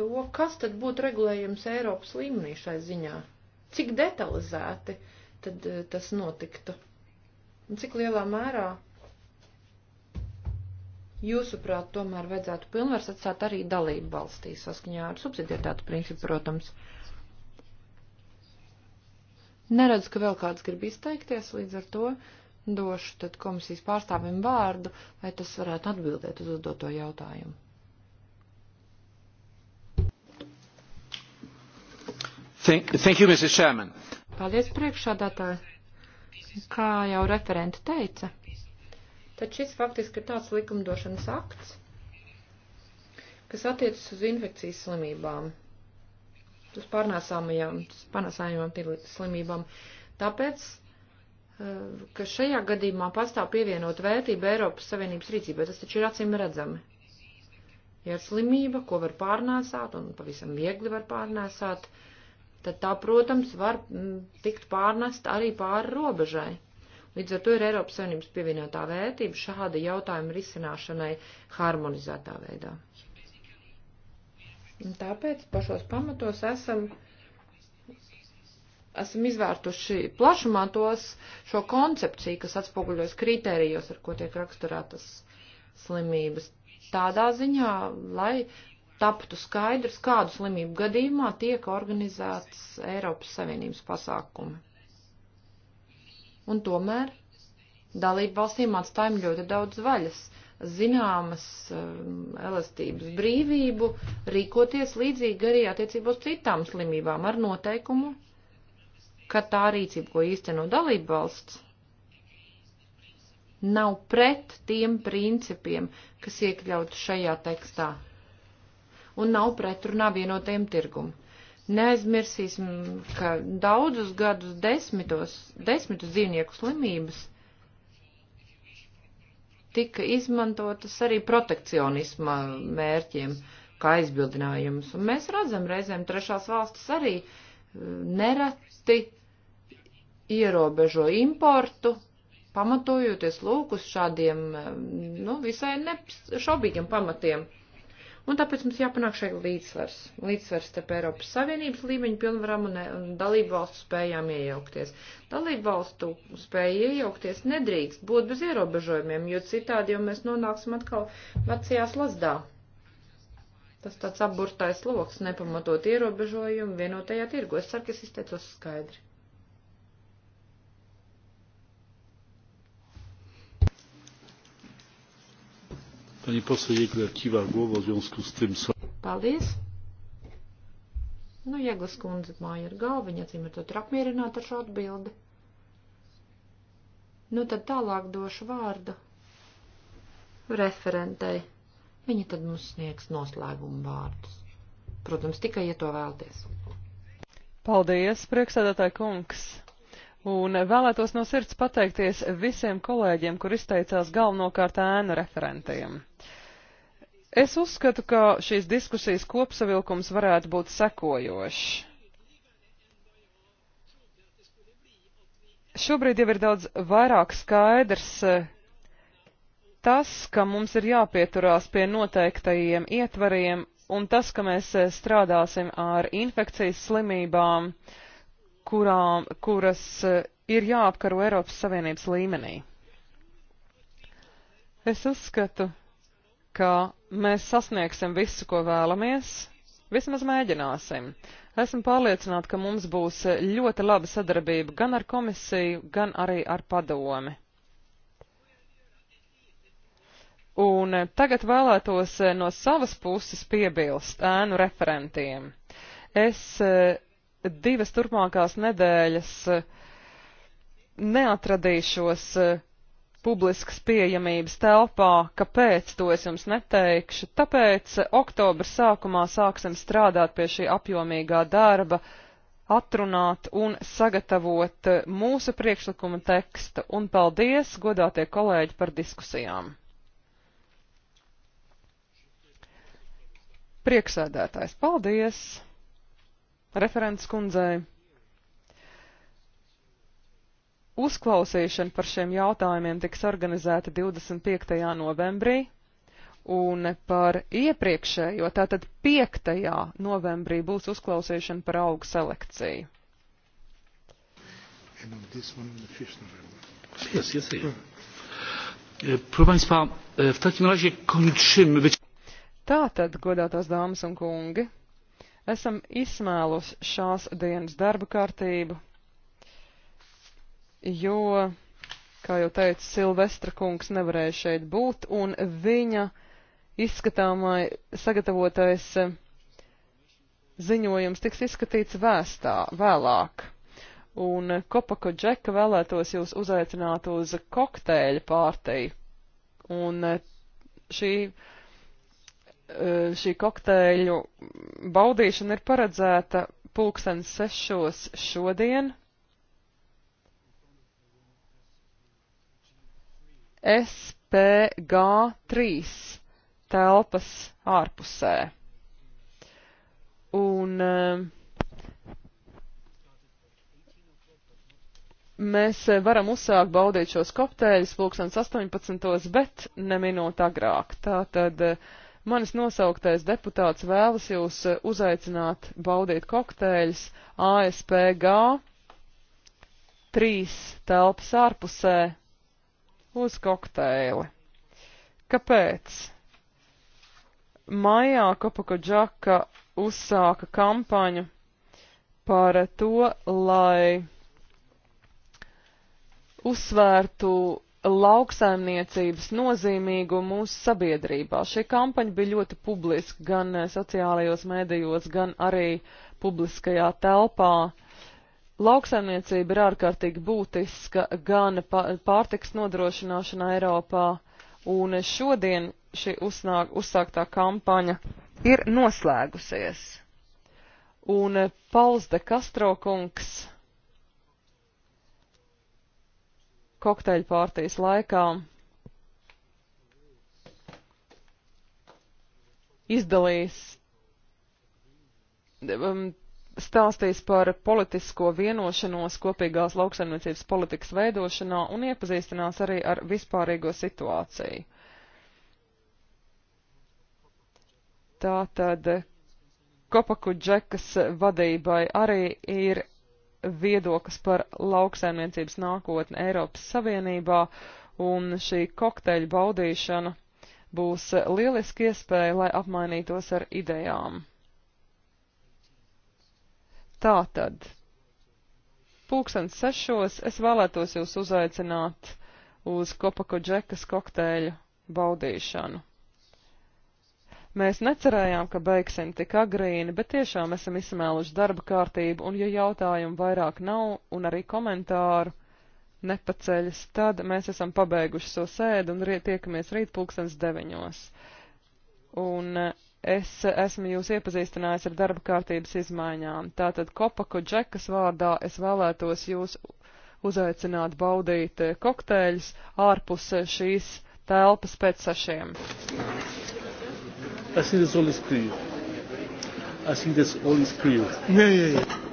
to, kas tad būtu regulējums Eiropas līmenī šai ziņā? Cik detalizēti tad eh, tas notiktu? Un cik lielā mērā jūsuprāt, tomēr vajadzētu pilnvars atstāt arī dalību valstī saskaņā ar subsidietātu principu, protams. Neredz, ka vēl kāds grib izteikties, līdz ar to došu tad komisijas pārstāvim vārdu, lai tas varētu atbildēt uz uzdoto jautājumu. Thank, thank you, Mrs. Chairman. Paldies priekšādātāji. Kā jau referenti teica, tad šis faktiski ir tāds likumdošanas akts, kas attiecas uz infekcijas slimībām, uz pārnēsāmajām, uz pārnēsājumām slimībām. Tāpēc, eh, ka šajā gadījumā pastāv pievienot vērtību Eiropas Savienības rīcībai, tas taču ir acīm redzami. Ja ir slimība, ko var pārnēsāt un pavisam viegli var pārnēsāt, tad tā, protams, var mm, tikt pārnest arī pāri robežai. Līdz ar to ir Eiropas Savienības pievienotā vērtība šāda jautājuma risināšanai harmonizētā veidā. Un tāpēc pašos pamatos esam esam izvērtuši plašumā tos šo koncepciju, kas atspoguļos kritērijos, ar ko tiek raksturētas slimības. Tādā ziņā, lai taptu skaidrs, kādu slimību gadījumā tiek organizētas Eiropas Savienības pasākumi un tomēr dalību valstīm atstājam ļoti daudz vaļas, zināmas um, elastības brīvību, rīkoties līdzīgi arī attiecībos citām slimībām ar noteikumu, ka tā rīcība, ko īsteno dalību valsts, nav pret tiem principiem, kas iekļauts šajā tekstā, un nav pretrunā vienotajam tirgumam. Neaizmirsīsim, ka daudzus gadus desmitos, desmitus dzīvnieku slimības tika izmantotas arī protekcionisma mērķiem, kā aizbildinājums. Un mēs redzam reizēm trešās valstis arī uh, nereti ierobežo importu, pamatojoties lūk uz šādiem, uh, nu, visai šobīgiem pamatiem un tāpēc mums jāpanāk šeit līdzsvars. Līdzsvars starp Eiropas Savienības līmeņu pilnvarām un, un dalību valstu spējām iejaukties. Dalību valstu spēja iejaukties nedrīkst būt bez ierobežojumiem, jo citādi jau mēs nonāksim atkal vecajās lasdā. Tas tāds apburtais loks, nepamatot ierobežojumi vienotajā tirgu. Es ceru, ka es izteicos skaidri. Pani poseł Jegler kiwa głową w związku z tym. Paldies. Nu, Jēglas kundze māja ir galva, viņa cīm ir tad apmierināta ar šo atbildi. Nu, tad tālāk došu vārdu referentei. Viņa tad mums sniegs noslēgumu vārdus. Protams, tikai, ja to vēlties. Paldies, priekšsēdētāji kungs! Un vēlētos no sirds pateikties visiem kolēģiem, kur izteicās galvenokārt ēnu referentiem. Es uzskatu, ka šīs diskusijas kopsavilkums varētu būt sekojošs. Šobrīd jau ir daudz vairāk skaidrs eh, tas, ka mums ir jāpieturās pie noteiktajiem ietvariem un tas, ka mēs eh, strādāsim ar infekcijas slimībām, kurām, kuras eh, ir jāapkaro Eiropas Savienības līmenī. Es uzskatu, ka mēs sasniegsim visu, ko vēlamies, vismaz mēģināsim. Esmu pārliecināta, ka mums būs ļoti laba sadarbība gan ar komisiju, gan arī ar padomi. Un tagad vēlētos no savas puses piebilst ēnu referentiem. Es eh, divas turpmākās nedēļas eh, neatradīšos eh, publiskas pieejamības telpā, kāpēc to es jums neteikšu, tāpēc eh, oktobra sākumā sāksim strādāt pie šī apjomīgā darba, atrunāt un sagatavot eh, mūsu priekšlikuma tekstu, un paldies, godātie kolēģi, par diskusijām. Prieksēdētājs, paldies! Referents kundzei. Uzklausīšana par šiem jautājumiem tiks organizēta 25. novembrī un par iepriekšējo, tātad 5. novembrī būs uzklausīšana par augu selekciju. Yes, yes, yes. E, proszę Państwa, e, w takim razie kończymy. Tātad, godātās dāmas un kungi, esam izsmēluši šās dienas darba kārtību jo, kā jau teicu, Silvestra kungs nevarēja šeit būt, un viņa izskatāmai sagatavotais eh, ziņojums tiks izskatīts vēstā vēlāk. Un eh, Kopako Džeka vēlētos jūs uzaicināt uz kokteļa pārteju. Un eh, šī, šī kokteļu baudīšana ir paredzēta pulksten sešos šodien, SPG3 telpas ārpusē. Un eh, mēs varam uzsākt baudīt šos kokteļus pulkstens 18, bet ne minūte agrāk. Tātad eh, manis nosauktais deputāts vēlas jūs eh, uzaicināt baudīt kokteļus ASPG 3 telpas ārpusē uz kokteili. Kāpēc? Maijā Kopako Džaka uzsāka kampaņu par to, lai uzsvērtu lauksaimniecības nozīmīgu mūsu sabiedrībā. Šī kampaņa bija ļoti publiska gan sociālajos mēdījos, gan arī publiskajā telpā. Lauksaimniecība ir ārkārtīgi būtiska gan pārtiks nodrošināšana Eiropā, un šodien šī uznāk, uzsāktā kampaņa ir noslēgusies. Un Pauls de Castro kungs kokteļu pārtīs laikā izdalīs um, stāstīs par politisko vienošanos kopīgās lauksaimniecības politikas veidošanā un iepazīstinās arī ar vispārīgo situāciju. Tātad Kopaku Džekas vadībai arī ir viedoklis par lauksaimniecības nākotni Eiropas Savienībā, un šī kokteļa baudīšana būs lieliski iespēja, lai apmainītos ar idejām. Tātad, pulkstens sešos es vēlētos jūs uzaicināt uz Kopako džekas kokteļu baudīšanu. Mēs necerējām, ka beigsim tik agrīni, bet tiešām esam izsmēluši darba kārtību, un ja jautājumu vairāk nav, un arī komentāru nepaceļas, tad mēs esam pabeiguši šo so sēdu un rie, tiekamies rīt pulkstens deviņos. Un es esmu jūs iepazīstinājis ar darba kārtības izmaiņām. Tātad Kopako Džekas vārdā es vēlētos jūs uzaicināt baudīt kokteļus ārpus šīs telpas pēc sešiem. I think that's all is clear. I think that's all is clear. Yeah, yeah, yeah.